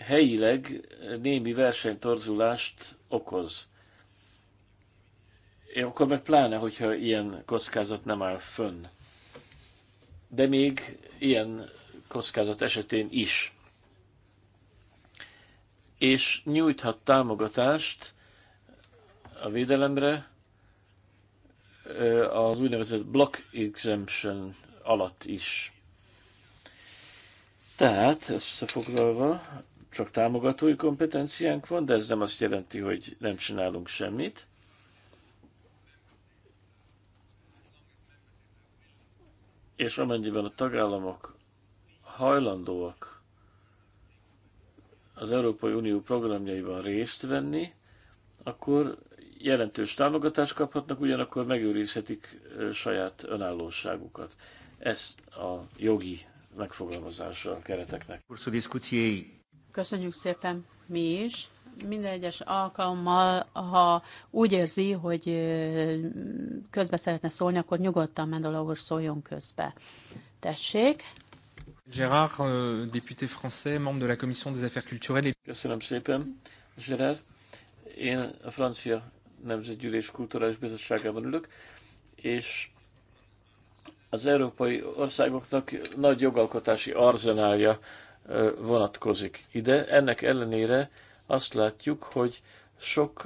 helyileg némi versenytorzulást okoz. Én akkor meg pláne, hogyha ilyen kockázat nem áll fönn. De még ilyen kockázat esetén is. És nyújthat támogatást a védelemre, az úgynevezett block exemption alatt is. Tehát, összefoglalva, csak támogatói kompetenciánk van, de ez nem azt jelenti, hogy nem csinálunk semmit. És amennyiben a tagállamok hajlandóak az Európai Unió programjaiban részt venni, akkor jelentős támogatást kaphatnak, ugyanakkor megőrizhetik saját önállóságukat. Ez a jogi megfogalmazása a kereteknek. Köszönjük szépen mi is. Minden egyes alkalommal, ha úgy érzi, hogy közbe szeretne szólni, akkor nyugodtan Mendola úr szóljon közbe. Tessék. Gérard, euh, député français, membre de la Commission des Affaires Culturelles. Köszönöm szépen, Gérard. Én a francia Nemzetgyűlés Kulturális Bizottságában ülök, és az európai országoknak nagy jogalkotási arzenálja vonatkozik ide. Ennek ellenére azt látjuk, hogy sok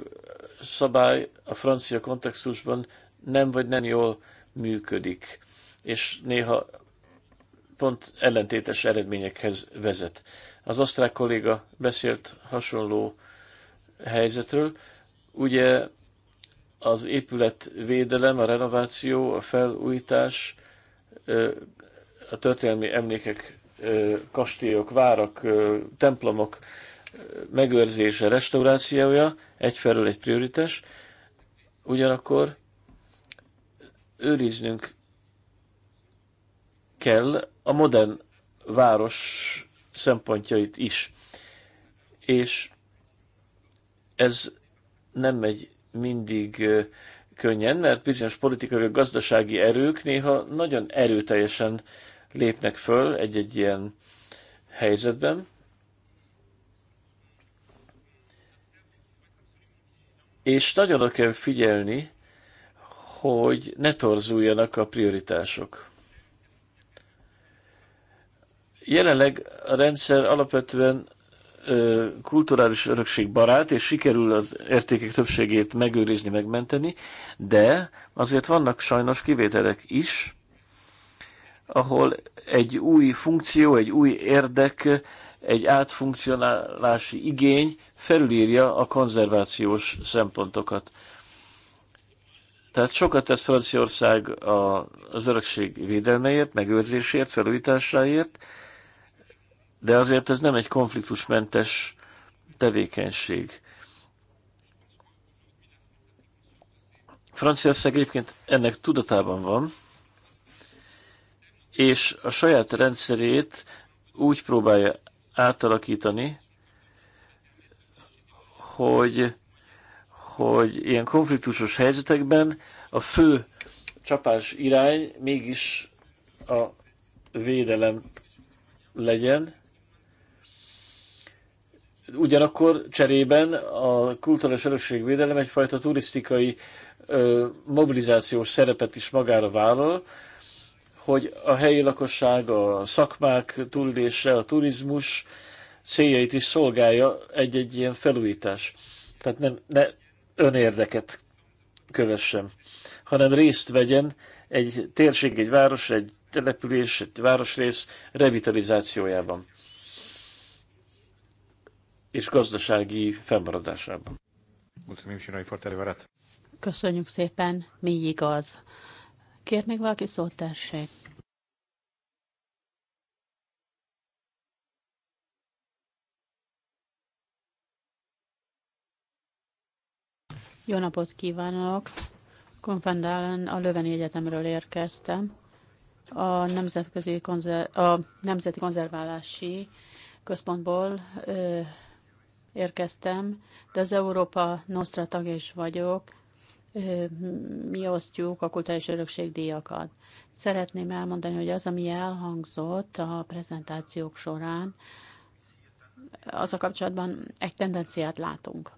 szabály a francia kontextusban nem vagy nem jól működik, és néha pont ellentétes eredményekhez vezet. Az osztrák kolléga beszélt hasonló helyzetről. Ugye az épületvédelem, a renováció, a felújítás, a történelmi emlékek, kastélyok, várak, templomok megőrzése, restaurációja egyfelől egy prioritás, ugyanakkor őriznünk kell a modern város szempontjait is. És ez nem megy mindig könnyen, mert bizonyos politikai vagy gazdasági erők néha nagyon erőteljesen lépnek föl egy-egy ilyen helyzetben. És nagyon oda kell figyelni, hogy ne torzuljanak a prioritások. Jelenleg a rendszer alapvetően kulturális örökség barát, és sikerül az értékek többségét megőrizni, megmenteni, de azért vannak sajnos kivételek is, ahol egy új funkció, egy új érdek, egy átfunkcionálási igény felülírja a konzervációs szempontokat. Tehát sokat tesz Franciaország az örökség védelmeért, megőrzésért, felújításáért, de azért ez nem egy konfliktusmentes tevékenység. Franciaország egyébként ennek tudatában van, és a saját rendszerét úgy próbálja átalakítani, hogy, hogy ilyen konfliktusos helyzetekben a fő csapás irány mégis a védelem legyen, Ugyanakkor cserében a kulturális örökség védelem egyfajta turisztikai mobilizációs szerepet is magára vállal, hogy a helyi lakosság, a szakmák túlélése, a turizmus céljait is szolgálja egy-egy ilyen felújítás. Tehát nem, ne önérdeket kövessem, hanem részt vegyen egy térség, egy város, egy település, egy városrész revitalizációjában és gazdasági fennmaradásában. Köszönjük szépen, mi igaz. Kér még valaki szót, tessék. Jó napot kívánok! Konfendálen a Löveni Egyetemről érkeztem. A Nemzetközi konzer- a Nemzeti Konzerválási Központból ö, érkeztem, de az Európa Nostra tag is vagyok. Mi osztjuk a kulturális örökség díjakat. Szeretném elmondani, hogy az, ami elhangzott a prezentációk során, az a kapcsolatban egy tendenciát látunk.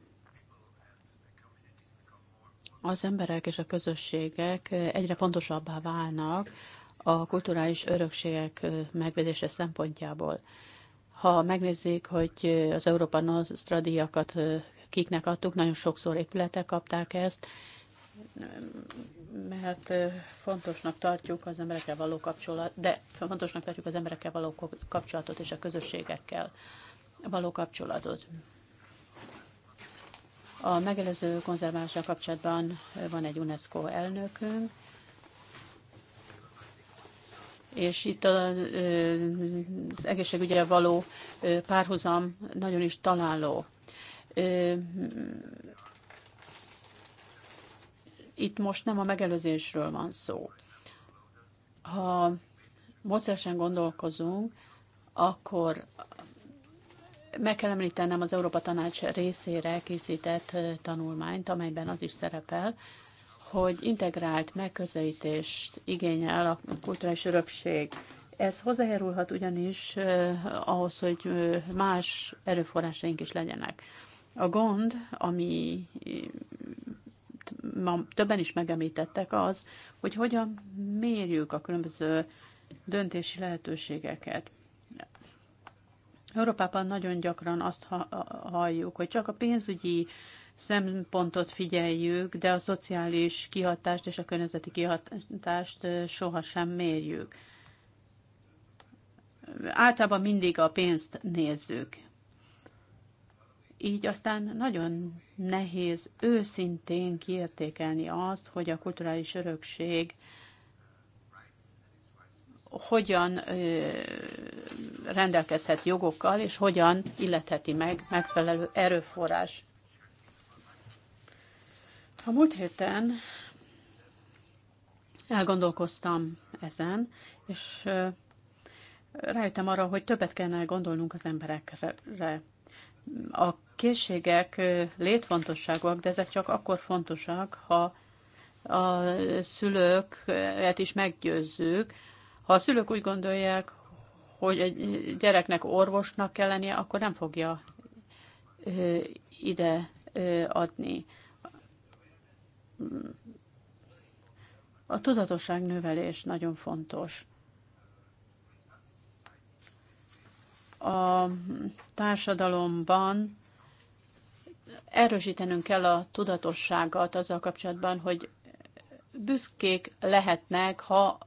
Az emberek és a közösségek egyre fontosabbá válnak a kulturális örökségek megvédése szempontjából. Ha megnézzük, hogy az Európa Nostradiakat kiknek adtuk, nagyon sokszor épületek kapták ezt, mert fontosnak tartjuk az emberekkel való kapcsolat, de fontosnak tartjuk az emberekkel való kapcsolatot és a közösségekkel való kapcsolatot. A megelőző konzerválással kapcsolatban van egy UNESCO elnökünk, és itt az egészségügyel való párhuzam nagyon is találó. Itt most nem a megelőzésről van szó. Ha módszeresen gondolkozunk, akkor meg kell említenem az Európa Tanács részére készített tanulmányt, amelyben az is szerepel, hogy integrált megközelítést igényel a kulturális örökség. Ez hozzájárulhat ugyanis ahhoz, hogy más erőforrásaink is legyenek. A gond, ami ma többen is megemlítettek, az, hogy hogyan mérjük a különböző döntési lehetőségeket. Európában nagyon gyakran azt halljuk, hogy csak a pénzügyi szempontot figyeljük, de a szociális kihatást és a környezeti kihatást sohasem mérjük. Általában mindig a pénzt nézzük. Így aztán nagyon nehéz őszintén kiértékelni azt, hogy a kulturális örökség hogyan rendelkezhet jogokkal, és hogyan illetheti meg megfelelő erőforrás a múlt héten elgondolkoztam ezen, és rájöttem arra, hogy többet kellene gondolnunk az emberekre. A készségek létfontosságúak, de ezek csak akkor fontosak, ha a szülőket is meggyőzzük. Ha a szülők úgy gondolják, hogy egy gyereknek orvosnak kell lennie, akkor nem fogja ide adni a tudatosság növelés nagyon fontos. A társadalomban erősítenünk kell a tudatosságot azzal kapcsolatban, hogy büszkék lehetnek, ha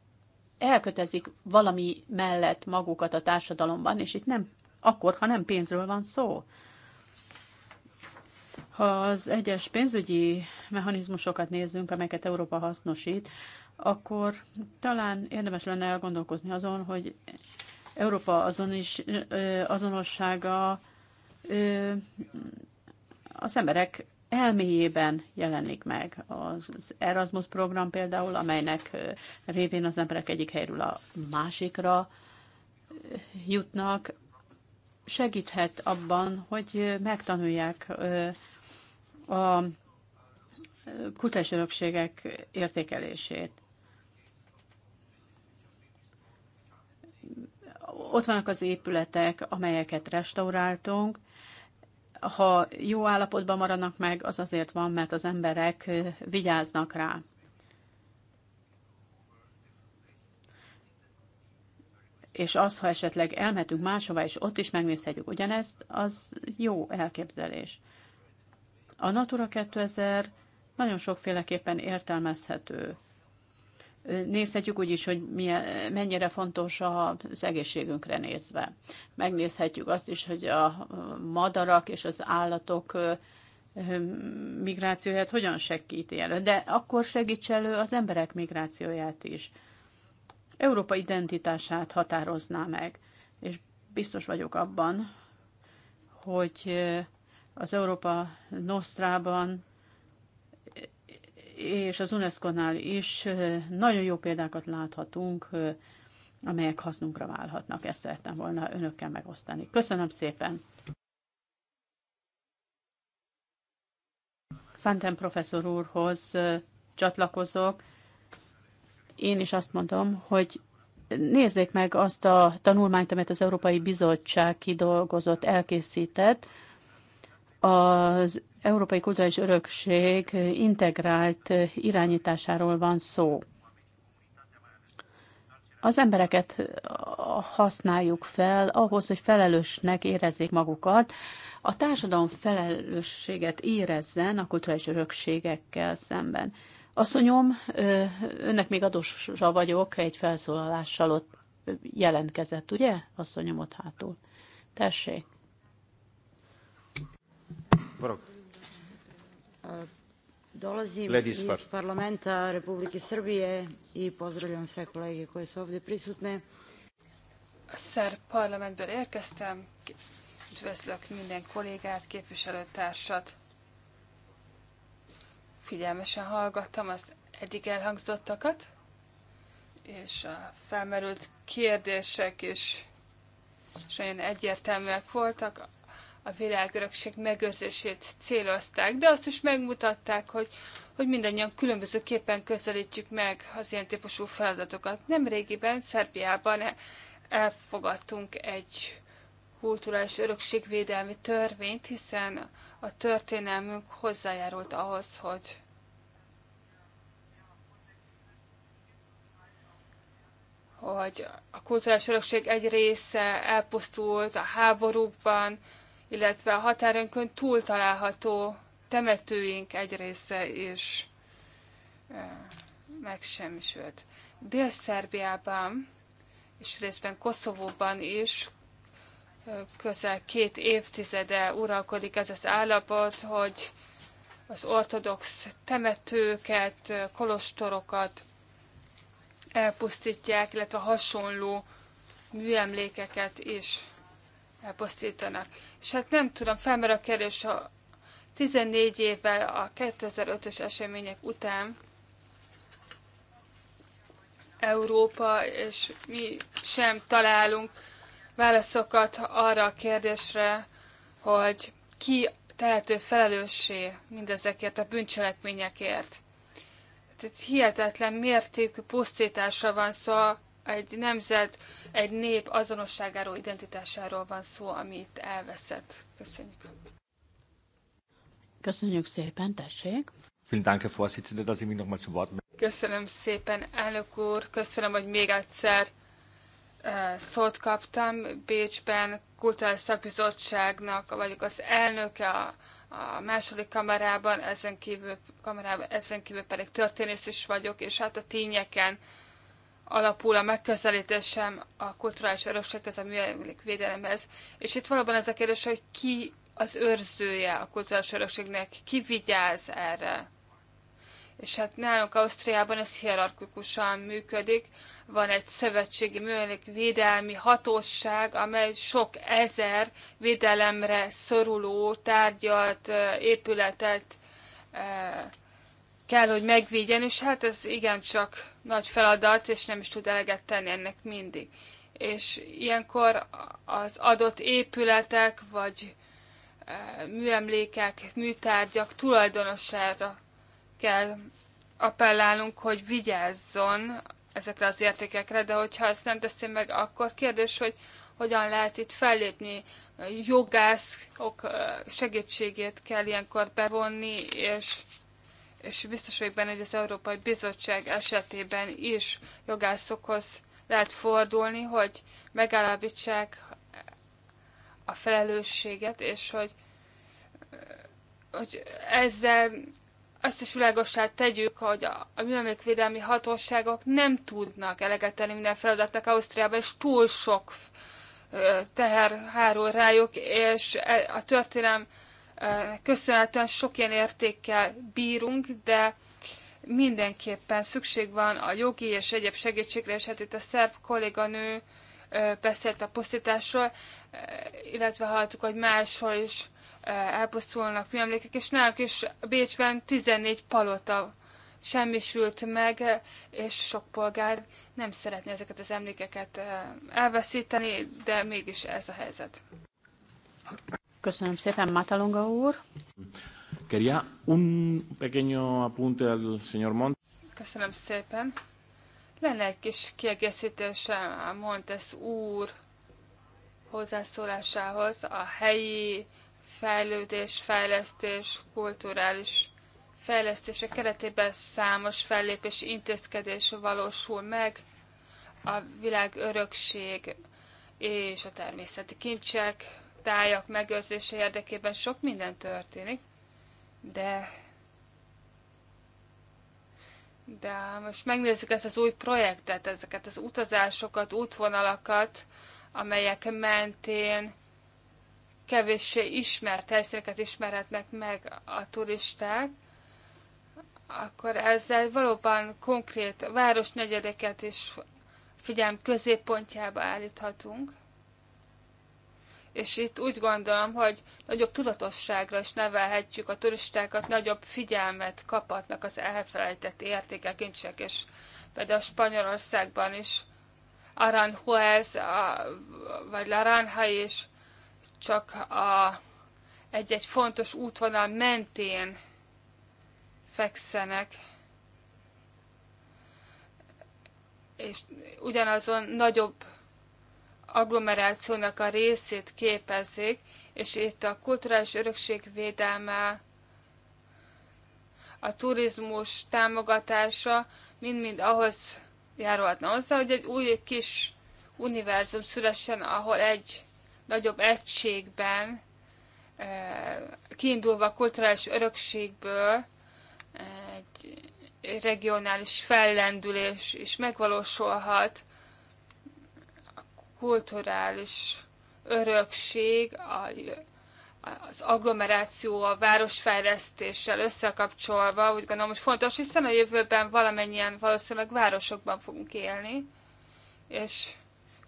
elkötezik valami mellett magukat a társadalomban, és itt nem akkor, ha nem pénzről van szó. Ha az egyes pénzügyi mechanizmusokat nézzünk, amelyeket Európa hasznosít, akkor talán érdemes lenne elgondolkozni azon, hogy Európa azon is, azonossága az emberek elméjében jelenik meg. Az Erasmus program például, amelynek révén az emberek egyik helyről a másikra jutnak, segíthet abban, hogy megtanulják a kultúrás örökségek értékelését. Ott vannak az épületek, amelyeket restauráltunk. Ha jó állapotban maradnak meg, az azért van, mert az emberek vigyáznak rá. és az, ha esetleg elmehetünk máshova, és ott is megnézhetjük ugyanezt, az jó elképzelés. A Natura 2000 nagyon sokféleképpen értelmezhető. Nézhetjük úgy is, hogy milyen, mennyire fontos az egészségünkre nézve. Megnézhetjük azt is, hogy a madarak és az állatok migrációját hogyan segíti elő, de akkor segíts elő az emberek migrációját is. Európa identitását határozná meg, és biztos vagyok abban, hogy az Európa Nostrában és az UNESCO-nál is nagyon jó példákat láthatunk, amelyek hasznunkra válhatnak. Ezt szerettem volna önökkel megosztani. Köszönöm szépen! Fanten professzor úrhoz csatlakozok. Én is azt mondom, hogy nézzék meg azt a tanulmányt, amit az Európai Bizottság kidolgozott, elkészített, az Európai Kulturális Örökség integrált irányításáról van szó. Az embereket használjuk fel ahhoz, hogy felelősnek érezzék magukat, a társadalom felelősséget érezzen a kulturális örökségekkel szemben. Asszonyom, önnek még adósra vagyok, egy felszólalással ott jelentkezett, ugye? Asszonyom ott hátul. Tessék. Barog. Dolazim iz parlamenta Republike Srbije i pozdravljam sve kolege koje su ovdje prisutne. Szer parlamentből érkeztem, üdvözlök minden kollégát, képviselőtársat. Figyelmesen hallgattam az eddig elhangzottakat, és a felmerült kérdések is nagyon egyértelműek voltak, a világörökség megőrzését célozták, de azt is megmutatták, hogy, hogy mindannyian különbözőképpen közelítjük meg az ilyen típusú feladatokat. Nemrégiben Szerbiában e- elfogadtunk egy kulturális örökségvédelmi törvényt, hiszen a történelmünk hozzájárult ahhoz, hogy hogy a kulturális örökség egy része elpusztult a háborúkban, illetve a határönkön túl található temetőink egy része is megsemmisült. Dél-Szerbiában és részben Koszovóban is közel két évtizede uralkodik ez az állapot, hogy az ortodox temetőket, kolostorokat elpusztítják, illetve hasonló műemlékeket is elpusztítanak. És hát nem tudom, felmer a kérdés a 14 évvel a 2005-ös események után Európa, és mi sem találunk válaszokat arra a kérdésre, hogy ki tehető felelőssé mindezekért a bűncselekményekért. Tehát hihetetlen mértékű pusztításra van szó, szóval egy nemzet, egy nép azonosságáról, identitásáról van szó, amit elveszett. Köszönjük. Köszönjük szépen, tessék. Köszönöm szépen, elnök úr, köszönöm, hogy még egyszer eh, szót kaptam. Bécsben kulturális szakbizottságnak vagyok az elnöke, a, a második kamerában, ezen kívül, kamerában ezen kívül pedig történész is vagyok, és hát a tényeken alapul a megközelítésem a kulturális örökséghez, a műemlék védelemhez. És itt valóban ez a kérdés, hogy ki az őrzője a kulturális örökségnek, ki vigyáz erre. És hát nálunk Ausztriában ez hierarchikusan működik. Van egy szövetségi műemlék védelmi hatóság, amely sok ezer védelemre szoruló tárgyat, épületet, eh, kell, hogy megvédjen, és hát ez igencsak nagy feladat, és nem is tud eleget tenni ennek mindig. És ilyenkor az adott épületek, vagy e, műemlékek, műtárgyak tulajdonosára kell appellálnunk, hogy vigyázzon ezekre az értékekre, de hogyha ezt nem teszi meg, akkor kérdés, hogy hogyan lehet itt fellépni, jogászok e, segítségét kell ilyenkor bevonni, és és biztos vagyok benne, hogy az Európai Bizottság esetében is jogászokhoz lehet fordulni, hogy megállapítsák a felelősséget, és hogy, hogy ezzel azt is világosá tegyük, hogy a, a műemlékvédelmi hatóságok nem tudnak eleget tenni minden feladatnak Ausztriában, és túl sok teher hárul rájuk, és e, a történelem köszönhetően sok ilyen értékkel bírunk, de mindenképpen szükség van a jogi és egyéb segítségre, és hát itt a szerb kolléganő beszélt a pusztításról, illetve hallottuk, hogy máshol is elpusztulnak műemlékek, és nálunk is Bécsben 14 palota semmisült meg, és sok polgár nem szeretné ezeket az emlékeket elveszíteni, de mégis ez a helyzet. Köszönöm szépen, Matalonga úr. Quería un pequeño apunte al señor Montes. Köszönöm szépen. Lenne egy kis kiegészítésem a Montes úr hozzászólásához a helyi fejlődés, fejlesztés, kulturális fejlesztése keretében számos fellépés intézkedés valósul meg, a világörökség és a természeti kincsek tájak megőrzése érdekében sok minden történik, de de most megnézzük ezt az új projektet, ezeket az utazásokat, útvonalakat, amelyek mentén kevéssé ismert helyszíneket ismerhetnek meg a turisták, akkor ezzel valóban konkrét városnegyedeket is figyelm középpontjába állíthatunk és itt úgy gondolom, hogy nagyobb tudatosságra is nevelhetjük a turistákat, nagyobb figyelmet kaphatnak az elfelejtett értékek, kincsek, és például Spanyolországban is Aranjuez, a, vagy Laranja is csak a, egy-egy fontos útvonal mentén fekszenek, és ugyanazon nagyobb agglomerációnak a részét képezik, és itt a kulturális örökség védelme, a turizmus támogatása mind-mind ahhoz járulhatna hozzá, hogy egy új kis univerzum szülessen, ahol egy nagyobb egységben, eh, kiindulva a kulturális örökségből, egy regionális fellendülés is megvalósulhat, kulturális örökség, a, az agglomeráció a városfejlesztéssel összekapcsolva, úgy gondolom, hogy fontos, hiszen a jövőben valamennyien valószínűleg városokban fogunk élni, és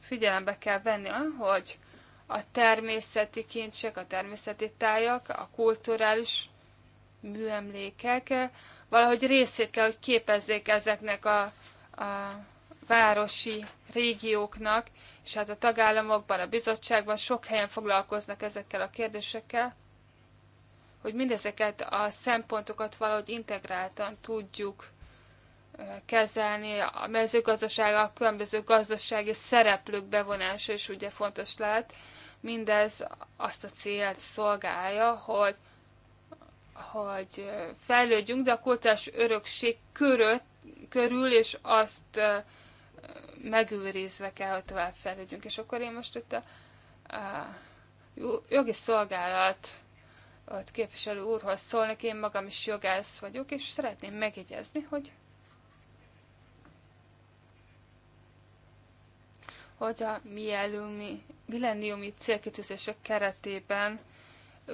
figyelembe kell venni, hogy a természeti kincsek, a természeti tájak, a kulturális műemlékek valahogy részét kell, hogy képezzék ezeknek a, a városi régióknak, és hát a tagállamokban, a bizottságban sok helyen foglalkoznak ezekkel a kérdésekkel, hogy mindezeket a szempontokat valahogy integráltan tudjuk kezelni. A mezőgazdaság, a különböző gazdasági szereplők bevonása is ugye fontos lehet. Mindez azt a célt szolgálja, hogy, hogy fejlődjünk, de a kultúrás örökség körül, körül és azt megőrizve kell, hogy tovább fejlődjünk. És akkor én most itt a, a jogi szolgálat ott képviselő úrhoz szólnék, én magam is jogász vagyok, és szeretném megjegyezni, hogy hogy a milleniumi, milleniumi célkitűzések keretében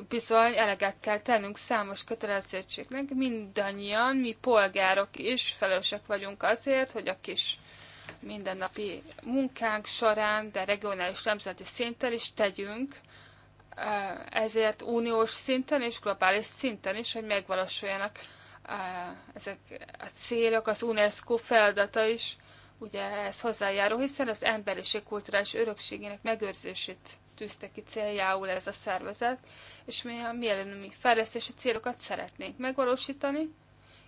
bizony eleget kell tennünk számos kötelezettségnek. Mindannyian, mi polgárok is felelősek vagyunk azért, hogy a kis mindennapi munkánk során, de regionális nemzeti szinten is tegyünk, eh, ezért uniós szinten és globális szinten is, hogy megvalósuljanak eh, ezek a célok, az UNESCO feladata is, ugye ez hozzájárul, hiszen az emberiség kulturális örökségének megőrzését tűzte ki céljául ez a szervezet, és mi a mielőnömi fejlesztési célokat szeretnénk megvalósítani,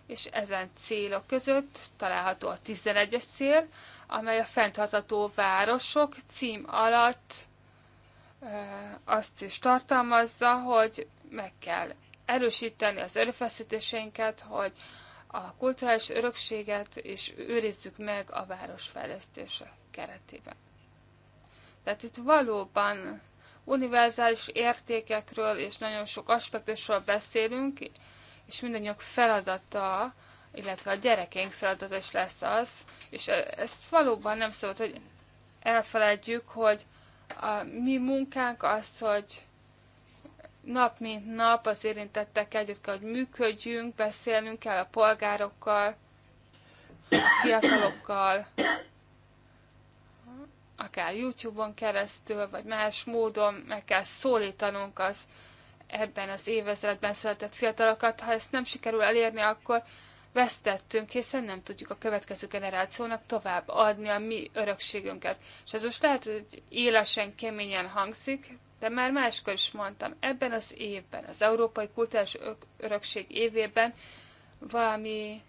és ezen célok között található a 11-es cél, amely a fenntartható városok cím alatt azt is tartalmazza, hogy meg kell erősíteni az erőfeszítéseinket, hogy a kulturális örökséget és őrizzük meg a városfejlesztése keretében. Tehát itt valóban univerzális értékekről és nagyon sok aspektusról beszélünk, és mindannyiunk feladata, illetve a gyerekeink feladata is lesz az, és e- ezt valóban nem szabad, hogy elfeledjük, hogy a mi munkánk az, hogy nap mint nap az érintettek együtt kell, hogy működjünk, beszélnünk kell a polgárokkal, a fiatalokkal, akár YouTube-on keresztül, vagy más módon meg kell szólítanunk az ebben az évezredben született fiatalokat. Ha ezt nem sikerül elérni, akkor vesztettünk, hiszen nem tudjuk a következő generációnak tovább adni a mi örökségünket. És ez most lehet, hogy élesen, keményen hangzik, de már máskor is mondtam, ebben az évben, az Európai Kultúrás Örökség évében valami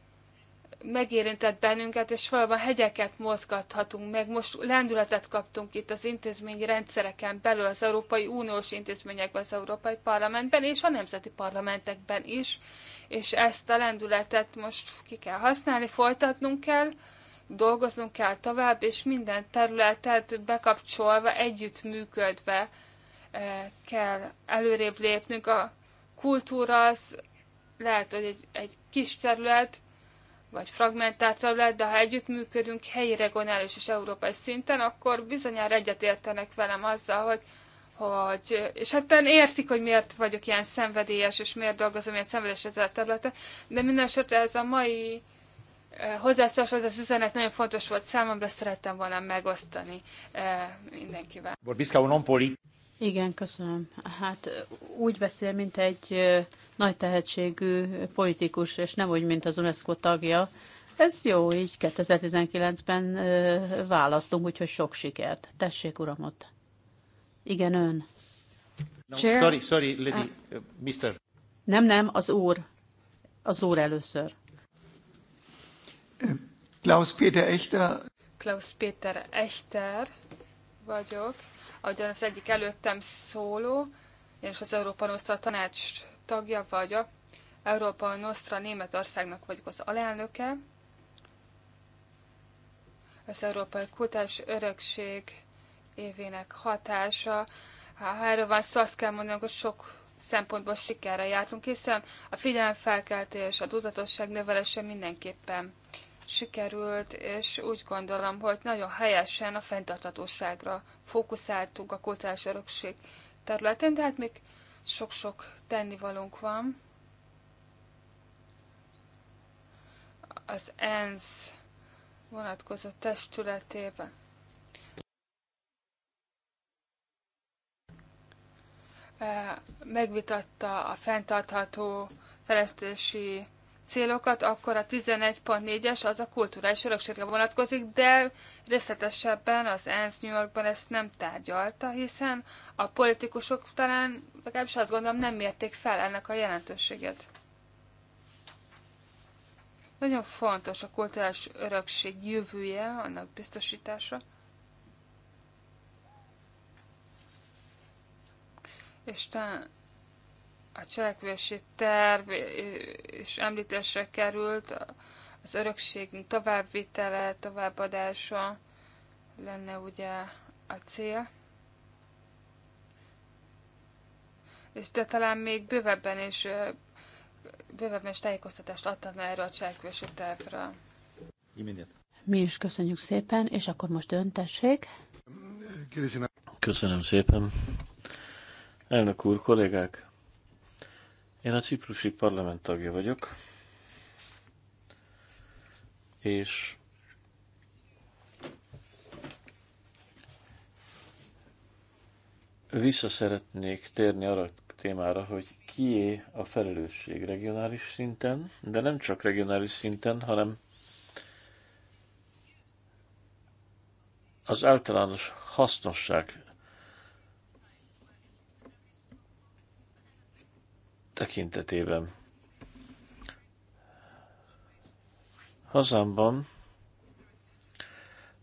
megérintett bennünket, és valóban hegyeket mozgathatunk meg. Most lendületet kaptunk itt az intézményi rendszereken belül, az Európai Uniós intézményekben, az Európai Parlamentben és a nemzeti parlamentekben is, és ezt a lendületet most ki kell használni, folytatnunk kell, dolgoznunk kell tovább, és minden területet bekapcsolva, együttműködve eh, kell előrébb lépnünk. A kultúra az lehet, hogy egy, egy kis terület, vagy fragmentált lett, de ha együttműködünk helyi, regionális és európai szinten, akkor bizonyára egyetértenek velem azzal, hogy, hogy és hát értik, hogy miért vagyok ilyen szenvedélyes, és miért dolgozom ilyen szenvedélyes ezzel a területen, de minden esetre ez a mai eh, hozzászólás, az az üzenet nagyon fontos volt számomra, szerettem volna megosztani eh, mindenkivel. Igen, köszönöm. Hát úgy beszél, mint egy nagy tehetségű politikus, és nem úgy, mint az UNESCO tagja. Ez jó, így 2019-ben választunk, úgyhogy sok sikert. Tessék, uram, ott. Igen, ön. No, sorry, sorry, ah. lady, uh, mister. Nem, nem, az úr. Az úr először. Klaus Peter Echter. Klaus Peter Echter vagyok, ahogyan az egyik előttem szóló, és az Európa Nostra tanács tagja vagyok, Európa Nostra Németországnak vagyok az alelnöke, az Európai Kutás Örökség évének hatása. Ha erről van szó, azt kell mondanom, hogy sok szempontból sikerre jártunk, hiszen a figyelemfelkeltés, a tudatosság növelése mindenképpen sikerült, és úgy gondolom, hogy nagyon helyesen a fenntarthatóságra fókuszáltuk a kultúrás örökség területén, de hát még sok-sok tennivalónk van. Az ENSZ vonatkozó testületében. Megvitatta a fenntartható fejlesztési célokat, akkor a 11.4-es az a kulturális örökségre vonatkozik, de részletesebben az ENSZ New Yorkban ezt nem tárgyalta, hiszen a politikusok talán, legalábbis azt gondolom, nem mérték fel ennek a jelentőséget. Nagyon fontos a kulturális örökség jövője, annak biztosítása. És talán a cselekvési terv és említésre került, az örökség továbbvitele, továbbadása lenne ugye a cél. És de talán még bővebben és bővebben is tájékoztatást adhatna erre a cselekvési tervről. Mi is köszönjük szépen, és akkor most döntessék. Köszönöm szépen. Elnök úr, kollégák! Én a ciprusi parlament tagja vagyok, és vissza szeretnék térni arra a témára, hogy kié a felelősség regionális szinten, de nem csak regionális szinten, hanem az általános hasznosság tekintetében. Hazámban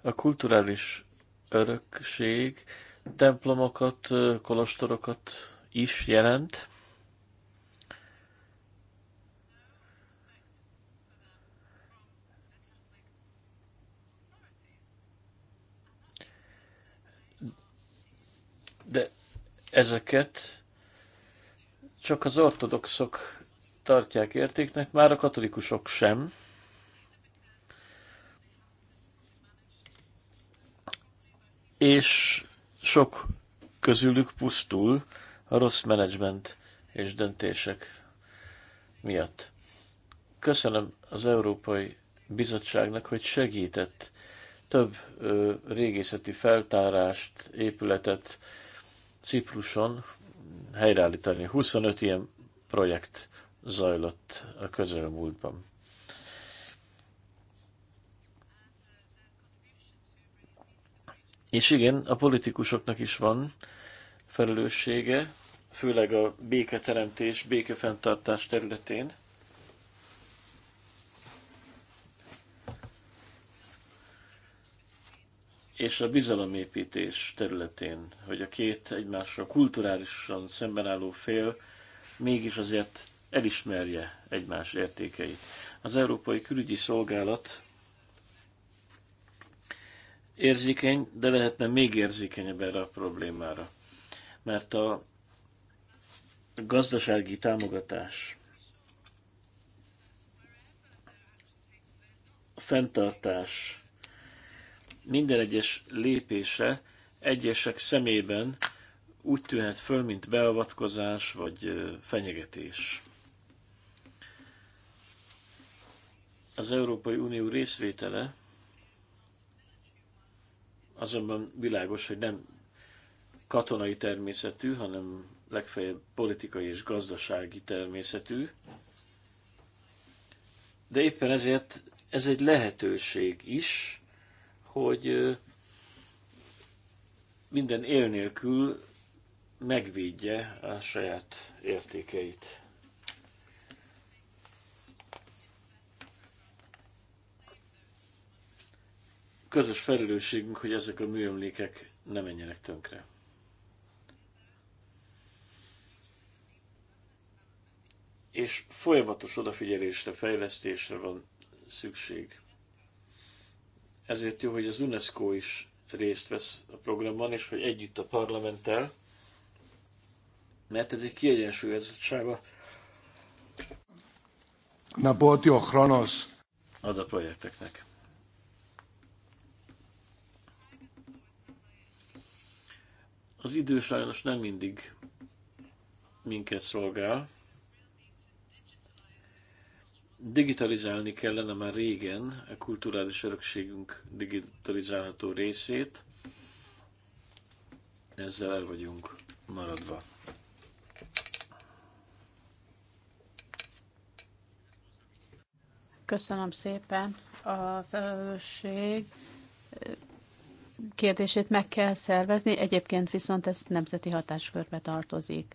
a kulturális örökség templomokat, kolostorokat is jelent. De ezeket csak az ortodoxok tartják értéknek, már a katolikusok sem. És sok közülük pusztul a rossz menedzsment és döntések miatt. Köszönöm az Európai Bizottságnak, hogy segített több régészeti feltárást, épületet Cipruson helyreállítani. 25 ilyen projekt zajlott a közelmúltban. És igen, a politikusoknak is van felelőssége, főleg a béketeremtés, békefenntartás területén. és a bizalomépítés területén, hogy a két egymásra kulturálisan szemben álló fél mégis azért elismerje egymás értékeit. Az Európai Külügyi Szolgálat érzékeny, de lehetne még érzékenyebb erre a problémára. Mert a gazdasági támogatás, a fenntartás, minden egyes lépése egyesek szemében úgy tűnhet föl, mint beavatkozás vagy fenyegetés. Az Európai Unió részvétele azonban világos, hogy nem katonai természetű, hanem legfeljebb politikai és gazdasági természetű. De éppen ezért ez egy lehetőség is, hogy minden él nélkül megvédje a saját értékeit. Közös felelősségünk, hogy ezek a műemlékek ne menjenek tönkre. És folyamatos odafigyelésre, fejlesztésre van szükség. Ezért jó, hogy az UNESCO is részt vesz a programban, és hogy együtt a parlamenttel, mert ez egy kiegyensúlyozottsága. Na, Botio, Kronos. Az a projekteknek. Az idő sajnos nem mindig minket szolgál digitalizálni kellene már régen a kulturális örökségünk digitalizálható részét. Ezzel el vagyunk maradva. Köszönöm szépen. A felelősség kérdését meg kell szervezni, egyébként viszont ez nemzeti hatáskörbe tartozik.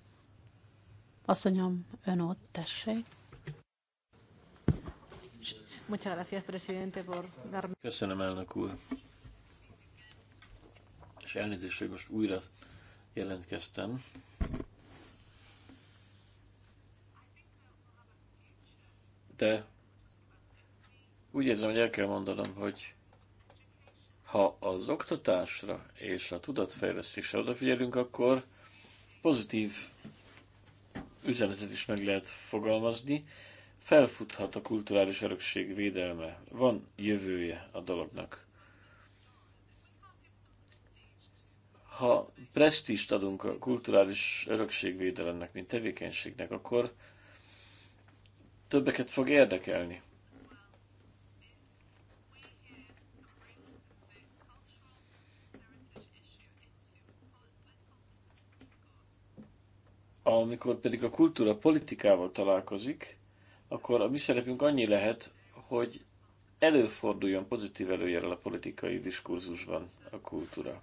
Asszonyom, ön ott tessék. Muchas gracias, presidente, por darme... Köszönöm, elnök úr. És elnézést, hogy most újra jelentkeztem. De úgy érzem, hogy el kell mondanom, hogy ha az oktatásra és a tudatfejlesztésre odafigyelünk, akkor pozitív üzenetet is meg lehet fogalmazni, Felfuthat a kulturális örökség védelme, van jövője a dolognak. Ha presztist adunk a kulturális örökségvédelemnek, mint tevékenységnek, akkor többeket fog érdekelni. amikor pedig a kultúra politikával találkozik, akkor a mi szerepünk annyi lehet, hogy előforduljon pozitív előjelel a politikai diskurzusban a kultúra.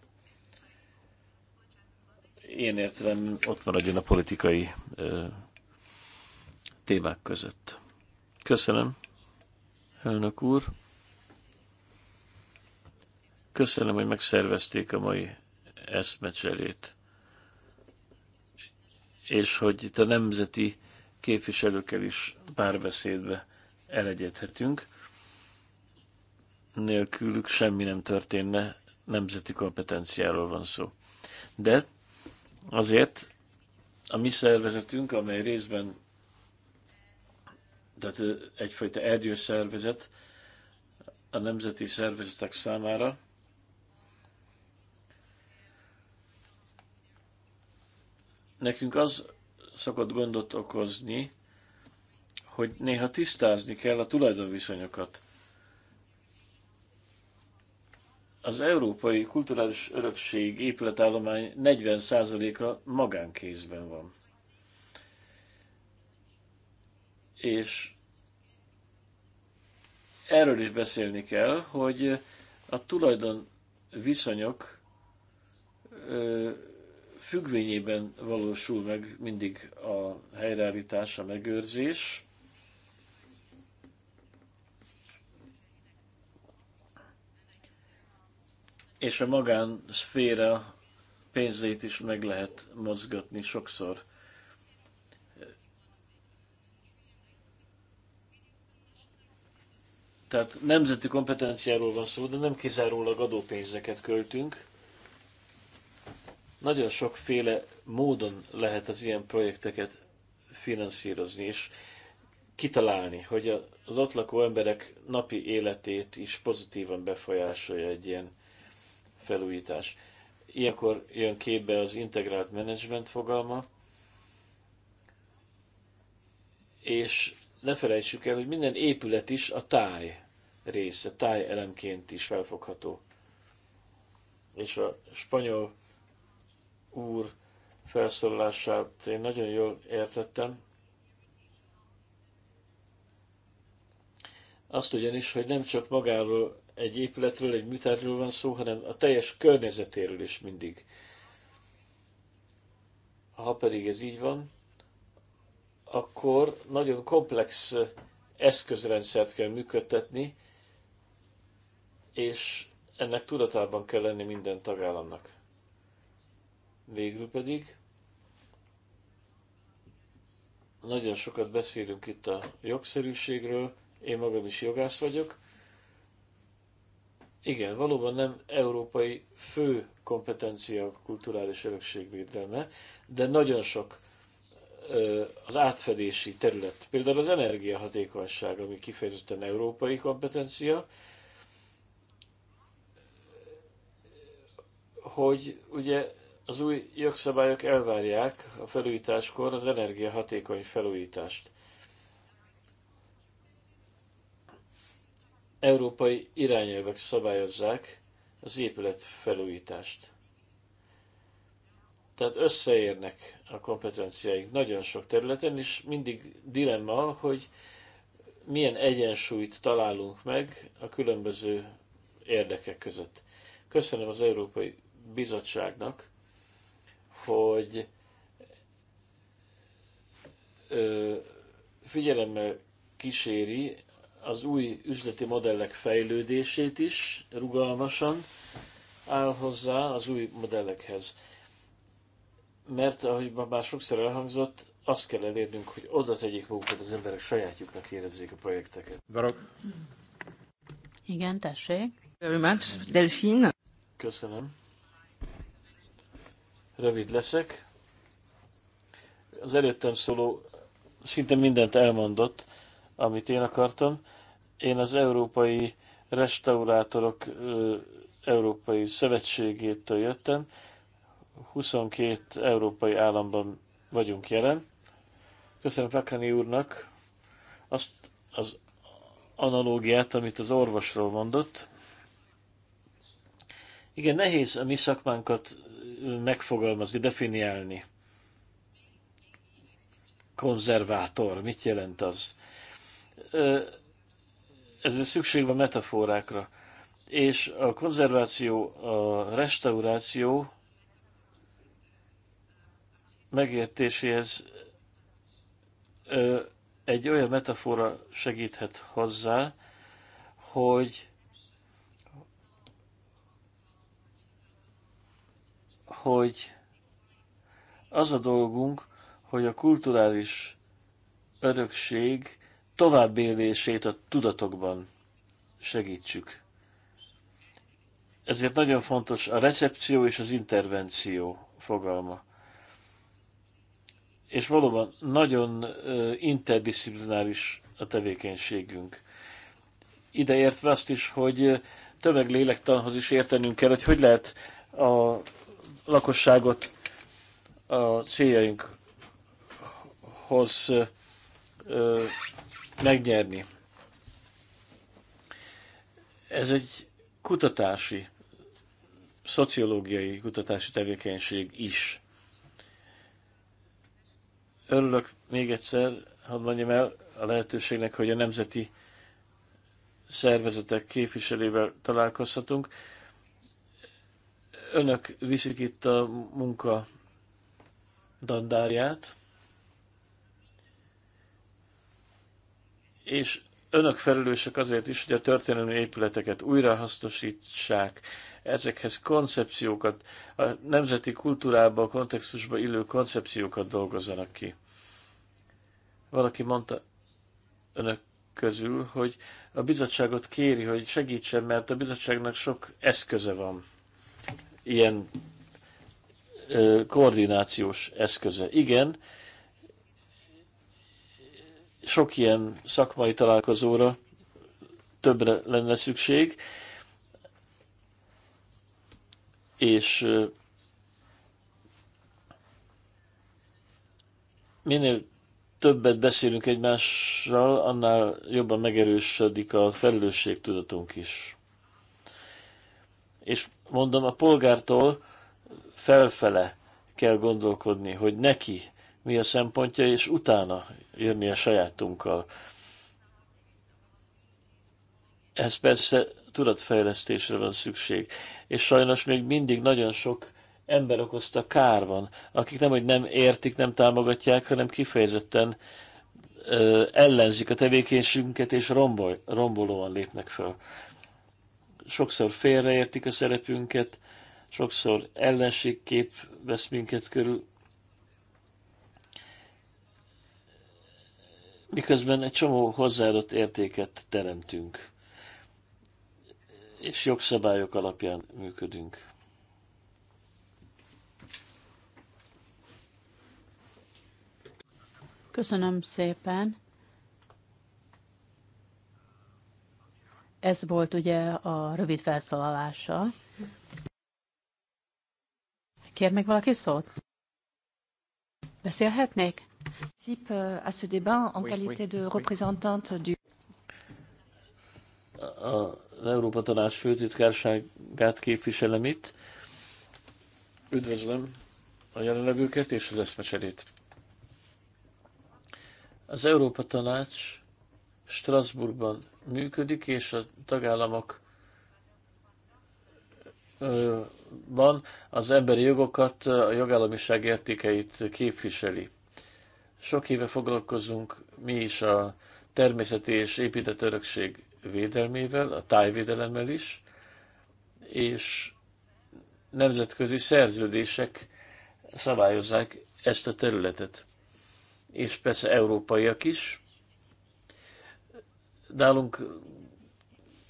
Én értelem, ott maradjon a politikai ö, témák között. Köszönöm, elnök úr. Köszönöm, hogy megszervezték a mai eszmecserét, és hogy itt a nemzeti képviselőkkel is párbeszédbe elegyedhetünk. Nélkülük semmi nem történne, nemzeti kompetenciáról van szó. De azért a mi szervezetünk, amely részben tehát egyfajta erdőszervezet a nemzeti szervezetek számára, nekünk az szokott gondot okozni, hogy néha tisztázni kell a tulajdonviszonyokat. Az európai kulturális örökség épületállomány 40%-a magánkézben van. És erről is beszélni kell, hogy a tulajdon viszonyok függvényében valósul meg mindig a helyreállítás, a megőrzés. És a magán szféra pénzét is meg lehet mozgatni sokszor. Tehát nemzeti kompetenciáról van szó, de nem kizárólag adópénzeket költünk. Nagyon sokféle módon lehet az ilyen projekteket finanszírozni, és kitalálni, hogy az ott lakó emberek napi életét is pozitívan befolyásolja egy ilyen felújítás. Ilyenkor jön képbe az integrált menedzsment fogalma, és ne felejtsük el, hogy minden épület is a táj része, táj elemként is felfogható. És a spanyol úr felszólalását én nagyon jól értettem. Azt ugyanis, hogy nem csak magáról egy épületről, egy műtárgyról van szó, hanem a teljes környezetéről is mindig. Ha pedig ez így van, akkor nagyon komplex eszközrendszert kell működtetni, és ennek tudatában kell lenni minden tagállamnak. Végül pedig nagyon sokat beszélünk itt a jogszerűségről, én magam is jogász vagyok. Igen, valóban nem európai fő kompetencia a kulturális örökségvédelme, de nagyon sok az átfedési terület. Például az energiahatékonyság, ami kifejezetten európai kompetencia, hogy ugye az új jogszabályok elvárják a felújításkor az energiahatékony felújítást. Európai irányelvek szabályozzák az épület felújítást. Tehát összeérnek a kompetenciáik nagyon sok területen, és mindig dilemma, hogy milyen egyensúlyt találunk meg a különböző érdekek között. Köszönöm az Európai Bizottságnak, hogy ö, figyelemmel kíséri az új üzleti modellek fejlődését is, rugalmasan áll hozzá az új modellekhez. Mert, ahogy már sokszor elhangzott, azt kell elérnünk, hogy oda tegyék magukat az emberek sajátjuknak érezzék a projekteket. Barok. Igen, tessék. Very much. Delphine. Köszönöm rövid leszek. Az előttem szóló szinte mindent elmondott, amit én akartam. Én az Európai Restaurátorok Európai Szövetségétől jöttem. 22 európai államban vagyunk jelen. Köszönöm Fakani úrnak azt az analógiát, amit az orvosról mondott. Igen, nehéz a mi szakmánkat megfogalmazni, definiálni. Konzervátor, mit jelent az? Ezzel szükség van metaforákra. És a konzerváció, a restauráció megértéséhez egy olyan metafora segíthet hozzá, hogy hogy az a dolgunk, hogy a kulturális örökség továbbélését a tudatokban segítsük. Ezért nagyon fontos a recepció és az intervenció fogalma. És valóban nagyon interdisziplináris a tevékenységünk. Ideértve azt is, hogy tömeglélektanhoz is értenünk kell, hogy hogy lehet a lakosságot a céljainkhoz megnyerni. Ez egy kutatási, szociológiai kutatási tevékenység is. Örülök még egyszer, hadd mondjam el a lehetőségnek, hogy a nemzeti szervezetek képviselével találkozhatunk önök viszik itt a munka dandárját, és önök felelősek azért is, hogy a történelmi épületeket újrahasznosítsák, ezekhez koncepciókat, a nemzeti kultúrába, a kontextusba illő koncepciókat dolgozzanak ki. Valaki mondta önök közül, hogy a bizottságot kéri, hogy segítsen, mert a bizottságnak sok eszköze van ilyen ö, koordinációs eszköze. Igen, sok ilyen szakmai találkozóra többre lenne szükség, és minél többet beszélünk egymással, annál jobban megerősödik a felelősségtudatunk is. És mondom, a polgártól felfele kell gondolkodni, hogy neki mi a szempontja, és utána jönni a sajátunkkal. Ez persze tudatfejlesztésre van szükség, és sajnos még mindig nagyon sok ember okozta kár van, akik nem, hogy nem értik, nem támogatják, hanem kifejezetten ö, ellenzik a tevékenységünket, és rombol, rombolóan lépnek föl sokszor félreértik a szerepünket, sokszor ellenségkép vesz minket körül, miközben egy csomó hozzáadott értéket teremtünk, és jogszabályok alapján működünk. Köszönöm szépen. Ez volt ugye a rövid felszólalása. Kér meg valaki szót? Beszélhetnék? Euh, à ce débat en qualité de représentante du... Az Európa Tanács főtitkárságát képviselem itt. Üdvözlöm a jelenlegőket és az eszmecserét. Az Európa Tanács Strasbourgban működik, és a tagállamok van az emberi jogokat, a jogállamiság értékeit képviseli. Sok éve foglalkozunk mi is a természeti és épített örökség védelmével, a tájvédelemmel is, és nemzetközi szerződések szabályozzák ezt a területet. És persze európaiak is, nálunk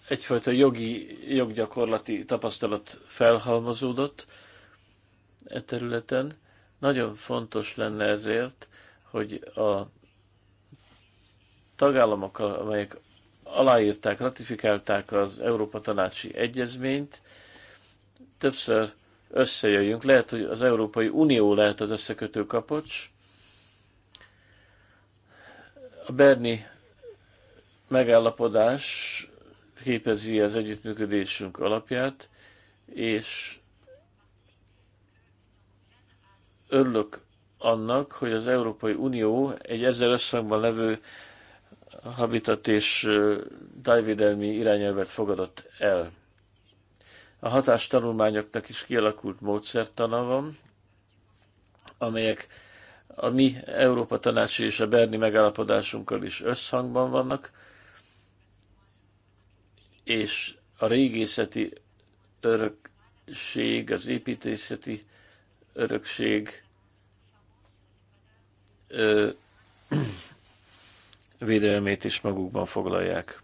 egyfajta jogi, joggyakorlati tapasztalat felhalmozódott e területen. Nagyon fontos lenne ezért, hogy a tagállamok, amelyek aláírták, ratifikálták az Európa Tanácsi Egyezményt, többször összejöjjünk. Lehet, hogy az Európai Unió lehet az összekötő kapocs. A Berni megállapodás képezi az együttműködésünk alapját, és örülök annak, hogy az Európai Unió egy ezzel összhangban levő habitat és tájvédelmi irányelvet fogadott el. A hatástanulmányoknak is kialakult módszertana van, amelyek a mi Európa Tanácsi és a Berni megállapodásunkkal is összhangban vannak, és a régészeti örökség, az építészeti örökség ö, védelmét is magukban foglalják.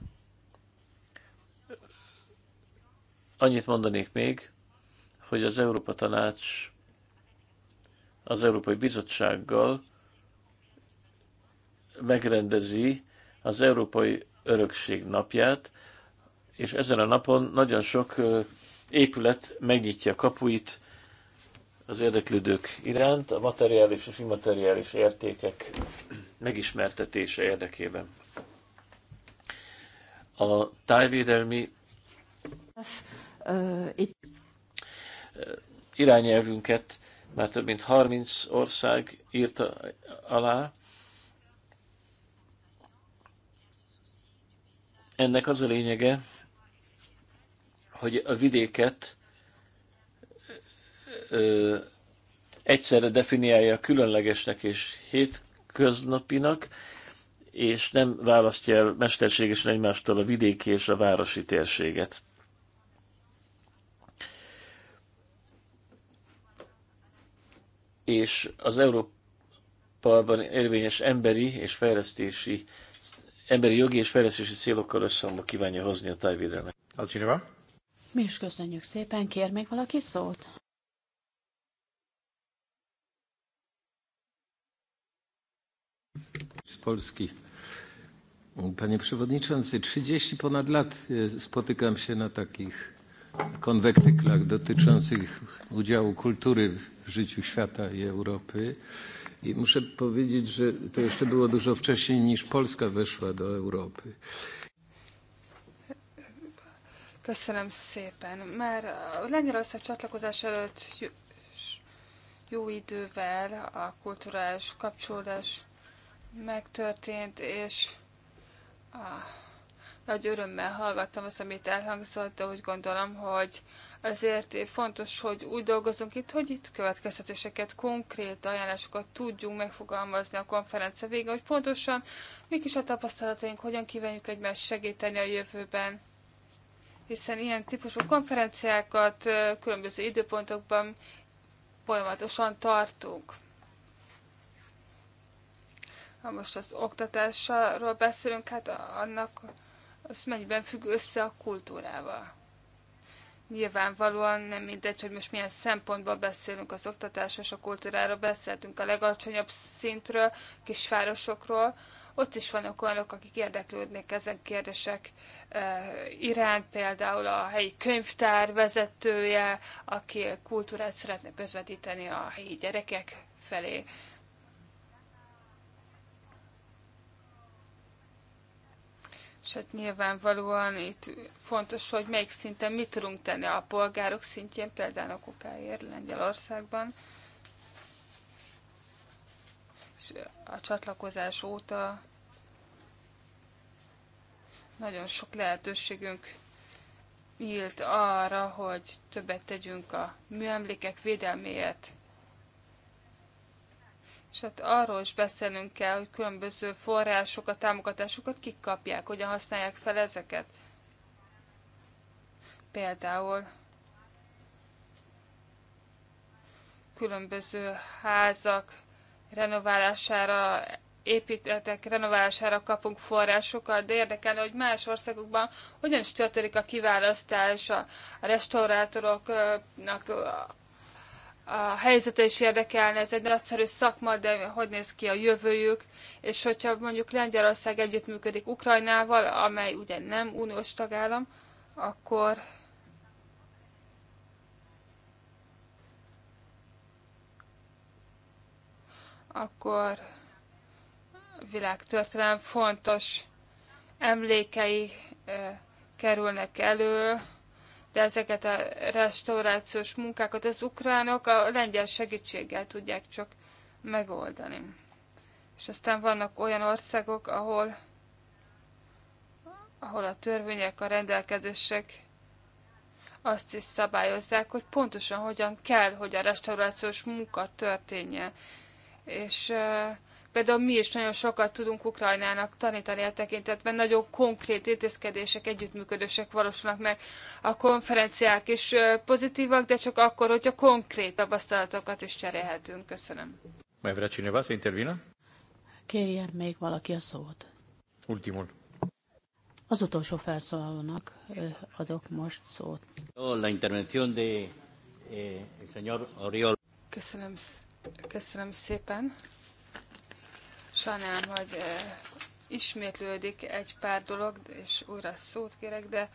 Annyit mondanék még, hogy az Európa Tanács az Európai Bizottsággal megrendezi az Európai Örökség napját, és ezen a napon nagyon sok épület megnyitja kapuit az érdeklődők iránt, a materiális és immateriális értékek megismertetése érdekében. A tájvédelmi irányelvünket már több mint 30 ország írta alá. Ennek az a lényege, hogy a vidéket ö, egyszerre definiálja különlegesnek és hétköznapinak, és nem választja el mesterségesen egymástól a vidéki és a városi térséget. És az Európában érvényes emberi és fejlesztési emberi jogi és fejlesztési célokkal összhangba kívánja hozni a tájvédelmet. Alcsinova? Mi is köszönjük szépen. Kér még valaki szót? Polski. Panie Przewodniczący, 30 ponad lat e, spotykam się na takich konwektyklach dotyczących udziału kultury w życiu świata i Europy. I muszę powiedzieć, że to jeszcze było dużo wcześniej niż Polska weszła do Europy. Köszönöm szépen. Már a Lengyelország csatlakozás előtt jó idővel a kulturális kapcsolódás megtörtént, és a nagy örömmel hallgattam azt, amit elhangzott, de úgy gondolom, hogy azért fontos, hogy úgy dolgozunk itt, hogy itt következtetéseket, konkrét ajánlásokat tudjunk megfogalmazni a konferencia végén, hogy pontosan mik is a tapasztalataink, hogyan kívánjuk egymást segíteni a jövőben hiszen ilyen típusú konferenciákat különböző időpontokban folyamatosan tartunk. Ha most az oktatásról beszélünk, hát annak az mennyiben függ össze a kultúrával. Nyilvánvalóan nem mindegy, hogy most milyen szempontból beszélünk az oktatásról és a kultúráról. Beszéltünk a legalacsonyabb szintről, kisvárosokról, ott is vannak olyanok, akik érdeklődnek ezen kérdések eh, iránt, például a helyi könyvtár vezetője, aki kultúrát szeretne közvetíteni a helyi gyerekek felé. És hát nyilvánvalóan itt fontos, hogy melyik szinten mit tudunk tenni a polgárok szintjén, például a kokáért Lengyelországban a csatlakozás óta nagyon sok lehetőségünk nyílt arra, hogy többet tegyünk a műemlékek védelméért. És hát arról is beszélnünk kell, hogy különböző forrásokat, támogatásokat kik kapják, hogyan használják fel ezeket. Például különböző házak renoválására, építetek renoválására kapunk forrásokat, de érdekelne, hogy más országokban hogyan is történik a kiválasztás, a restaurátoroknak a helyzete is érdekelne, ez egy nagyszerű szakma, de hogy néz ki a jövőjük, és hogyha mondjuk Lengyelország együttműködik Ukrajnával, amely ugye nem uniós tagállam, akkor akkor világtörténelem fontos emlékei kerülnek elő, de ezeket a restaurációs munkákat az ukránok a lengyel segítséggel tudják csak megoldani. És aztán vannak olyan országok, ahol, ahol a törvények, a rendelkezések azt is szabályozzák, hogy pontosan hogyan kell, hogy a restaurációs munka történjen és például mi is nagyon sokat tudunk Ukrajnának tanítani a e tekintetben, nagyon konkrét intézkedések, együttműködések valósulnak meg. A konferenciák is pozitívak, de csak akkor, hogyha konkrét tapasztalatokat is cserélhetünk. Köszönöm. Kérjen még valaki a szót. Ultimul. Az utolsó felszólalónak adok most szót. La intervención de eh, señor Oriol. Köszönöm Köszönöm szépen. Sajnálom, hogy eh, ismétlődik egy pár dolog, és újra szót kérek, de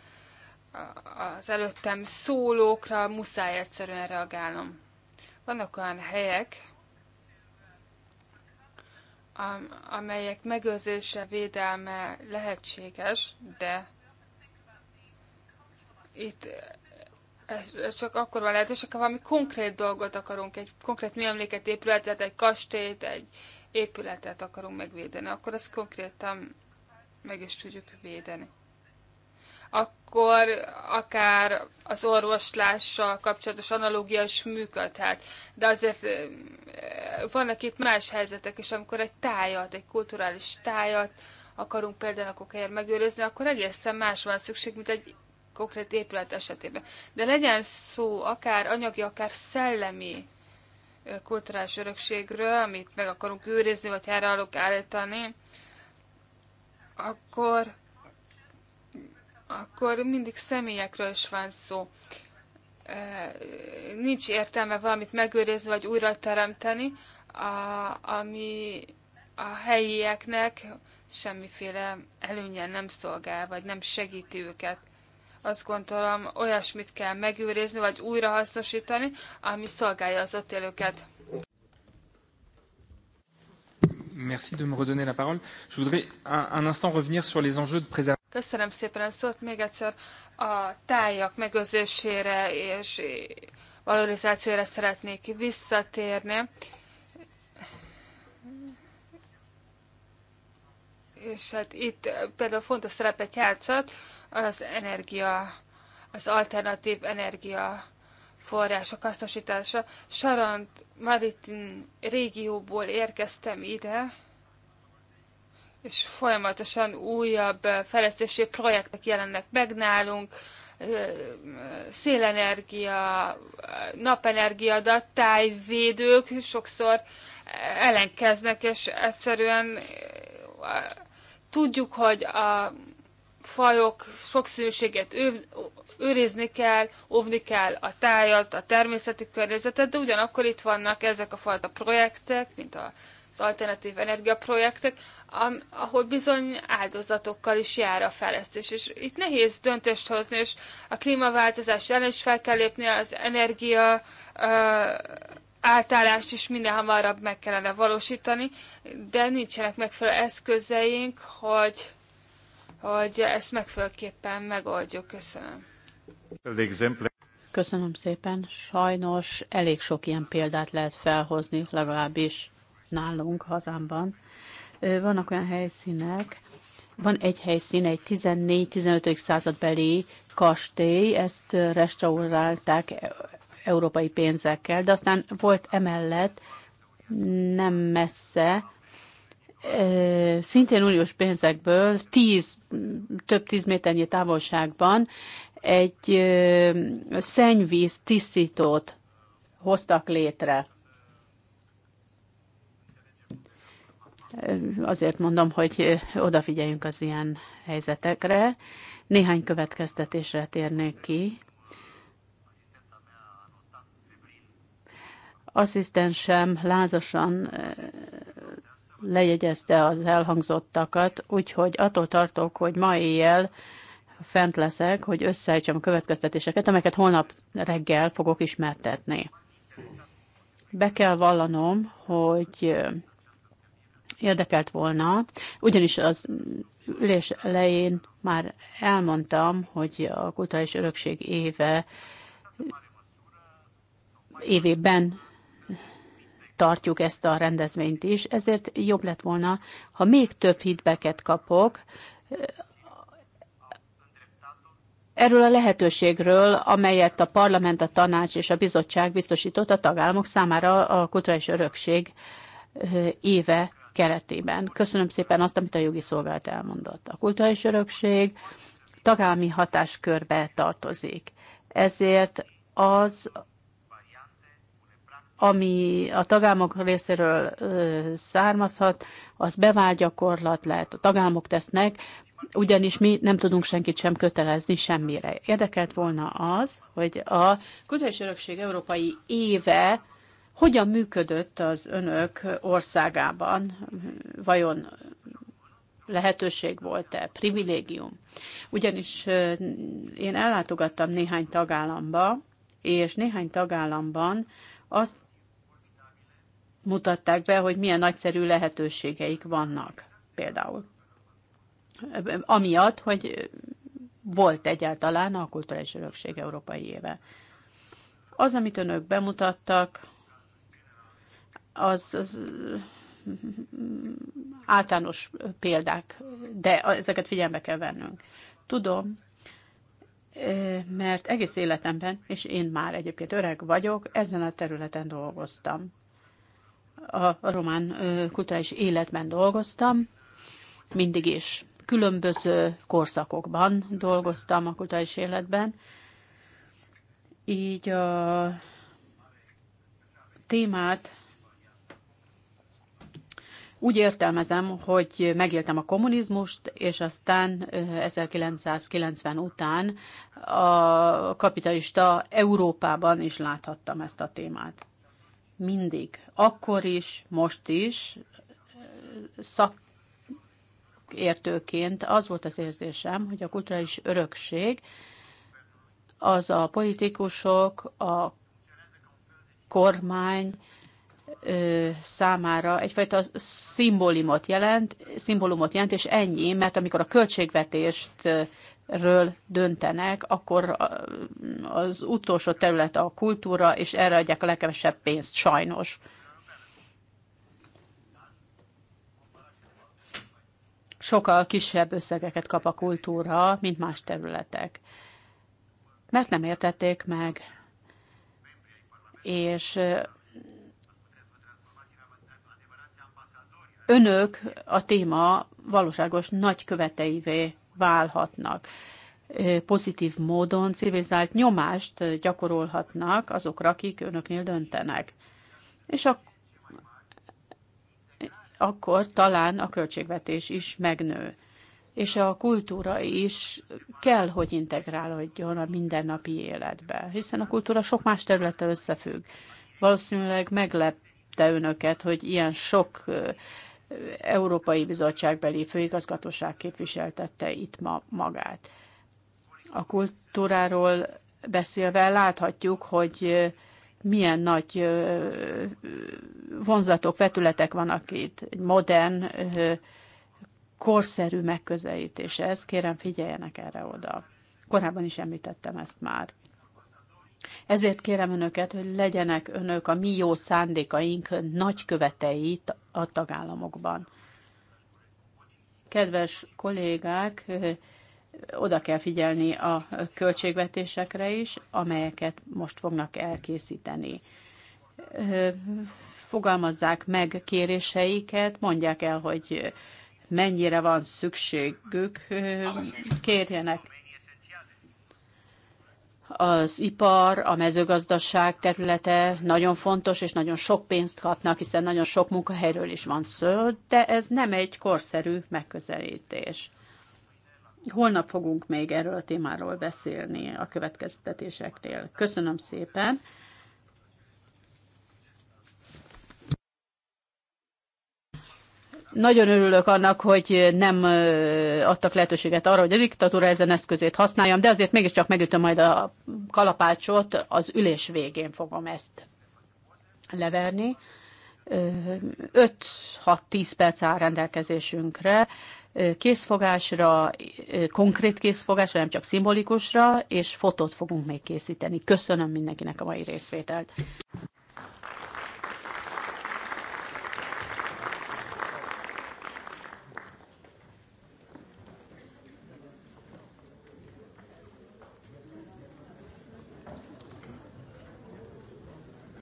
az előttem szólókra muszáj egyszerűen reagálnom. Vannak olyan helyek, amelyek megőrzése, védelme lehetséges, de itt ez csak akkor van lehetőség, ha valami konkrét dolgot akarunk, egy konkrét műemléket, épületet, egy kastélyt, egy épületet akarunk megvédeni, akkor ezt konkrétan meg is tudjuk védeni. Akkor akár az orvoslással kapcsolatos analógia is működhet, de azért vannak itt más helyzetek és amikor egy tájat, egy kulturális tájat akarunk például a megőrizni, akkor egészen más van szükség, mint egy konkrét épület esetében. De legyen szó akár anyagi, akár szellemi kulturális örökségről, amit meg akarunk őrizni, vagy erre akarunk állítani, akkor, akkor mindig személyekről is van szó. Nincs értelme valamit megőrizni, vagy újra teremteni, a, ami a helyieknek semmiféle előnyen nem szolgál, vagy nem segíti őket azt gondolom olyasmit kell megőrizni, vagy újrahasznosítani, ami szolgálja az ott élőket. Merci de me redonner la parole. Je voudrais un, un instant revenir sur les enjeux de préservation. Köszönöm szépen a szót még egyszer a tájak megőrzésére és valorizációra szeretnék visszatérni. és hát itt eh, például fontos szerepet játszott az energia, az alternatív energia források hasznosítása. Sarant Maritin régióból érkeztem ide, és folyamatosan újabb eh, fejlesztési projektek jelennek meg nálunk, eh, szélenergia, napenergia, de tájvédők sokszor ellenkeznek, és egyszerűen Tudjuk, hogy a fajok sokszínűségét ő, őrizni kell, óvni kell a tájat, a természeti környezetet, de ugyanakkor itt vannak ezek a fajta projektek, mint az alternatív energiaprojektek, ahol bizony áldozatokkal is jár a fejlesztés. És itt nehéz döntést hozni, és a klímaváltozás ellen is fel kell lépni, az energia átállást is minden hamarabb meg kellene valósítani, de nincsenek megfelelő eszközeink, hogy, hogy ezt megfelelőképpen megoldjuk. Köszönöm. Köszönöm szépen. Sajnos elég sok ilyen példát lehet felhozni, legalábbis nálunk, hazámban. Vannak olyan helyszínek, van egy helyszín, egy 14-15. századbeli kastély, ezt restaurálták európai pénzekkel, de aztán volt emellett nem messze, szintén uniós pénzekből tíz, több tíz méternyi távolságban egy szennyvíz tisztítót hoztak létre. Azért mondom, hogy odafigyeljünk az ilyen helyzetekre. Néhány következtetésre térnék ki. asszisztensem lázasan lejegyezte az elhangzottakat, úgyhogy attól tartok, hogy ma éjjel fent leszek, hogy összeállítsam a következtetéseket, amelyeket holnap reggel fogok ismertetni. Be kell vallanom, hogy érdekelt volna, ugyanis az ülés elején már elmondtam, hogy a kulturális örökség éve évében tartjuk ezt a rendezvényt is, ezért jobb lett volna, ha még több feedbacket kapok erről a lehetőségről, amelyet a parlament, a tanács és a bizottság biztosított a tagállamok számára a kulturális örökség éve keretében. Köszönöm szépen azt, amit a jogi szolgálat elmondott. A kulturális örökség tagállami hatáskörbe tartozik. Ezért az ami a tagállamok részéről származhat, az bevált gyakorlat lehet, a tagállamok tesznek, ugyanis mi nem tudunk senkit sem kötelezni semmire. Érdekelt volna az, hogy a Kutatási Örökség Európai Éve hogyan működött az önök országában, vajon lehetőség volt-e, privilégium. Ugyanis én ellátogattam néhány tagállamba, és néhány tagállamban azt mutatták be, hogy milyen nagyszerű lehetőségeik vannak például. Amiatt, hogy volt egyáltalán a Kulturális Örökség Európai Éve. Az, amit önök bemutattak, az, az mm, általános példák, de ezeket figyelme kell vennünk. Tudom, mert egész életemben, és én már egyébként öreg vagyok, ezen a területen dolgoztam a román kulturális életben dolgoztam, mindig is. Különböző korszakokban dolgoztam a kulturális életben, így a témát úgy értelmezem, hogy megéltem a kommunizmust, és aztán 1990 után a kapitalista Európában is láthattam ezt a témát mindig, akkor is, most is szakértőként az volt az érzésem, hogy a kulturális örökség az a politikusok, a kormány számára egyfajta szimbolimot jelent, szimbolumot jelent, és ennyi, mert amikor a költségvetést ről döntenek, akkor az utolsó terület a kultúra, és erre adják a legkevesebb pénzt, sajnos. Sokkal kisebb összegeket kap a kultúra, mint más területek. Mert nem értették meg. És önök a téma valóságos nagyköveteivé válhatnak pozitív módon civilizált nyomást gyakorolhatnak azokra, akik önöknél döntenek. És ak- akkor talán a költségvetés is megnő, és a kultúra is kell, hogy integrálódjon a mindennapi életbe, hiszen a kultúra sok más területtel összefügg. Valószínűleg meglepte önöket, hogy ilyen sok uh, Európai Bizottságbeli Főigazgatóság képviseltette itt ma magát. A kultúráról beszélve láthatjuk, hogy milyen nagy vonzatok, vetületek vannak itt, egy modern, korszerű megközelítés ez, kérem figyeljenek erre oda. Korábban is említettem ezt már. Ezért kérem önöket, hogy legyenek önök a mi jó szándékaink nagykövetei a tagállamokban. Kedves kollégák, oda kell figyelni a költségvetésekre is, amelyeket most fognak elkészíteni. Fogalmazzák meg kéréseiket, mondják el, hogy mennyire van szükségük, kérjenek az ipar, a mezőgazdaság területe nagyon fontos, és nagyon sok pénzt kapnak, hiszen nagyon sok munkahelyről is van szó, de ez nem egy korszerű megközelítés. Holnap fogunk még erről a témáról beszélni a következtetéseknél. Köszönöm szépen! Nagyon örülök annak, hogy nem adtak lehetőséget arra, hogy a diktatúra ezen eszközét használjam, de azért mégiscsak megütöm majd a kalapácsot, az ülés végén fogom ezt leverni. 5-6-10 perc áll rendelkezésünkre készfogásra, konkrét készfogásra, nem csak szimbolikusra, és fotót fogunk még készíteni. Köszönöm mindenkinek a mai részvételt.